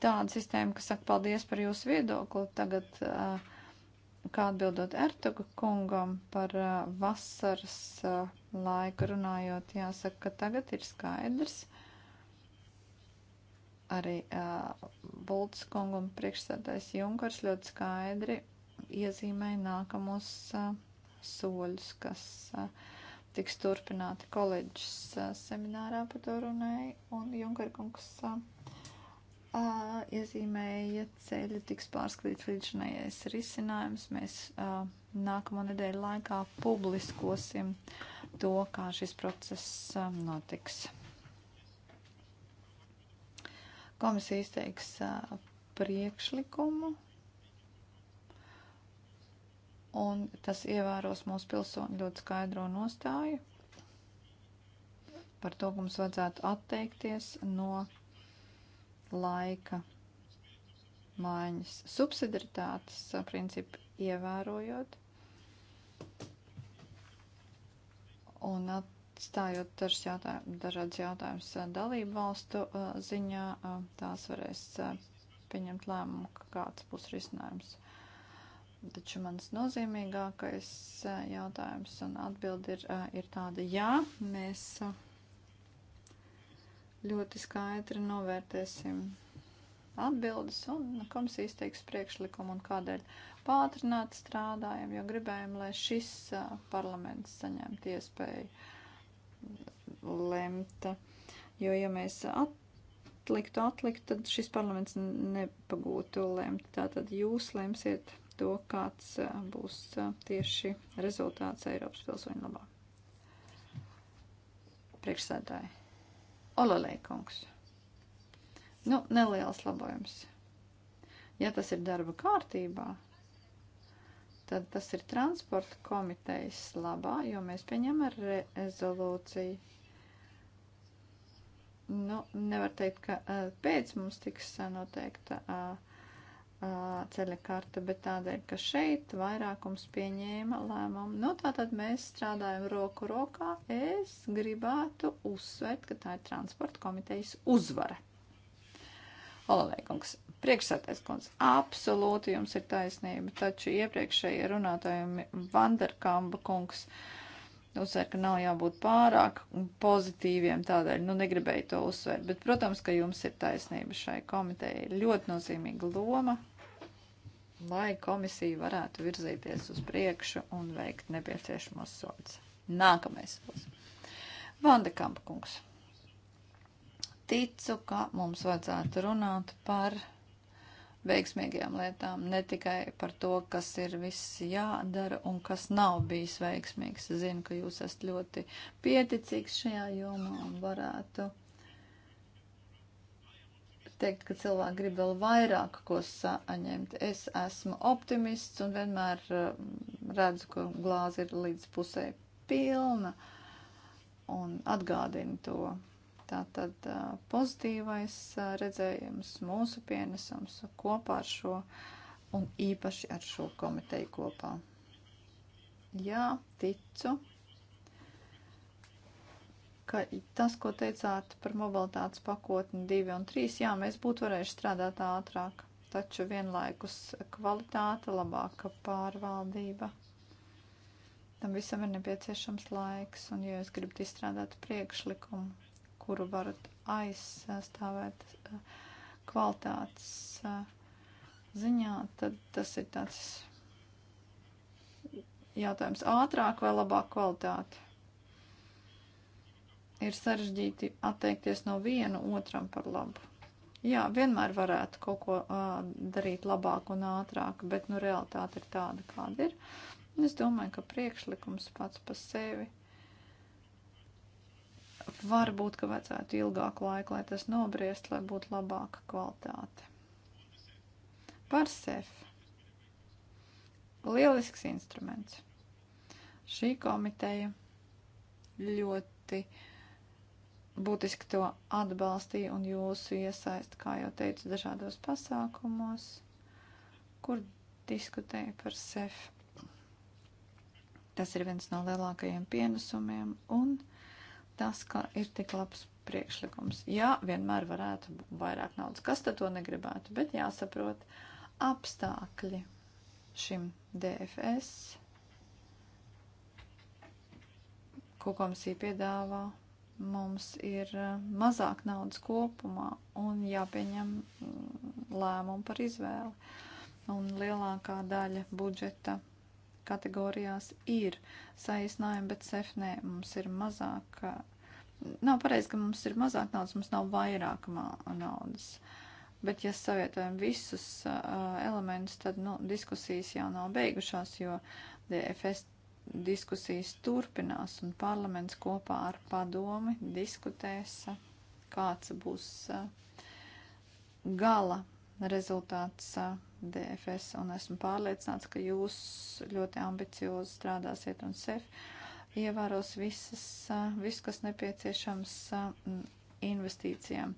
tāda sistēma, kas saka paldies par jūsu viedokli, tagad. A, kā atbildot Ertuga kungam par uh, vasaras uh, laiku runājot, jāsaka, ka tagad ir skaidrs arī uh, Bultas kungam priekšsēdājs Junkars ļoti skaidri iezīmēja nākamos uh, soļus, kas uh, tiks turpināti koledžas uh, seminārā par to runēja, un Junkar kungs uh, uh, iezīmēja ceļu, tiks pārskatīts līdzinājais risinājums. Mēs uh, nākamo nedēļu laikā publiskosim to, kā šis process uh, notiks. Komisija izteiks uh, priekšlikumu un tas ievēros mūsu pilsoņu ļoti skaidro nostāju par to, ka mums vajadzētu atteikties no laika maiņas, subsidiaritātes principu ievērojot un atstājot dažs jautājum, dažādas jautājumas eh, dalību valstu eh, ziņā, eh, tās varēs pieņemt lēmumu, kāds būs risinājums. Taču mans nozīmīgākais jautājums un atbildi ir, ir tāda, jā, mēs ļoti skaidri novērtēsim atbildes un komisija izteiks priekšlikumu un kādēļ pātrināt strādājam, jo gribējam, lai šis parlaments saņemtu iespēju lemt. Jo, ja mēs atliktu, atliktu, tad šis parlaments nepagūtu lemt. Tātad jūs lemsiet to, kāds būs tieši rezultāts Eiropas pilsoņu labā. Priekšsēdētāji. Olalēkungs. Nu, neliels labojums. Ja tas ir darba kārtībā, tad tas ir transporta komitejas labā, jo mēs pieņemam rezolūciju. Nu, nevar teikt, ka eh, pēc mums tiks eh, noteikta. Uh, ceļa karta, bet tādēļ, ka šeit vairākums pieņēma lēmumu. Nu, tātad mēs strādājam roku rokā. Es gribētu uzsvērt, ka tā ir transporta komitejas uzvara. Olavēkungs, priekšsētais kundze, absolūti jums ir taisnība, taču iepriekšējie runātājumi Vanderkamba kungs. Uh, uzsver, ka nav jābūt pārāk pozitīviem, tādēļ nu, negribēju to uzsvērt. Bet, protams, ka jums ir taisnība šai komitejai. Ir ļoti nozīmīga loma, lai komisija varētu virzīties uz priekšu un veikt nepieciešamos soļus. Nākamais solis. Vanda Kampa kungs. Ticu, ka mums vajadzētu runāt par veiksmīgajām lietām, ne tikai par to, kas ir viss jādara un kas nav bijis veiksmīgs. Zinu, ka jūs esat ļoti pieticīgs šajā jomā un varētu teikt, ka cilvēki grib vēl vairāk ko saņemt. Es esmu optimists un vienmēr eh, redzu, ka glāze ir līdz pusē pilna un atgādinu to Tātad pozitīvais redzējums, mūsu pienesums kopā ar šo un īpaši ar šo komiteju kopā. Jā, ticu, ka tas, ko teicāt par mobilitātes pakotni 2 un 3, jā, mēs būtu varējuši strādāt ātrāk, taču vienlaikus kvalitāte, labāka pārvaldība. Tam visam ir nepieciešams laiks, un ja jūs gribat izstrādāt priekšlikumu, kuru varat aizstāvēt eh, kvalitātes eh, ziņā, tad tas ir tāds jautājums ātrāk vai labāk kvalitāti. Ir sarežģīti atteikties no viena otram par labu. Jā, vienmēr varētu kaut ko uh, darīt labāk un ātrāk, bet nu realitāte ir tāda, kāda ir. Un es domāju, ka priekšlikums pats par sevi varbūt, ka vajadzētu ilgāku laiku, lai tas nobriest, lai būtu labāka kvalitāte. Par sef. Lielisks instruments. Šī komiteja ļoti būtiski to atbalstīja un jūsu iesaist, kā jau teicu, dažādos pasākumos, kur diskutēja par sef. Tas ir viens no lielākajiem pienesumiem un tas, ka ir tik labs priekšlikums. Jā, vienmēr varētu vairāk naudas. Kas tad to negribētu? Bet jāsaprot apstākļi šim DFS, ko komisija piedāvā. Mums ir eh, mazāk naudas kopumā un jāpieņem mm, lēmumu par izvēli. Un lielākā daļa budžeta kategorijās ir saīsinājumi, bet sefnē mums ir mazāk. Nav pareizi, ka mums ir mazāk naudas, mums nav vairāk naudas. Bet, ja savietojam visus uh, elementus, tad nu, diskusijas jau nav beigušās, jo DFS diskusijas turpinās un parlaments kopā ar padomi diskutēs, kāds būs uh, gala rezultāts. Uh, DFS, un esmu pārliecināts, ka jūs ļoti ambiciozi strādāsiet un SEF ievēros visas, eh, visu, kas nepieciešams eh, investīcijām.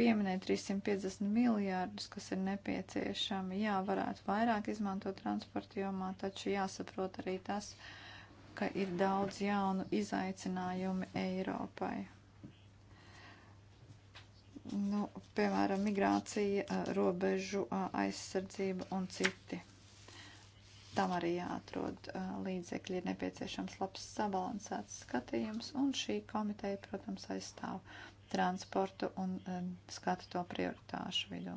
Pieminēt 350 miljārdus, kas ir nepieciešami, jā, varētu vairāk izmantot transporta jomā, taču jāsaprot arī tas, ka ir daudz jaunu izaicinājumu Eiropai nu, piemēram, migrācija, robežu aizsardzība un citi. Tam arī jāatrod līdzekļi, ir nepieciešams labs sabalansēts skatījums, un šī komiteja, protams, aizstāv transportu un skata to prioritāšu vidū.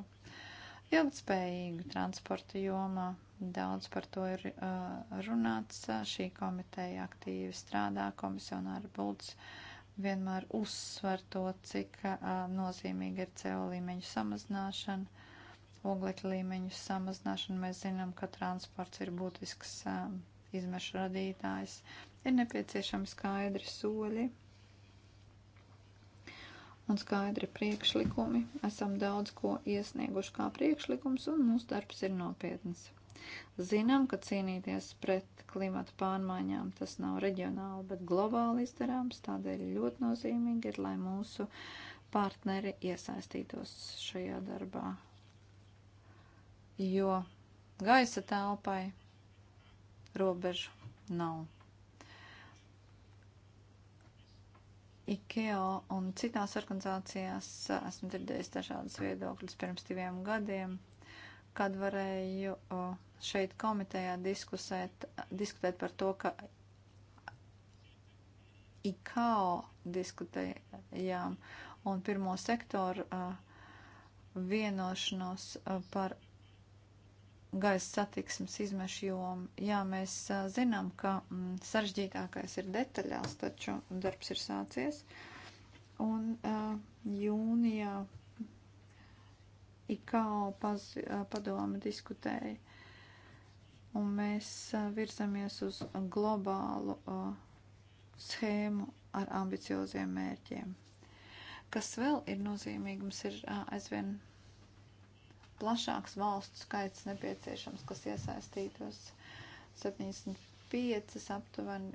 Ilgtspējīgu transportu jomā daudz par to ir runāts. Šī komiteja aktīvi strādā, komisionāri Bults. Uh, vienmēr uzsver to, cik a, nozīmīga ir CO līmeņu samazināšana, oglekļa līmeņu samazināšana. Mēs zinām, ka transports ir būtisks a, izmešu radītājs. Ir nepieciešami skaidri soļi un skaidri priekšlikumi. Esam daudz ko iesnieguši kā priekšlikums, un mūsu darbs ir nopietns. Zinām, ka cīnīties pret klimatu pārmaiņām tas nav reģionāli, bet globāli izdarāms. Tādēļ ļoti nozīmīgi ir, lai mūsu partneri iesaistītos šajā darbā. Jo gaisa telpai robežu nav. IKEO un citās organizācijās esmu dzirdējis dažādas viedokļas pirms diviem gadiem, kad varēju uh, šeit komitejā diskusēt, diskutēt par to, ka IKO diskutējām un pirmo sektoru uh, vienošanos uh, par gaisa satiksmes izmešu jomu. Jā, mēs uh, zinām, ka mm, sarežģītākais ir detaļās, taču darbs ir sācies. Un jūnijā IKO paz, padoma diskutēja un mēs virzamies uz globālu uh, schēmu ar ambicioziem mērķiem. Kas vēl ir nozīmīgi, mums ir uh, aizvien plašāks valstu skaits nepieciešams, kas iesaistītos 75 aptuveni,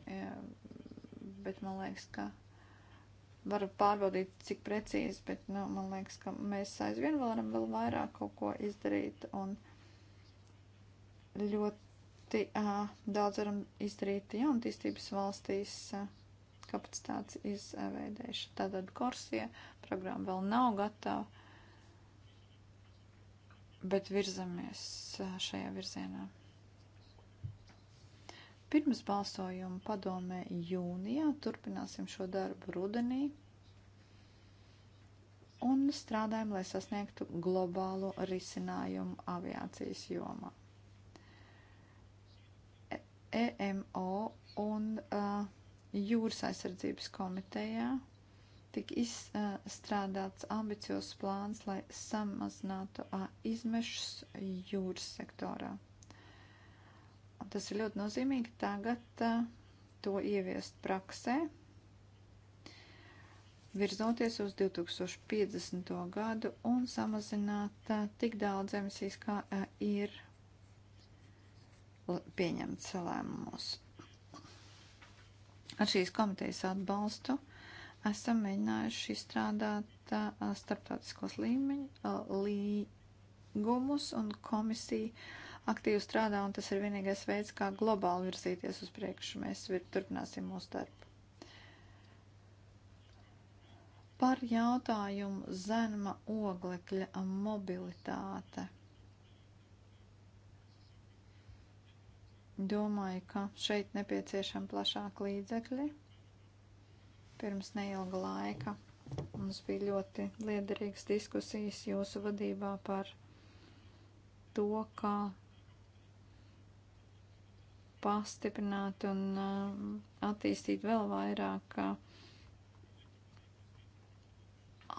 bet man liekas, ka varu pārbaudīt, cik precīzi, bet nu, man liekas, ka mēs aizvien varam vēl vairāk kaut ko izdarīt un ļoti ļoti uh, daudz varam izdarīt jaunatīstības valstīs uh, kapacitātes izveidēšu. Tātad Korsie programma vēl nav gatava, bet virzamies uh, šajā virzienā. Pirms balsojuma padomē jūnijā turpināsim šo darbu rudenī un strādājam, lai sasniegtu globālu risinājumu aviācijas jomā. EMO un uh, jūras aizsardzības komitejā tika izstrādāts ambiciozs plāns, lai samazinātu uh, izmešus jūras sektorā. Un tas ir ļoti nozīmīgi tagad a, uh, to ieviest praksē, virzoties uz 2050. gadu un samazināt a, uh, tik daudz emisijas, kā a, ir pieņemts lēmumos. Ar šīs komitejas atbalstu esam mēģinājuši izstrādāt starptautiskos līmeņu līgumus un komisiju aktīvi strādā, un tas ir vienīgais veids, kā globāli virzīties uz priekšu. Mēs vir, turpināsim mūsu darbu. Par jautājumu zemā oglekļa mobilitāte. Domāju, ka šeit nepieciešama plašāk līdzekļi. Pirms neilga laika mums bija ļoti liederīgas diskusijas jūsu vadībā par to, kā pastiprināt un uh, attīstīt vēl vairāk uh,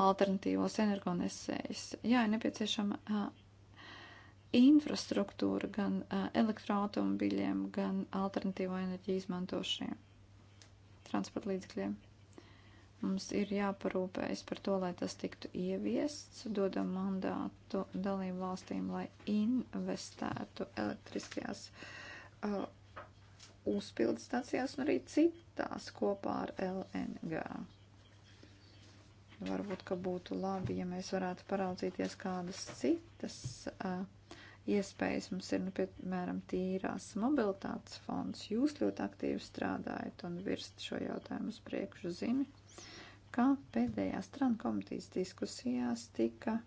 alternatīvos energonesējus. Jā, ir nepieciešama uh, infrastruktūra gan elektroautomobiļiem, gan alternatīvo enerģiju izmantošiem transporta līdzekļiem. Mums ir jāparūpējas par to, lai tas tiktu ieviests, dodam mandātu dalību valstīm, lai investētu elektriskajās uh, uzpildes stācijās un arī citās kopā ar LNG. Varbūt, ka būtu labi, ja mēs varētu paraudzīties, kādas citas uh, iespējas mums ir, nu, piemēram, tīrās mobilitātes fonds. Jūs ļoti aktīvi strādājat un virst šo jautājumu uz priekšu zini, kā pēdējā strana komitīs diskusijās tika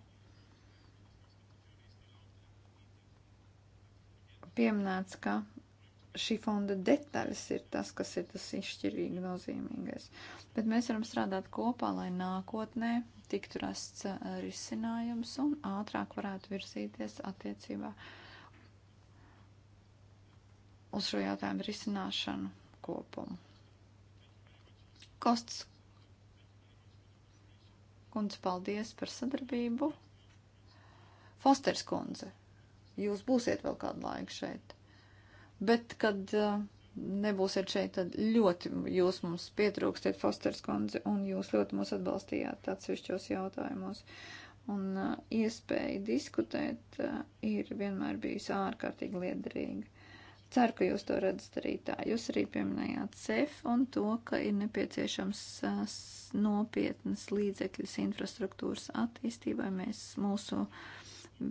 pieminēts, ka šī fonda detaļas ir tas, kas ir tas izšķirīgi nozīmīgais. Bet mēs varam strādāt kopā, lai nākotnē tiktu rasts eh, risinājums un ātrāk varētu virzīties attiecībā uz šo jautājumu risināšanu kopumu. Kosts kundze, paldies par sadarbību. Fosters kundze, jūs būsiet vēl kādu laiku šeit. Bet, kad eh, nebūsiet šeit, tad ļoti jūs mums pietrūkstiet, Fosters kundze, un jūs ļoti mūs atbalstījāt atsevišķos jautājumos. Un eh, iespēja diskutēt eh, ir vienmēr bijusi ārkārtīgi liederīga. Ceru, ka jūs to redzat arī tā. Jūs arī pieminējāt CEF un to, ka ir nepieciešams nopietnas līdzekļas infrastruktūras attīstībai. Mēs mūsu uh,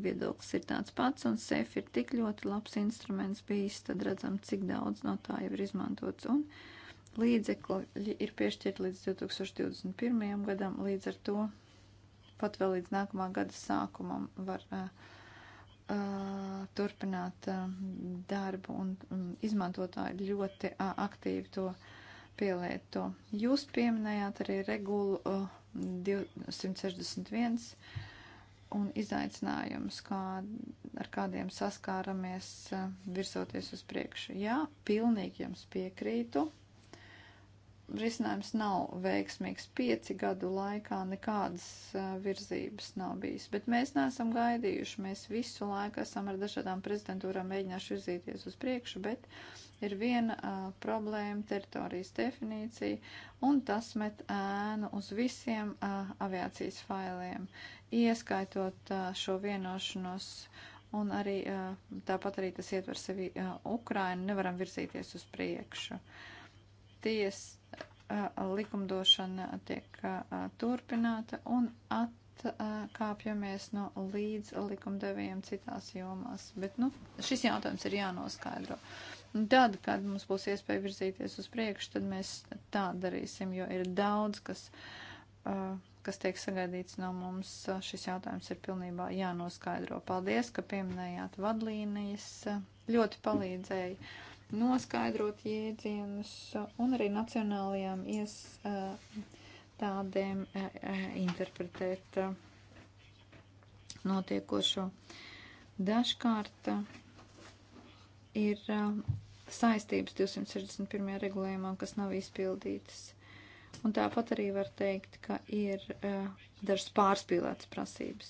viedoklis ir tāds pats, un SEF ir tik ļoti labs instruments bijis, tad redzam, cik daudz no tā jau ir izmantots. Un līdzekļi ir piešķirti līdz 2021. gadam, līdz ar to pat vēl līdz nākamā gada sākumam var uh, uh, turpināt uh, darbu, un um, izmantotāji ļoti uh, aktīvi to pielieto. Jūs pieminējāt arī regulu uh, 261 un izaicinājumus, kā, ar kādiem saskāramies eh, virsoties uz priekšu. Jā, pilnīgi jums piekrītu. Risinājums nav veiksmīgs. Pieci gadu laikā nekādas eh, virzības nav bijis, bet mēs neesam gaidījuši. Mēs visu laiku esam ar dažādām prezidentūrām mēģinājuši virzīties uz priekšu, bet ir viena uh, problēma - teritorijas definīcija, un tas met ēnu uz visiem uh, aviācijas failiem, ieskaitot uh, šo vienošanos. Un arī uh, tāpat arī tas ietver sevi uh, Ukrainu, nevaram virzīties uz priekšu. Ties uh, likumdošana tiek uh, turpināta un at, kāpjamies no līdz likumdevējiem citās jomās. Bet nu, šis jautājums ir jānoskaidro. Uh, Un tad, kad mums būs iespēja virzīties uz priekšu, tad mēs tā darīsim, jo ir daudz, kas, uh, kas tiek sagaidīts no mums. Uh, šis jautājums ir pilnībā jānoskaidro. Paldies, ka pieminējāt vadlīnijas. Uh, ļoti palīdzēja noskaidrot jēdzienus uh, un arī nacionālajām iestādēm uh, uh, interpretēt notiekošo. Dažkārt ir um, saistības 261. regulējumā, kas nav izpildītas. Un tāpat arī var teikt, ka ir uh, dažas pārspīlētas prasības.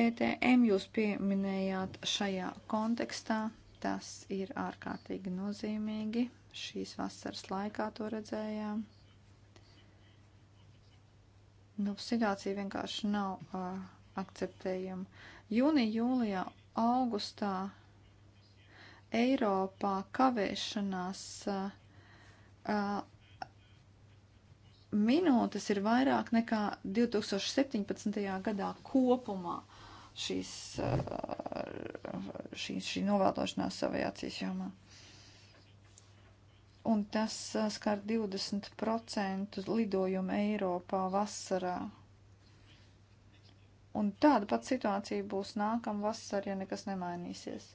ETM jūs pieminējāt šajā kontekstā, tas ir ārkārtīgi nozīmīgi. Šīs vasaras laikā to redzējām. Nu, situācija vienkārši nav uh, akceptējama. Jūnija, jūlijā, augustā Eiropā kavēšanās minūtes ir vairāk nekā 2017. gadā kopumā šīs, šī, šī novēlošanās aviācijas jomā. Un tas skar 20% lidojumu Eiropā vasarā. Un tāda pat situācija būs nākamvasar, ja nekas nemainīsies.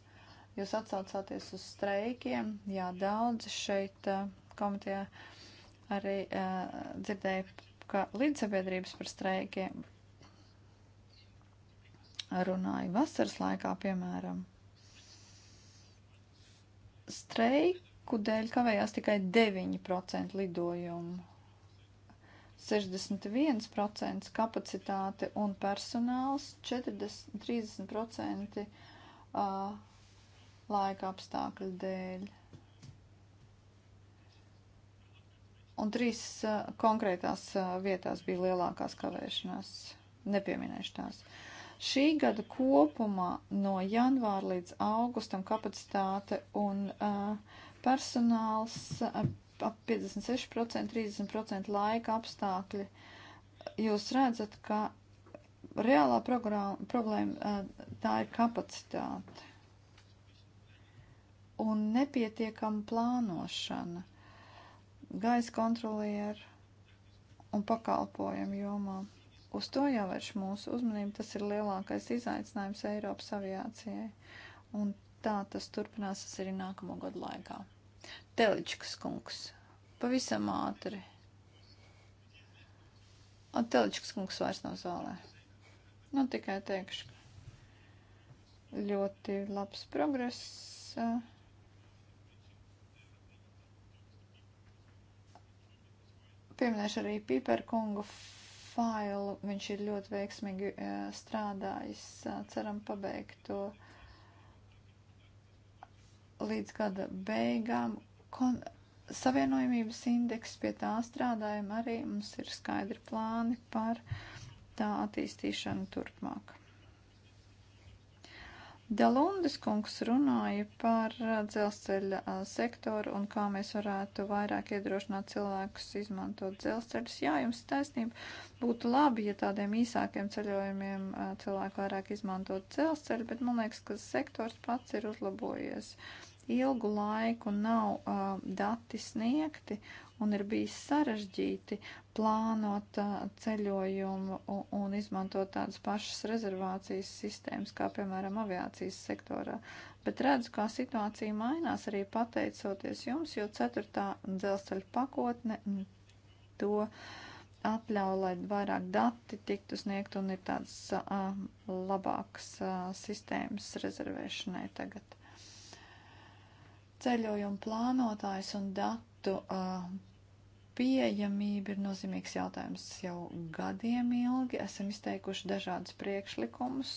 Jūs atsaucāties uz streikiem. Jā, daudz šeit eh, komitejā arī uh, dzirdēju, ka līdzsabiedrības par streikiem runāja vasaras laikā, piemēram. Streiku dēļ kavējās tikai 9% lidojumu. 61% kapacitāte un personāls, 40, 30% uh, laika apstākļu dēļ. Un trīs uh, konkrētās uh, vietās bija lielākās kavēšanās. Nepieminēšu tās. Šī gada kopumā no janvāra līdz augustam kapacitāte un uh, personāls uh, ap 56%, 30% laika apstākļi. Jūs redzat, ka reālā problēma uh, tā ir kapacitāte un nepietiekama plānošana gaisa kontrolieru un pakalpojumu jomā. Uz to jāvērš mūsu uzmanība. Tas ir lielākais izaicinājums Eiropas aviācijai. Un tā tas turpināsies arī nākamo gadu laikā. Teličkas kungs. Pavisam ātri. Un Teličkas kungs vairs nav zālē. Nu, tikai teikšu. Ļoti labs progress. Uh, Pieminēšu arī Piperkungu failu. Viņš ir ļoti veiksmīgi e, strādājis. E, ceram pabeigt to līdz gada beigām. Kon Savienojumības indeks pie tā strādājam arī. Mums ir skaidri plāni par tā attīstīšanu turpmāk. Dalundes kungs runāja par uh, dzelzceļa uh, sektoru un kā mēs varētu vairāk iedrošināt cilvēkus izmantot dzelzceļus. Jā, jums taisnība būtu labi, ja tādiem īsākiem ceļojumiem uh, cilvēki vairāk izmantot dzelzceļu, bet man liekas, ka sektors pats ir uzlabojies. Ilgu laiku nav uh, dati sniegti un ir bijis sarežģīti plānot ceļojumu un izmantot tādas pašas rezervācijas sistēmas, kā piemēram aviācijas sektorā. Bet redzu, kā situācija mainās arī pateicoties jums, jo ceturtā dzelzceļa pakotne nu, to atļauj, lai vairāk dati tiktu sniegt un ir tāds uh, labāks uh, sistēmas rezervēšanai tagad. Ceļojumu plānotājs un datu uh, pieejamība ir nozīmīgs jautājums jau gadiem ilgi. Esam izteikuši dažādus priekšlikumus.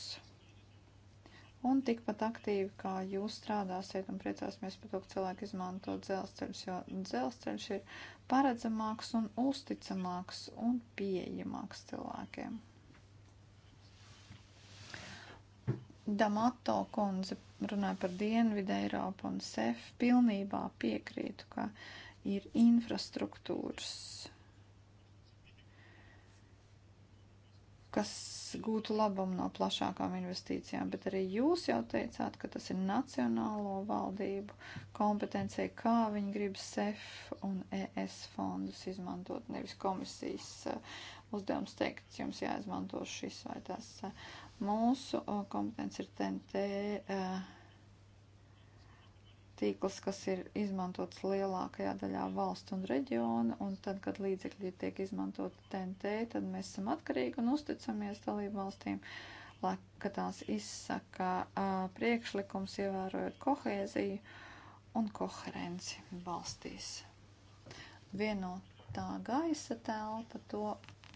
Un tikpat aktīvi, kā jūs strādāsiet un priecāsimies par to, ka cilvēki izmanto dzelzceļus, jo dzelzceļš ir paredzamāks un uzticamāks un pieejamāks cilvēkiem. Damato kundze runāja par Dienvidu Eiropu un SEF pilnībā piekrītu, ka uh, ir infrastruktūras, kas gūtu labumu no plašākām investīcijām, bet arī jūs jau teicāt, ka tas ir nacionālo valdību kompetencija, kā viņi grib SEF un ES fondus izmantot, nevis komisijas eh, uzdevums teikt, jums jāizmanto šis vai tas. Mūsu eh, kompetence ir TNT. Uh, tīkls, kas ir izmantots lielākajā daļā valstu un reģiona, un tad, kad līdzekļi tiek izmantoti TNT, tad mēs esam atkarīgi un uzticamies dalību valstīm, lai, ka tās izsaka uh, priekšlikums, ievērojot kohēziju un koherenci valstīs. Vienotā gaisa telpa to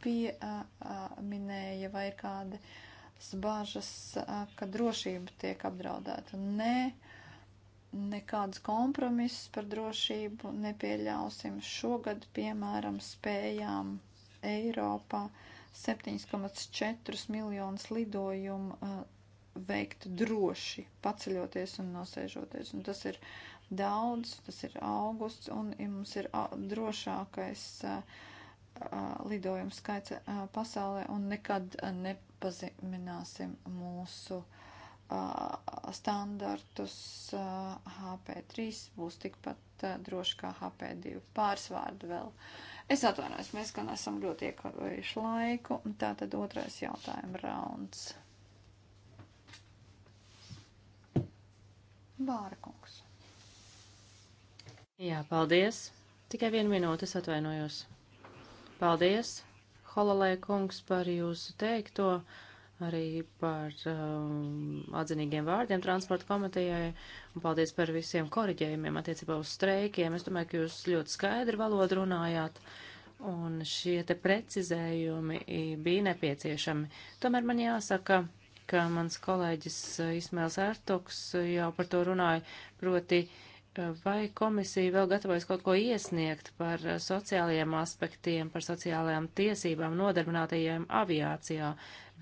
pieminēja uh, vai kādi bažas, uh, ka drošība tiek apdraudēta. Nē, nekādus kompromisus par drošību nepieļausim. Šogad, piemēram, spējām Eiropā 7,4 miljonus lidojumu uh, veikt droši, paceļoties un nosēžoties. Un tas ir daudz, tas ir augusts, un ja mums ir uh, drošākais uh, uh, lidojumu skaits uh, pasaulē, un nekad nepazemināsim mūsu uh, standartus HP3 būs tikpat droši kā HP2 pārsvārdu vēl. Es atvainojos, mēs gan esam ļoti iekavējuši laiku. Tā tad otrais jautājuma rauns. Bāra kungs. Jā, paldies. Tikai vienu minūti es atvainojos. Paldies, Hololē kungs, par jūsu teikto. Uh, arī par um, atzinīgiem vārdiem transporta komitejai un paldies par visiem koriģējumiem attiecībā uz streikiem. Es domāju, ka jūs ļoti skaidri valodu runājāt un šie te precizējumi bija nepieciešami. Tomēr man jāsaka, ka mans kolēģis uh, Ismēls Ertoks uh, jau par to runāja, proti uh, Vai komisija vēl gatavojas kaut ko iesniegt par eh, sociālajiem aspektiem, par sociālajām tiesībām nodarbinātajiem aviācijā?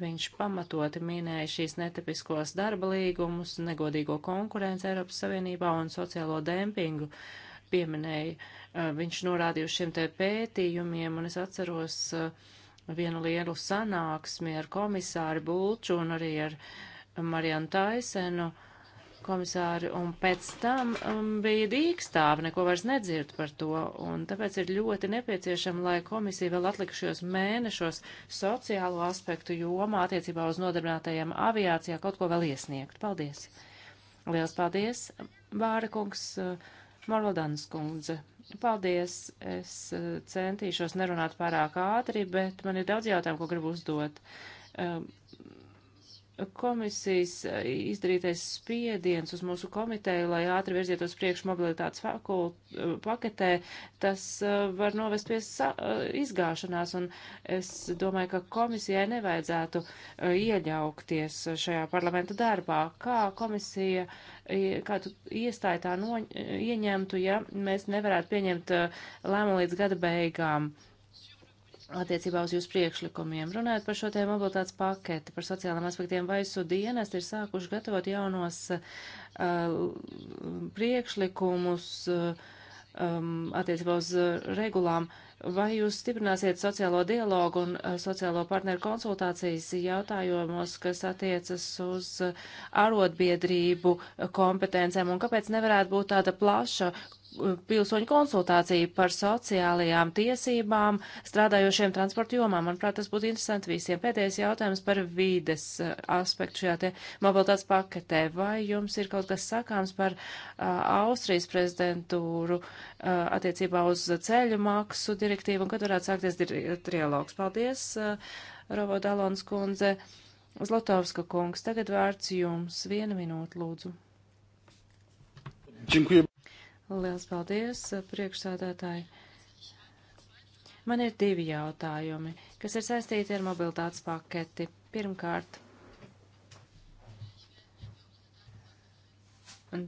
Viņš pamatoti minēja šīs netipiskos darba līgumus, negodīgo konkurenci Eiropas Savienībā un sociālo dempingu pieminēja. Eh, viņš norādīja uz šiem te pētījumiem, un es atceros eh, vienu lielu sanāksmi ar komisāru Bulču un arī ar Marianu Taisenu. Uh, komisāri, un pēc tam um, bija dīkstāve, neko vairs nedzird par to, un tāpēc ir ļoti nepieciešama, lai komisija vēl atlikušos mēnešos sociālo aspektu jomā attiecībā uz nodarbinātajiem aviācijā kaut ko vēl iesniegt. Paldies! Liels paldies, Vāra kungs, uh, Morvaldans kundze. Paldies, es uh, centīšos nerunāt pārāk ātri, bet man ir daudz jautājumu, ko gribu uzdot. Um, komisijas eh, izdarītais spiediens uz mūsu komiteju, lai ātri virzietos priekš mobilitātes fakult, eh, paketē, tas eh, var novest pie izgāšanās, un es domāju, ka komisijai nevajadzētu iejaukties šajā parlamenta darbā. Kā komisija, kādu iestāju tā no, ieņemtu, ja mēs nevarētu pieņemt lēmumu līdz gada beigām? Uh, attiecībā uz jūsu priekšlikumiem. Runājot par šo te mobilitātes paketi, par sociālām aspektiem, vai su dienas ir sākuši gatavot jaunos uh, priekšlikumus uh, um, attiecībā uz uh, regulām, Vai jūs stiprināsiet sociālo dialogu un uh, sociālo partneru konsultācijas jautājumos, kas attiecas uz uh, arotbiedrību uh, kompetencēm, un kāpēc nevarētu būt tāda plaša pilsoņu konsultācija par sociālajām tiesībām strādājošiem transporta jomā. Manuprāt, tas būtu interesanti visiem. Pēdējais jautājums par vīdes aspektu šajā te mobilitātes paketē. Vai jums ir kaut kas sakāms par uh, Austrijas prezidentūru uh, attiecībā uz ceļu maksu direktīvu un kad varētu sākties trialogs. Paldies, uh, Robo Dalons kundze. Zlatovska kungs, tagad vārds jums. Viena minūte, lūdzu. Činkujem. Liels paldies, uh, priekšsādātāji. Man ir divi jautājumi, kas ir saistīti ar mobilitātes paketi. Pirmkārt,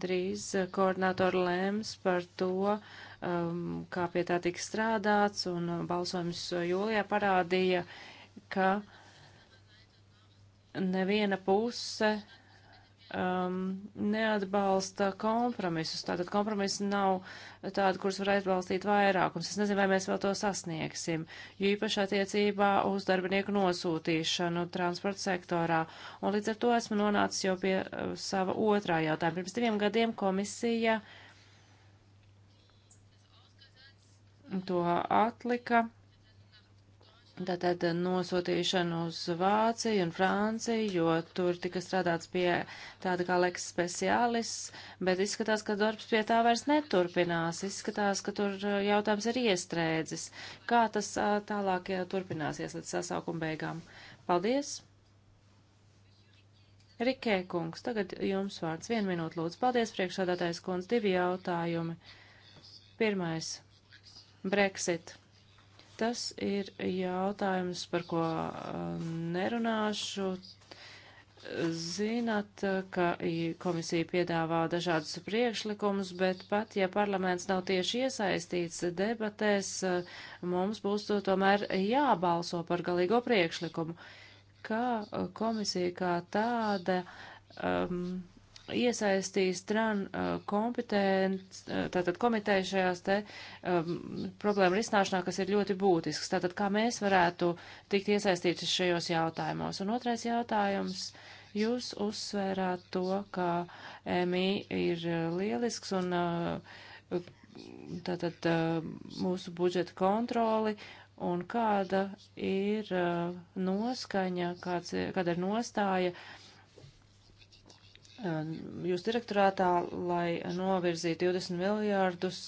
drīz eh, koordinātori lēms par to, um, kā pie tā tiks strādāts, un eh, balsojums jūlijā parādīja, ka neviena puse um, neatbalsta kompromisus. Tātad kompromisi nav tādi, kurus var atbalstīt vairākums. Es nezinu, vai mēs vēl to sasniegsim, jo īpaši attiecībā uz darbinieku nosūtīšanu transporta sektorā. Un līdz ar to esmu nonācis jau pie uh, sava otrā jautājuma. Pirms diviem gadiem komisija to atlika Tātad nosūtīšanu uz Vāciju un Franciju, jo tur tika strādāts pie tāda kā leks speciālis, bet izskatās, ka darbs pie tā vairs neturpinās. Izskatās, ka tur uh, jautājums ir iestrēdzis. Kā tas uh, tālāk turpināsies līdz sasaukuma beigām? Paldies! Rikē kungs, tagad jums vārds. Vienu minūtu lūdzu. Paldies, priekšādātais kungs. Divi jautājumi. Pirmais. Brexit Tas ir jautājums, par ko um, nerunāšu. Zinat, ka komisija piedāvā dažādus priekšlikumus, bet pat ja parlaments nav tieši iesaistīts debatēs, uh, mums būs to tomēr jābalso par galīgo priekšlikumu. Kā uh, komisija kā tāda um, iesaistīs tran uh, kompetents, uh, tātad komiteja šajās te um, problēma risināšanā, kas ir ļoti būtisks. Tātad, kā mēs varētu tikt iesaistīti šajos jautājumos? Un otrais jautājums. Jūs uzsvērāt to, ka MI ir uh, lielisks un uh, tātad uh, mūsu budžeta kontroli un kāda ir uh, noskaņa, kāds, kāda ir nostāja uh, Um, jūs direktorātā, lai novirzītu 20 miljārdus.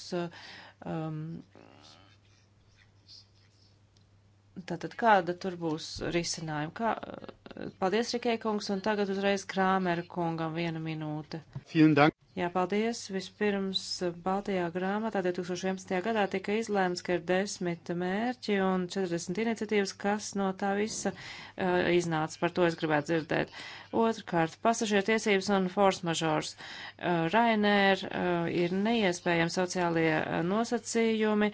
Um, Tātad kāda tur būs risinājuma? Kā, paldies, Rikē kungs, un tagad uzreiz Krāmera kungam viena minūte. Jā, paldies. Vispirms eh, Baltijā grāmatā 2011. gadā tika izlēmts, ka ir desmit mērķi un 40 iniciatīvas, kas no tā visa uh, iznāca. Par to es gribētu dzirdēt. Otrkārt, pasažieru tiesības un force mažors. Uh, eh, Rainēr uh, ir neiespējami sociālie uh, nosacījumi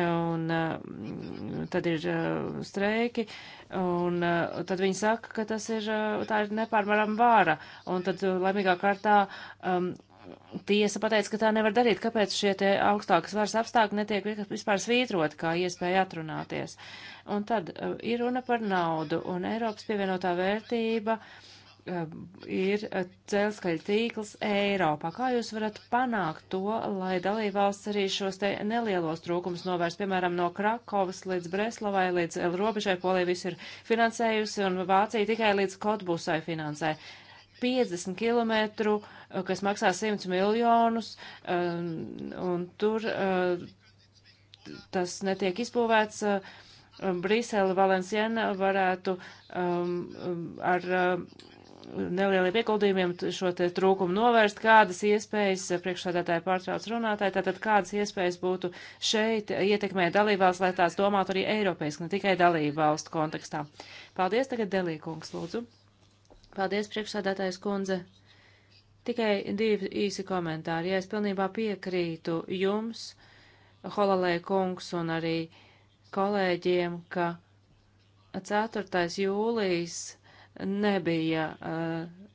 un uh, tad ir uh, streiki. Un uh, tad viņi saka, ka tas ir, uh, tā ir nepārmarama vāra. Un tad uh, laimīgā kārtā um, tiesa pateica, ka tā nevar darīt. Kāpēc šie te augstākas varas apstākļi netiek vispār svītroti kā iespēja atrunāties? Un tad uh, ir runa par naudu un Eiropas pievienotā vērtība uh, ir uh, dzelzceļa tīkls Eiropā. Kā jūs varat panākt to, lai dalībvalsts arī šos te nelielos trūkumus novērst, piemēram, no Krakovas līdz Breslavai, līdz robežai Polija viss ir finansējusi un Vācija tikai līdz Kotbusai finansē. Uh, 50 km, eh, kas maksā 100 miljonus, ehm, un tur eh, tas netiek izbūvēts. Eh, Brisele, Valenciena varētu ehm, ar nelieliem ieguldījumiem šo te trūkumu novērst, kādas iespējas priekšsādātāji pārtrauc runātāji, tātad kādas iespējas būtu šeit ietekmēt dalībvalsts, lai tās domātu arī eiropeiski, ne tikai dalībvalstu kontekstā. Paldies, tagad Delīkungs, lūdzu. Paldies, priekšsādātājs kundze. Tikai divi īsi komentāri. Ja es pilnībā piekrītu jums, Holalē kungs un arī kolēģiem, ka 4. jūlijas nebija uh,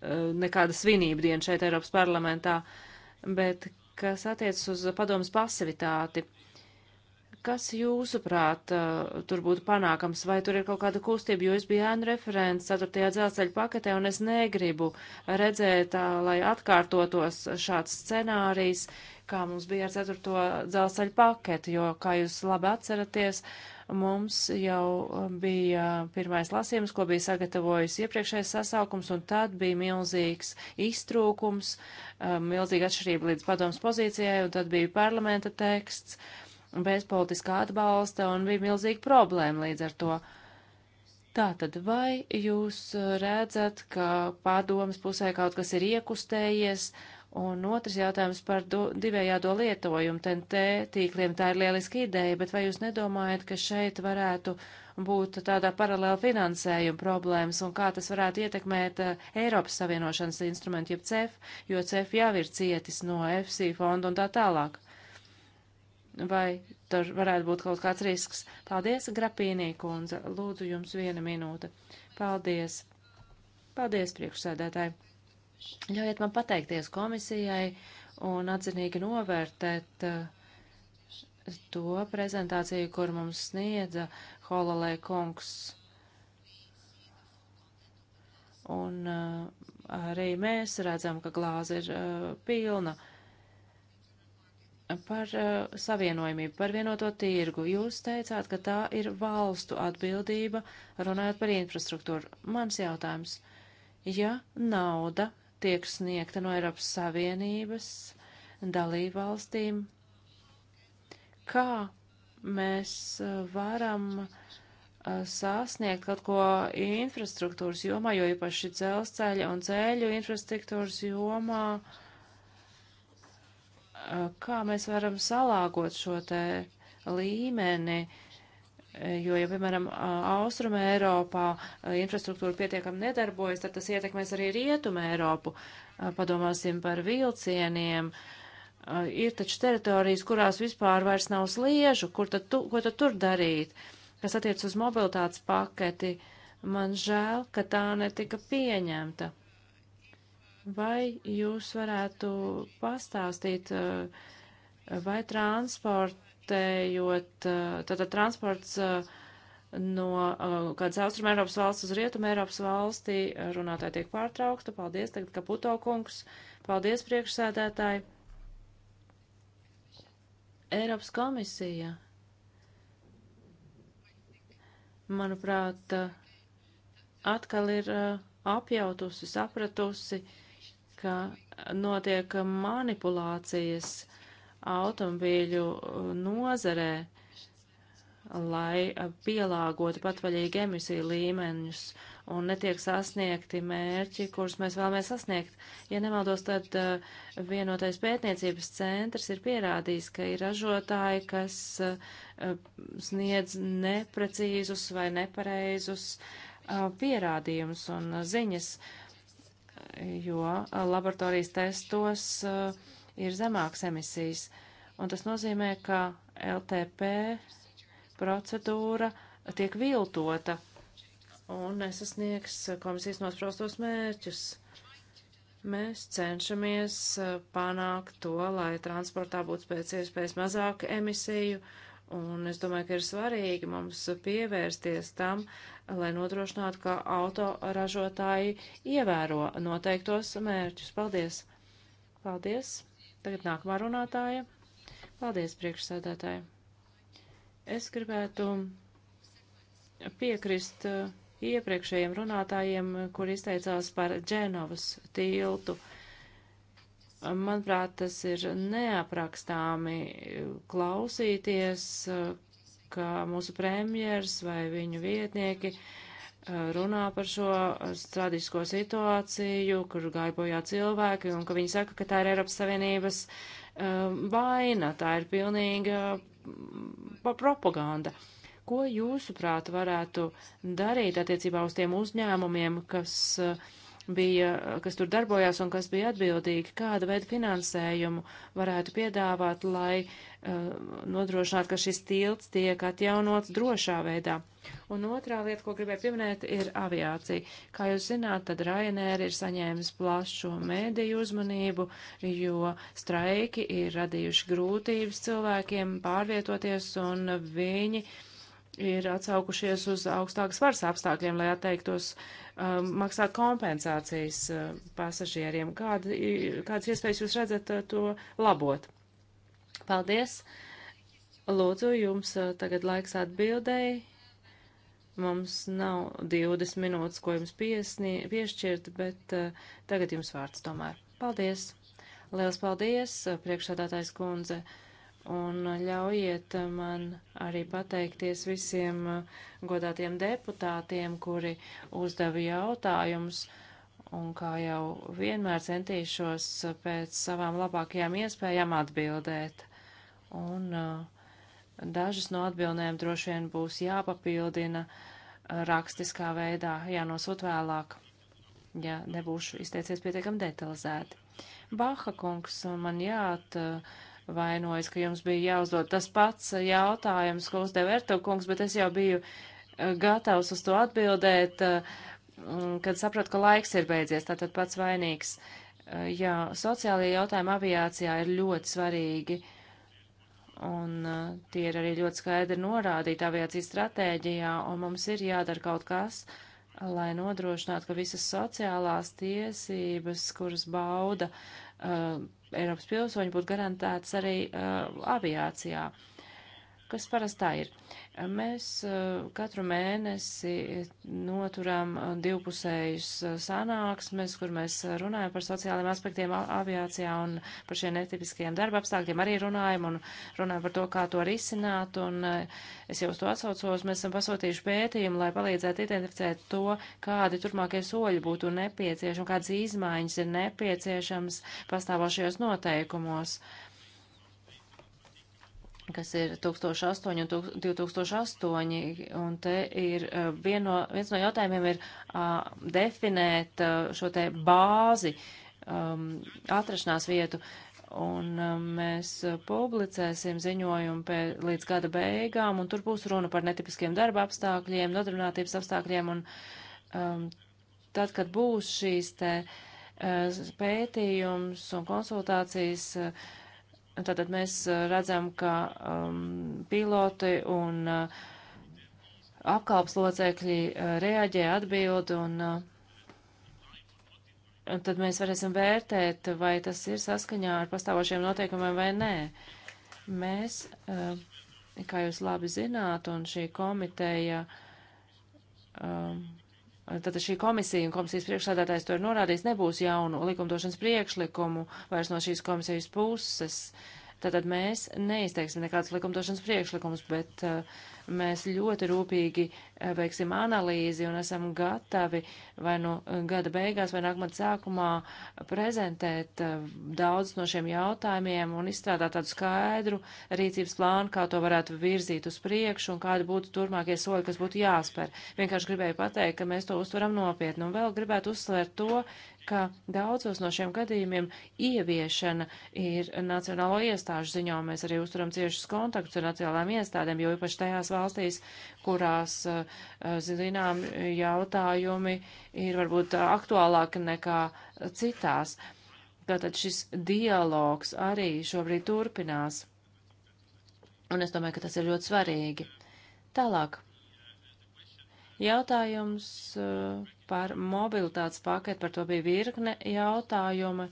uh, nekāda svinība diena šeit Eiropas parlamentā, bet kas attiecas uz padomas pasivitāti. Kas jūsuprāt uh, tur būtu panākams, vai tur ir kaut kāda kustība, jo es biju ēnu referents 4. dzelzceļa paketē un es negribu redzēt, uh, lai atkārtotos šāds scenārijs, kā mums bija ar 4. dzelzceļa paketi, jo, kā jūs labi atceraties, mums jau bija pirmais lasījums, ko bija sagatavojis iepriekšējais sasaukums, un tad bija milzīgs iztrūkums, uh, milzīga atšķirība līdz padomas pozīcijai, un tad bija parlamenta teksts bez politiskā atbalsta un bija milzīga problēma līdz ar to. Tātad, vai jūs uh, redzat, ka padomas pusē kaut kas ir iekustējies? Un otrs jautājums par do, divējādo lietojumu. TNT tīkliem tā ir lieliska ideja, bet vai jūs nedomājat, ka šeit varētu būt tādā paralēla finansējuma problēmas un kā tas varētu ietekmēt uh, Eiropas Savienošanas instrumentu, jeb CEF, jo CEF jau ir cietis no FC fonda un tā tālāk vai tur varētu būt kaut kāds risks. Paldies, Grapīnī kundze, lūdzu jums viena minūte. Paldies. Paldies, priekšsēdētāji. Ļaujiet man pateikties komisijai un atzinīgi novērtēt eh, to prezentāciju, kur mums sniedza Hololē kungs. Un eh, arī mēs redzam, ka glāze ir eh, pilna. Uh, par uh, savienojumību, par vienoto tirgu. Jūs teicāt, ka tā ir valstu atbildība, runājot par infrastruktūru. Mans jautājums, ja nauda tiek sniegta no Eiropas Savienības dalībvalstīm, kā mēs eh, varam uh, sasniegt kaut ko infrastruktūras jomā, jo īpaši dzelzceļa un ceļu infrastruktūras jomā, uh, kā mēs varam salāgot šo te līmeni, jo, ja, piemēram, Austruma Eiropā infrastruktūra pietiekami nedarbojas, tad tas ietekmēs arī Rietuma Eiropu. Padomāsim par vilcieniem. Ir taču teritorijas, kurās vispār vairs nav sliežu, kur tad tu, ko tad tur darīt, kas attiec uz mobilitātes paketi. Man žēl, ka tā netika pieņemta. Vai jūs varētu pastāstīt, eh, vai transportējot, eh, tātad transports eh, no kādas Austrum Eiropas valsts uz Rietum Eiropas valstī, runātāji tiek pārtraukta. Paldies, tagad Kaputo kungs. Paldies, priekšsēdētāji. Eiropas komisija, manuprāt, atkal ir apjautusi, sapratusi, uh, ka notiek manipulācijas automobīļu nozarē, lai pielāgotu patvaļīgi emisiju līmeņus un netiek sasniegti mērķi, kurus mēs vēlamies sasniegt. Ja nemaldos, tad uh, vienotais pētniecības centrs ir pierādījis, ka ir ražotāji, kas uh, sniedz neprecīzus vai nepareizus uh, pierādījumus un ziņas jo laboratorijas testos ir zemāks emisijas. Un tas nozīmē, ka LTP procedūra tiek viltota un nesasniegs komisijas nospraustos mērķus. Mēs cenšamies panākt to, lai transportā būtu pēc iespējas mazāk emisiju, uh, Un es domāju, ka ir svarīgi mums pievērsties tam, lai nodrošinātu, ka autoražotāji ievēro noteiktos mērķus. Paldies! Paldies! Tagad nākamā runātāja. Paldies, priekšsēdētāji! Es gribētu piekrist iepriekšējiem runātājiem, kur izteicās par Dženovas tiltu. Manuprāt, tas ir neaprakstāmi klausīties, ka mūsu premjers vai viņu vietnieki eh, runā par šo stradisko situāciju, kur gāja bojā cilvēki, un ka viņi saka, ka tā ir Eiropas Savienības eh, vaina, tā ir pilnīga mm, propaganda. Ko jūsuprāt varētu darīt attiecībā uz tiem uzņēmumiem, kas uh, bija, kas tur darbojās un kas bija atbildīgi, kāda veida finansējumu varētu piedāvāt, lai uh, nodrošinātu, ka šis tilts tiek atjaunots drošā veidā. Un otrā lieta, ko gribēju pieminēt, ir aviācija. Kā jūs zināt, tad Ryanair ir saņēmis plašu mēdīju uzmanību, jo straiki ir radījuši grūtības cilvēkiem pārvietoties un viņi ir atsaukušies uz augstākas varas apstākļiem, lai atteiktos uh, Um, maksāt kompensācijas uh, pasažieriem. Kāda, kādas iespējas jūs redzat uh, to labot? Paldies! Lūdzu, jums uh, tagad laiks atbildēji. Mums nav 20 minūtes, ko jums piesnie, piešķirt, bet uh, tagad jums vārds tomēr. Paldies! Liels paldies, priekšsādātājs kundze! Uh, un ļaujiet man arī pateikties visiem uh, godātiem deputātiem, kuri uzdeva jautājumus, un kā jau vienmēr centīšos uh, pēc savām labākajām iespējām atbildēt. Un uh, dažas no atbildēm droši vien būs jāpapildina rakstiskā veidā, jānosūt vēlāk, ja nebūšu izteicies pietiekam detalizēti. Baha kungs, man jāat. Uh, vainojas, ka jums bija jāuzdod tas pats jautājums, ko uzdeva Erto kungs, bet es jau biju eh, gatavs uz to atbildēt, eh, kad sapratu, ka laiks ir beidzies, tātad pats vainīgs. Eh, jā, sociālajie jautājumi aviācijā ir ļoti svarīgi, un tie ir arī ļoti skaidri norādīti aviācijas stratēģijā, un mums ir jādara kaut kas, lai nodrošinātu, ka visas sociālās tiesības, kuras bauda uh, Eiropas pilsoņi būtu garantēts arī uh, aviācijā. Uh, kas parastā ir. Mēs eh, katru mēnesi eh, noturam eh, divpusējus sanāksmes, kur mēs runājam par sociālajiem aspektiem aviācijā un par šiem netipiskajiem darba apstākļiem arī runājam un runājam par to, kā to risināt. Un es jau uz to atsaucos, mēs esam pasūtījuši pētījumu, lai palīdzētu identificēt to, kādi turpmākie soļi būtu nepieciešami, kādas izmaiņas ir nepieciešams pastāvošajos noteikumos. Thank you kas ir 1008 un 2008, un te ir eh, vien no, viens no jautājumiem ir uh, definēt uh, šo te bāzi, um, atrašanās vietu, un um, mēs publicēsim ziņojumu pē, līdz gada beigām, un tur būs runa par netipiskiem darba apstākļiem, nodarbinātības apstākļiem, un um, tad, kad būs šīs te uh, pētījums un konsultācijas, uh, Tātad mēs redzam, ka um, piloti un uh, apkalps locekļi uh, reaģē, atbild, un, uh, un tad mēs varēsim vērtēt, vai tas ir saskaņā ar pastāvošiem noteikumiem vai nē. Mēs, uh, kā jūs labi zināt, un šī komiteja. Um, Tātad šī komisija un komisijas priekšsādātājs to ir norādījis, nebūs jaunu likumdošanas priekšlikumu vairs no šīs komisijas puses. Uh, Tātad mēs neizteiksim nekādus likumdošanas priekšlikumus, bet uh, mēs ļoti rūpīgi uh, veiksim analīzi un esam gatavi vai nu uh, gada beigās vai nākamā sākumā prezentēt uh, daudz no šiem jautājumiem un izstrādāt tādu skaidru rīcības plānu, kā to varētu virzīt uz priekšu un kādi būtu turmākie soļi, kas būtu jāspēr. Vienkārši gribēju pateikt, ka mēs to uztveram nopietni un vēl gribētu uzsvērt to, ka daudzos no šiem gadījumiem ieviešana ir nacionālo iestāžu ziņā. Mēs arī uzturam ciešus kontaktus ar nacionālām iestādēm, jo īpaši tajās valstīs, kurās, eh, zinām, jautājumi ir varbūt aktuālāki nekā citās. Tātad šis dialogs arī šobrīd turpinās. Un es domāju, ka tas ir ļoti svarīgi. Tālāk. Jautājums eh, par mobilitātes paketu, par to bija virkne jautājuma,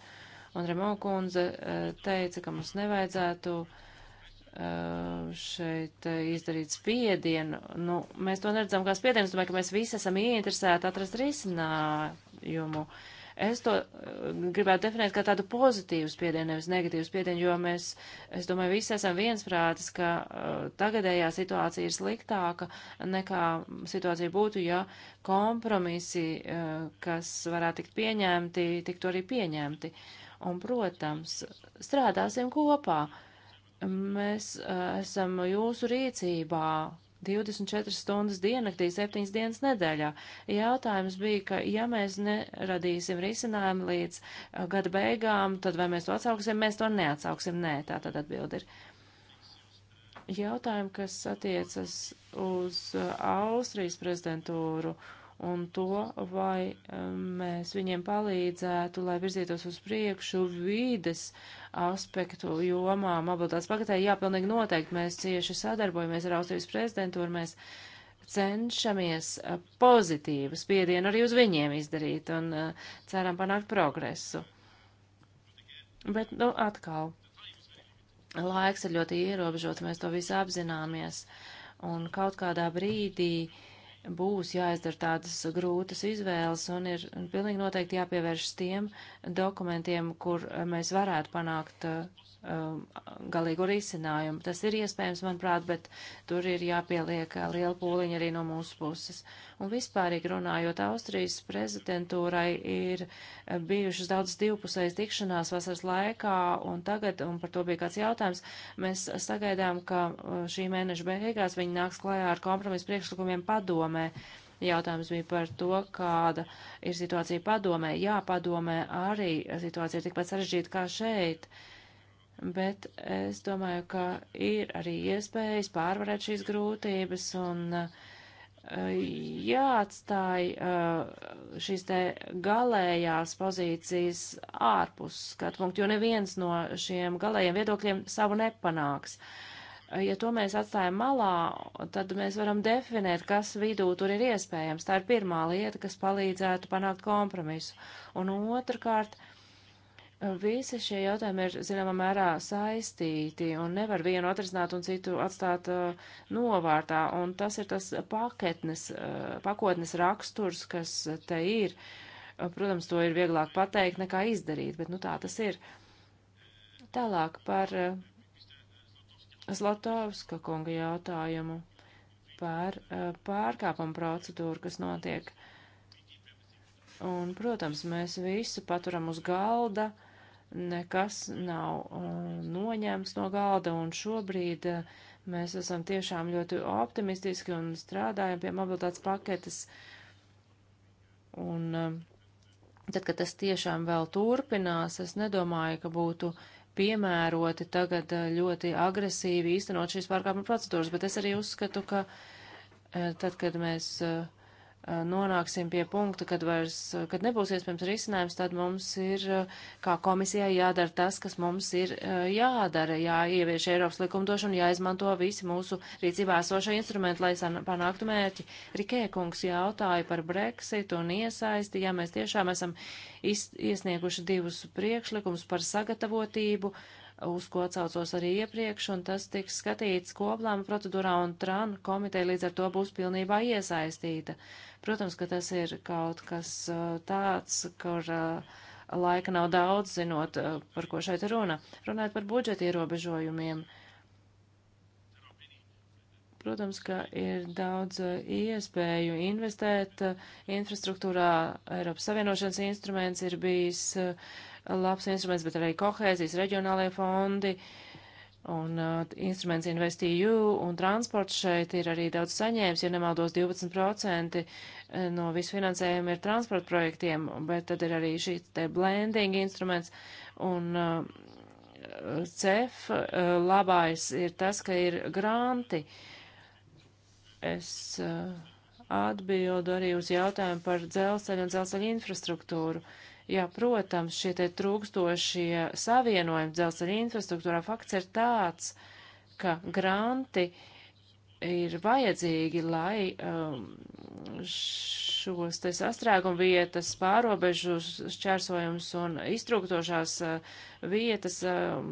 un Remo kundze eh, teica, ka mums nevajadzētu eh, šeit izdarīt spiedienu. Nu, mēs to neredzam kā spiedienu, es domāju, ka mēs visi esam ieinteresēti atrast risinājumu. Uh, Es to eh, gribētu definēt kā tādu pozitīvu spiedienu, nevis negatīvu spiedienu, jo mēs, es domāju, visi esam viensprātis, ka uh, tagadējā situācija ir sliktāka nekā situācija būtu, ja kompromisi, uh, kas varētu tikt pieņemti, tiktu arī pieņemti. Un, protams, strādāsim kopā. Mēs uh, esam jūsu rīcībā, 24 stundas diennaktī, 7 dienas nedēļā. Jautājums bija, ka ja mēs neradīsim risinājumu līdz uh, gada beigām, tad vai mēs to atsauksim? Mēs to neatsauksim. Nē, tā tad atbildi ir. Jautājumi, kas attiecas uz uh, Austrijas prezidentūru un to, vai um, mēs viņiem palīdzētu, lai virzītos uz priekšu vīdes aspektu jomā mobilitātes paketē. Jā, pilnīgi noteikti mēs cieši sadarbojamies ar Austrijas prezidentūru, mēs cenšamies uh, pozitīvu spiedienu arī uz viņiem izdarīt un uh, ceram panākt progresu. Bet, nu, atkal, laiks ir ļoti ierobežots, mēs to visu apzināmies. Un kaut kādā brīdī uh, būs jāizdara tādas grūtas izvēles un ir pilnīgi noteikti jāpievēršas tiem dokumentiem, kur eh, mēs varētu panākt uh, um, galīgu risinājumu. Tas ir iespējams, manuprāt, bet tur ir jāpieliek uh, liela pūliņa arī no mūsu puses. Un vispārīgi runājot, Austrijas prezidentūrai ir uh, bijušas daudz divpusējas tikšanās vasaras laikā, un tagad, un par to bija kāds jautājums, mēs sagaidām, ka uh, šī mēneša beigās viņi nāks klajā ar kompromisu priekšlikumiem padomē. Jautājums bija par to, kāda ir situācija padomē. Jā, padomē arī situācija ir tikpat sarežģīta kā šeit. Uh, bet es domāju, ka ir arī iespējas pārvarēt šīs grūtības un eh, jāatstāj eh, šīs te galējās pozīcijas ārpus skatu punktu, jo neviens no šiem galējiem viedokļiem savu nepanāks. Eh, ja to mēs atstājam malā, tad mēs varam definēt, kas vidū tur ir iespējams. Tā ir pirmā lieta, kas palīdzētu panākt kompromisu. Un otrkārt, uh, Visi šie jautājumi ir, zināmā mērā, saistīti un nevar vienu atrisināt un citu atstāt uh, novārtā. Un tas ir tas paketnes, uh, pakotnes raksturs, kas te ir. Uh, protams, to ir vieglāk pateikt nekā izdarīt, bet nu tā tas ir. Tālāk par uh, Zlatovska kunga jautājumu par uh, pārkāpumu procedūru, kas notiek. Un, protams, mēs visu paturam uz galda nekas nav uh, noņemts no galda, un šobrīd uh, mēs esam tiešām ļoti optimistiski un strādājam pie mobilitātes paketes. Un uh, tad, kad tas tiešām vēl turpinās, es nedomāju, ka būtu piemēroti tagad ļoti agresīvi īstenot šīs pārkāpuma procedūras, bet es arī uzskatu, ka tad, kad mēs uh, Eh, nonāksim pie punkta, kad, vairs, eh, kad nebūs iespējams risinājums, tad mums ir eh, kā komisijai jādara tas, kas mums ir jādara, jāievieš Eiropas likumdošanu, jāizmanto visi mūsu rīcībā esošie instrumenti, lai panāktu mērķi. Rikē kungs jautāja par Brexit un iesaisti, ja mēs tiešām esam iesnieguši divus priekšlikumus par sagatavotību uz ko atsaucos arī iepriekš, un tas tiks skatīts koplāma procedūrā, un TRAN komiteja līdz ar to būs pilnībā iesaistīta. Protams, ka tas ir kaut kas uh, tāds, kur uh, laika nav daudz, zinot, uh, par ko šeit runa. Runājot par budžeta ierobežojumiem. Protams, ka ir daudz iespēju investēt infrastruktūrā. Eiropas Savienošanas instruments ir bijis uh, labs instruments, bet arī kohēzijas reģionālajie fondi un uh, instruments InvestEU un transports šeit ir arī daudz saņēmis, ja nemaldos 12% uh, no visu finansējumu ir transporta projektiem, bet tad ir arī šī te blending instruments un uh, CEF uh, labais ir tas, ka ir granti. Es uh, atbildu arī uz jautājumu par dzelzceļu un dzelzceļu infrastruktūru. Uh, Jā, protams, šie te trūkstošie savienojumi dzelzceļa infrastruktūrā fakts ir tāds, ka granti ir vajadzīgi, lai um, šos te sastrēgumu vietas, pārobežu šķērsojums un iztrūktošās uh, vietas um,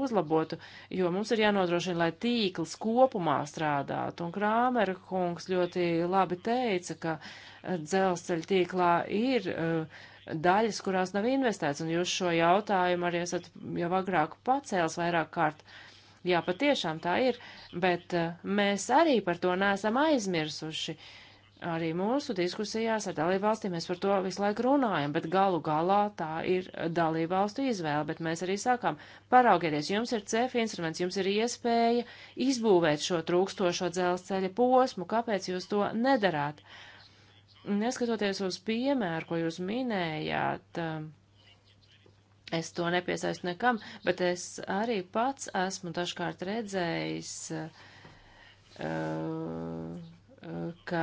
uzlabotu, jo mums ir jānodrošina, lai tīkls kopumā strādātu. Un Krāmera kungs ļoti labi teica, ka uh, dzelzceļa tīklā ir uh, daļas, kurās nav investēts, un jūs šo jautājumu arī esat jau agrāk pacēls vairāk kārt. Jā, patiešām tā ir, bet eh, mēs arī par to neesam aizmirsuši. Arī mūsu diskusijās ar dalībvalstīm mēs par to visu laiku runājam, bet galu galā tā ir dalībvalstu izvēle, bet mēs arī sākām paraugieties, jums ir CEF instruments, jums ir iespēja izbūvēt šo trūkstošo dzelzceļa posmu, kāpēc jūs to nedarāt? Uh, Neskatoties uz piemēru, ko jūs minējāt, um, es to nepiesaistu nekam, bet es arī pats esmu dažkārt redzējis uh, ka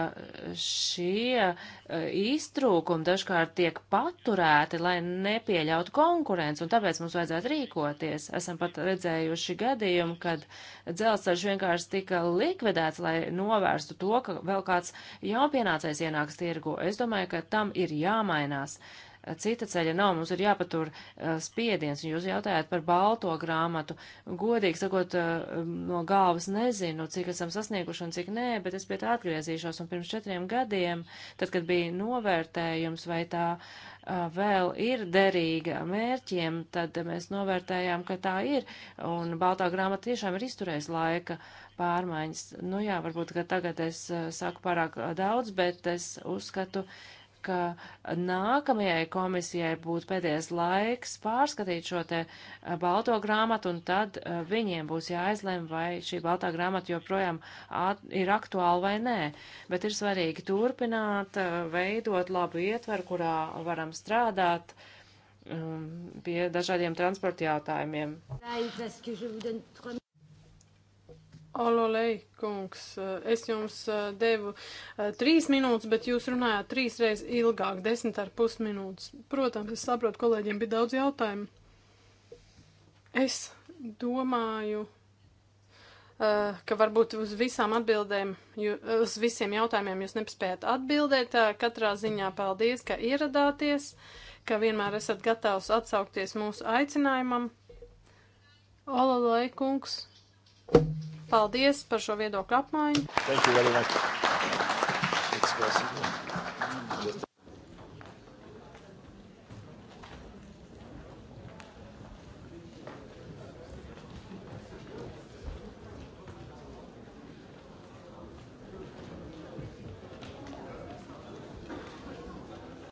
šie e, iztrūkumi dažkārt tiek paturēti, lai nepieļautu konkurenci, un tāpēc mums vajadzētu rīkoties. Esam pat redzējuši gadījumu, kad dzelzceļš vienkārši tika likvidēts, lai novērstu to, ka vēl kāds jaunpienācais ienāks tirgu. Es domāju, ka tam ir jāmainās. Uh, Cita ceļa nav, mums ir jāpatur uh, spiediens, un jūs jautājāt par balto grāmatu. Godīgi sakot, uh, no galvas nezinu, cik esam sasnieguši un cik nē, bet es pie tā atgriezīšos, un pirms četriem gadiem, tad, kad bija novērtējums, vai tā uh, vēl ir derīga mērķiem, tad mēs novērtējām, ka tā ir, un baltā grāmata tiešām ir izturējis laika pārmaiņas. Nu jā, varbūt, ka tagad es uh, saku pārāk uh, daudz, bet es uzskatu, uh, ka nākamajai komisijai būtu pēdējais laiks pārskatīt šo te balto grāmatu, un tad viņiem būs jāizlem, vai šī baltā grāmata joprojām ir aktuāla vai nē. Bet ir svarīgi turpināt, veidot labu ietveru, kurā varam strādāt um, pie dažādiem transporta jautājumiem. Ololei, kungs, eh, es jums eh, devu eh, trīs minūtes, bet jūs runājāt trīs reiz ilgāk, desmit ar pus minūtes. Protams, es saprotu, kolēģiem bija daudz jautājumu. Es domāju, ka varbūt uz visām atbildēm, uz visiem jautājumiem jūs nepaspējat atbildēt. Katrā ziņā paldies, ka ieradāties, ka vienmēr esat gatavs atsaukties mūsu aicinājumam. Ololei, kungs. Thank you. Paldies par šo viedokļu apmaiņu.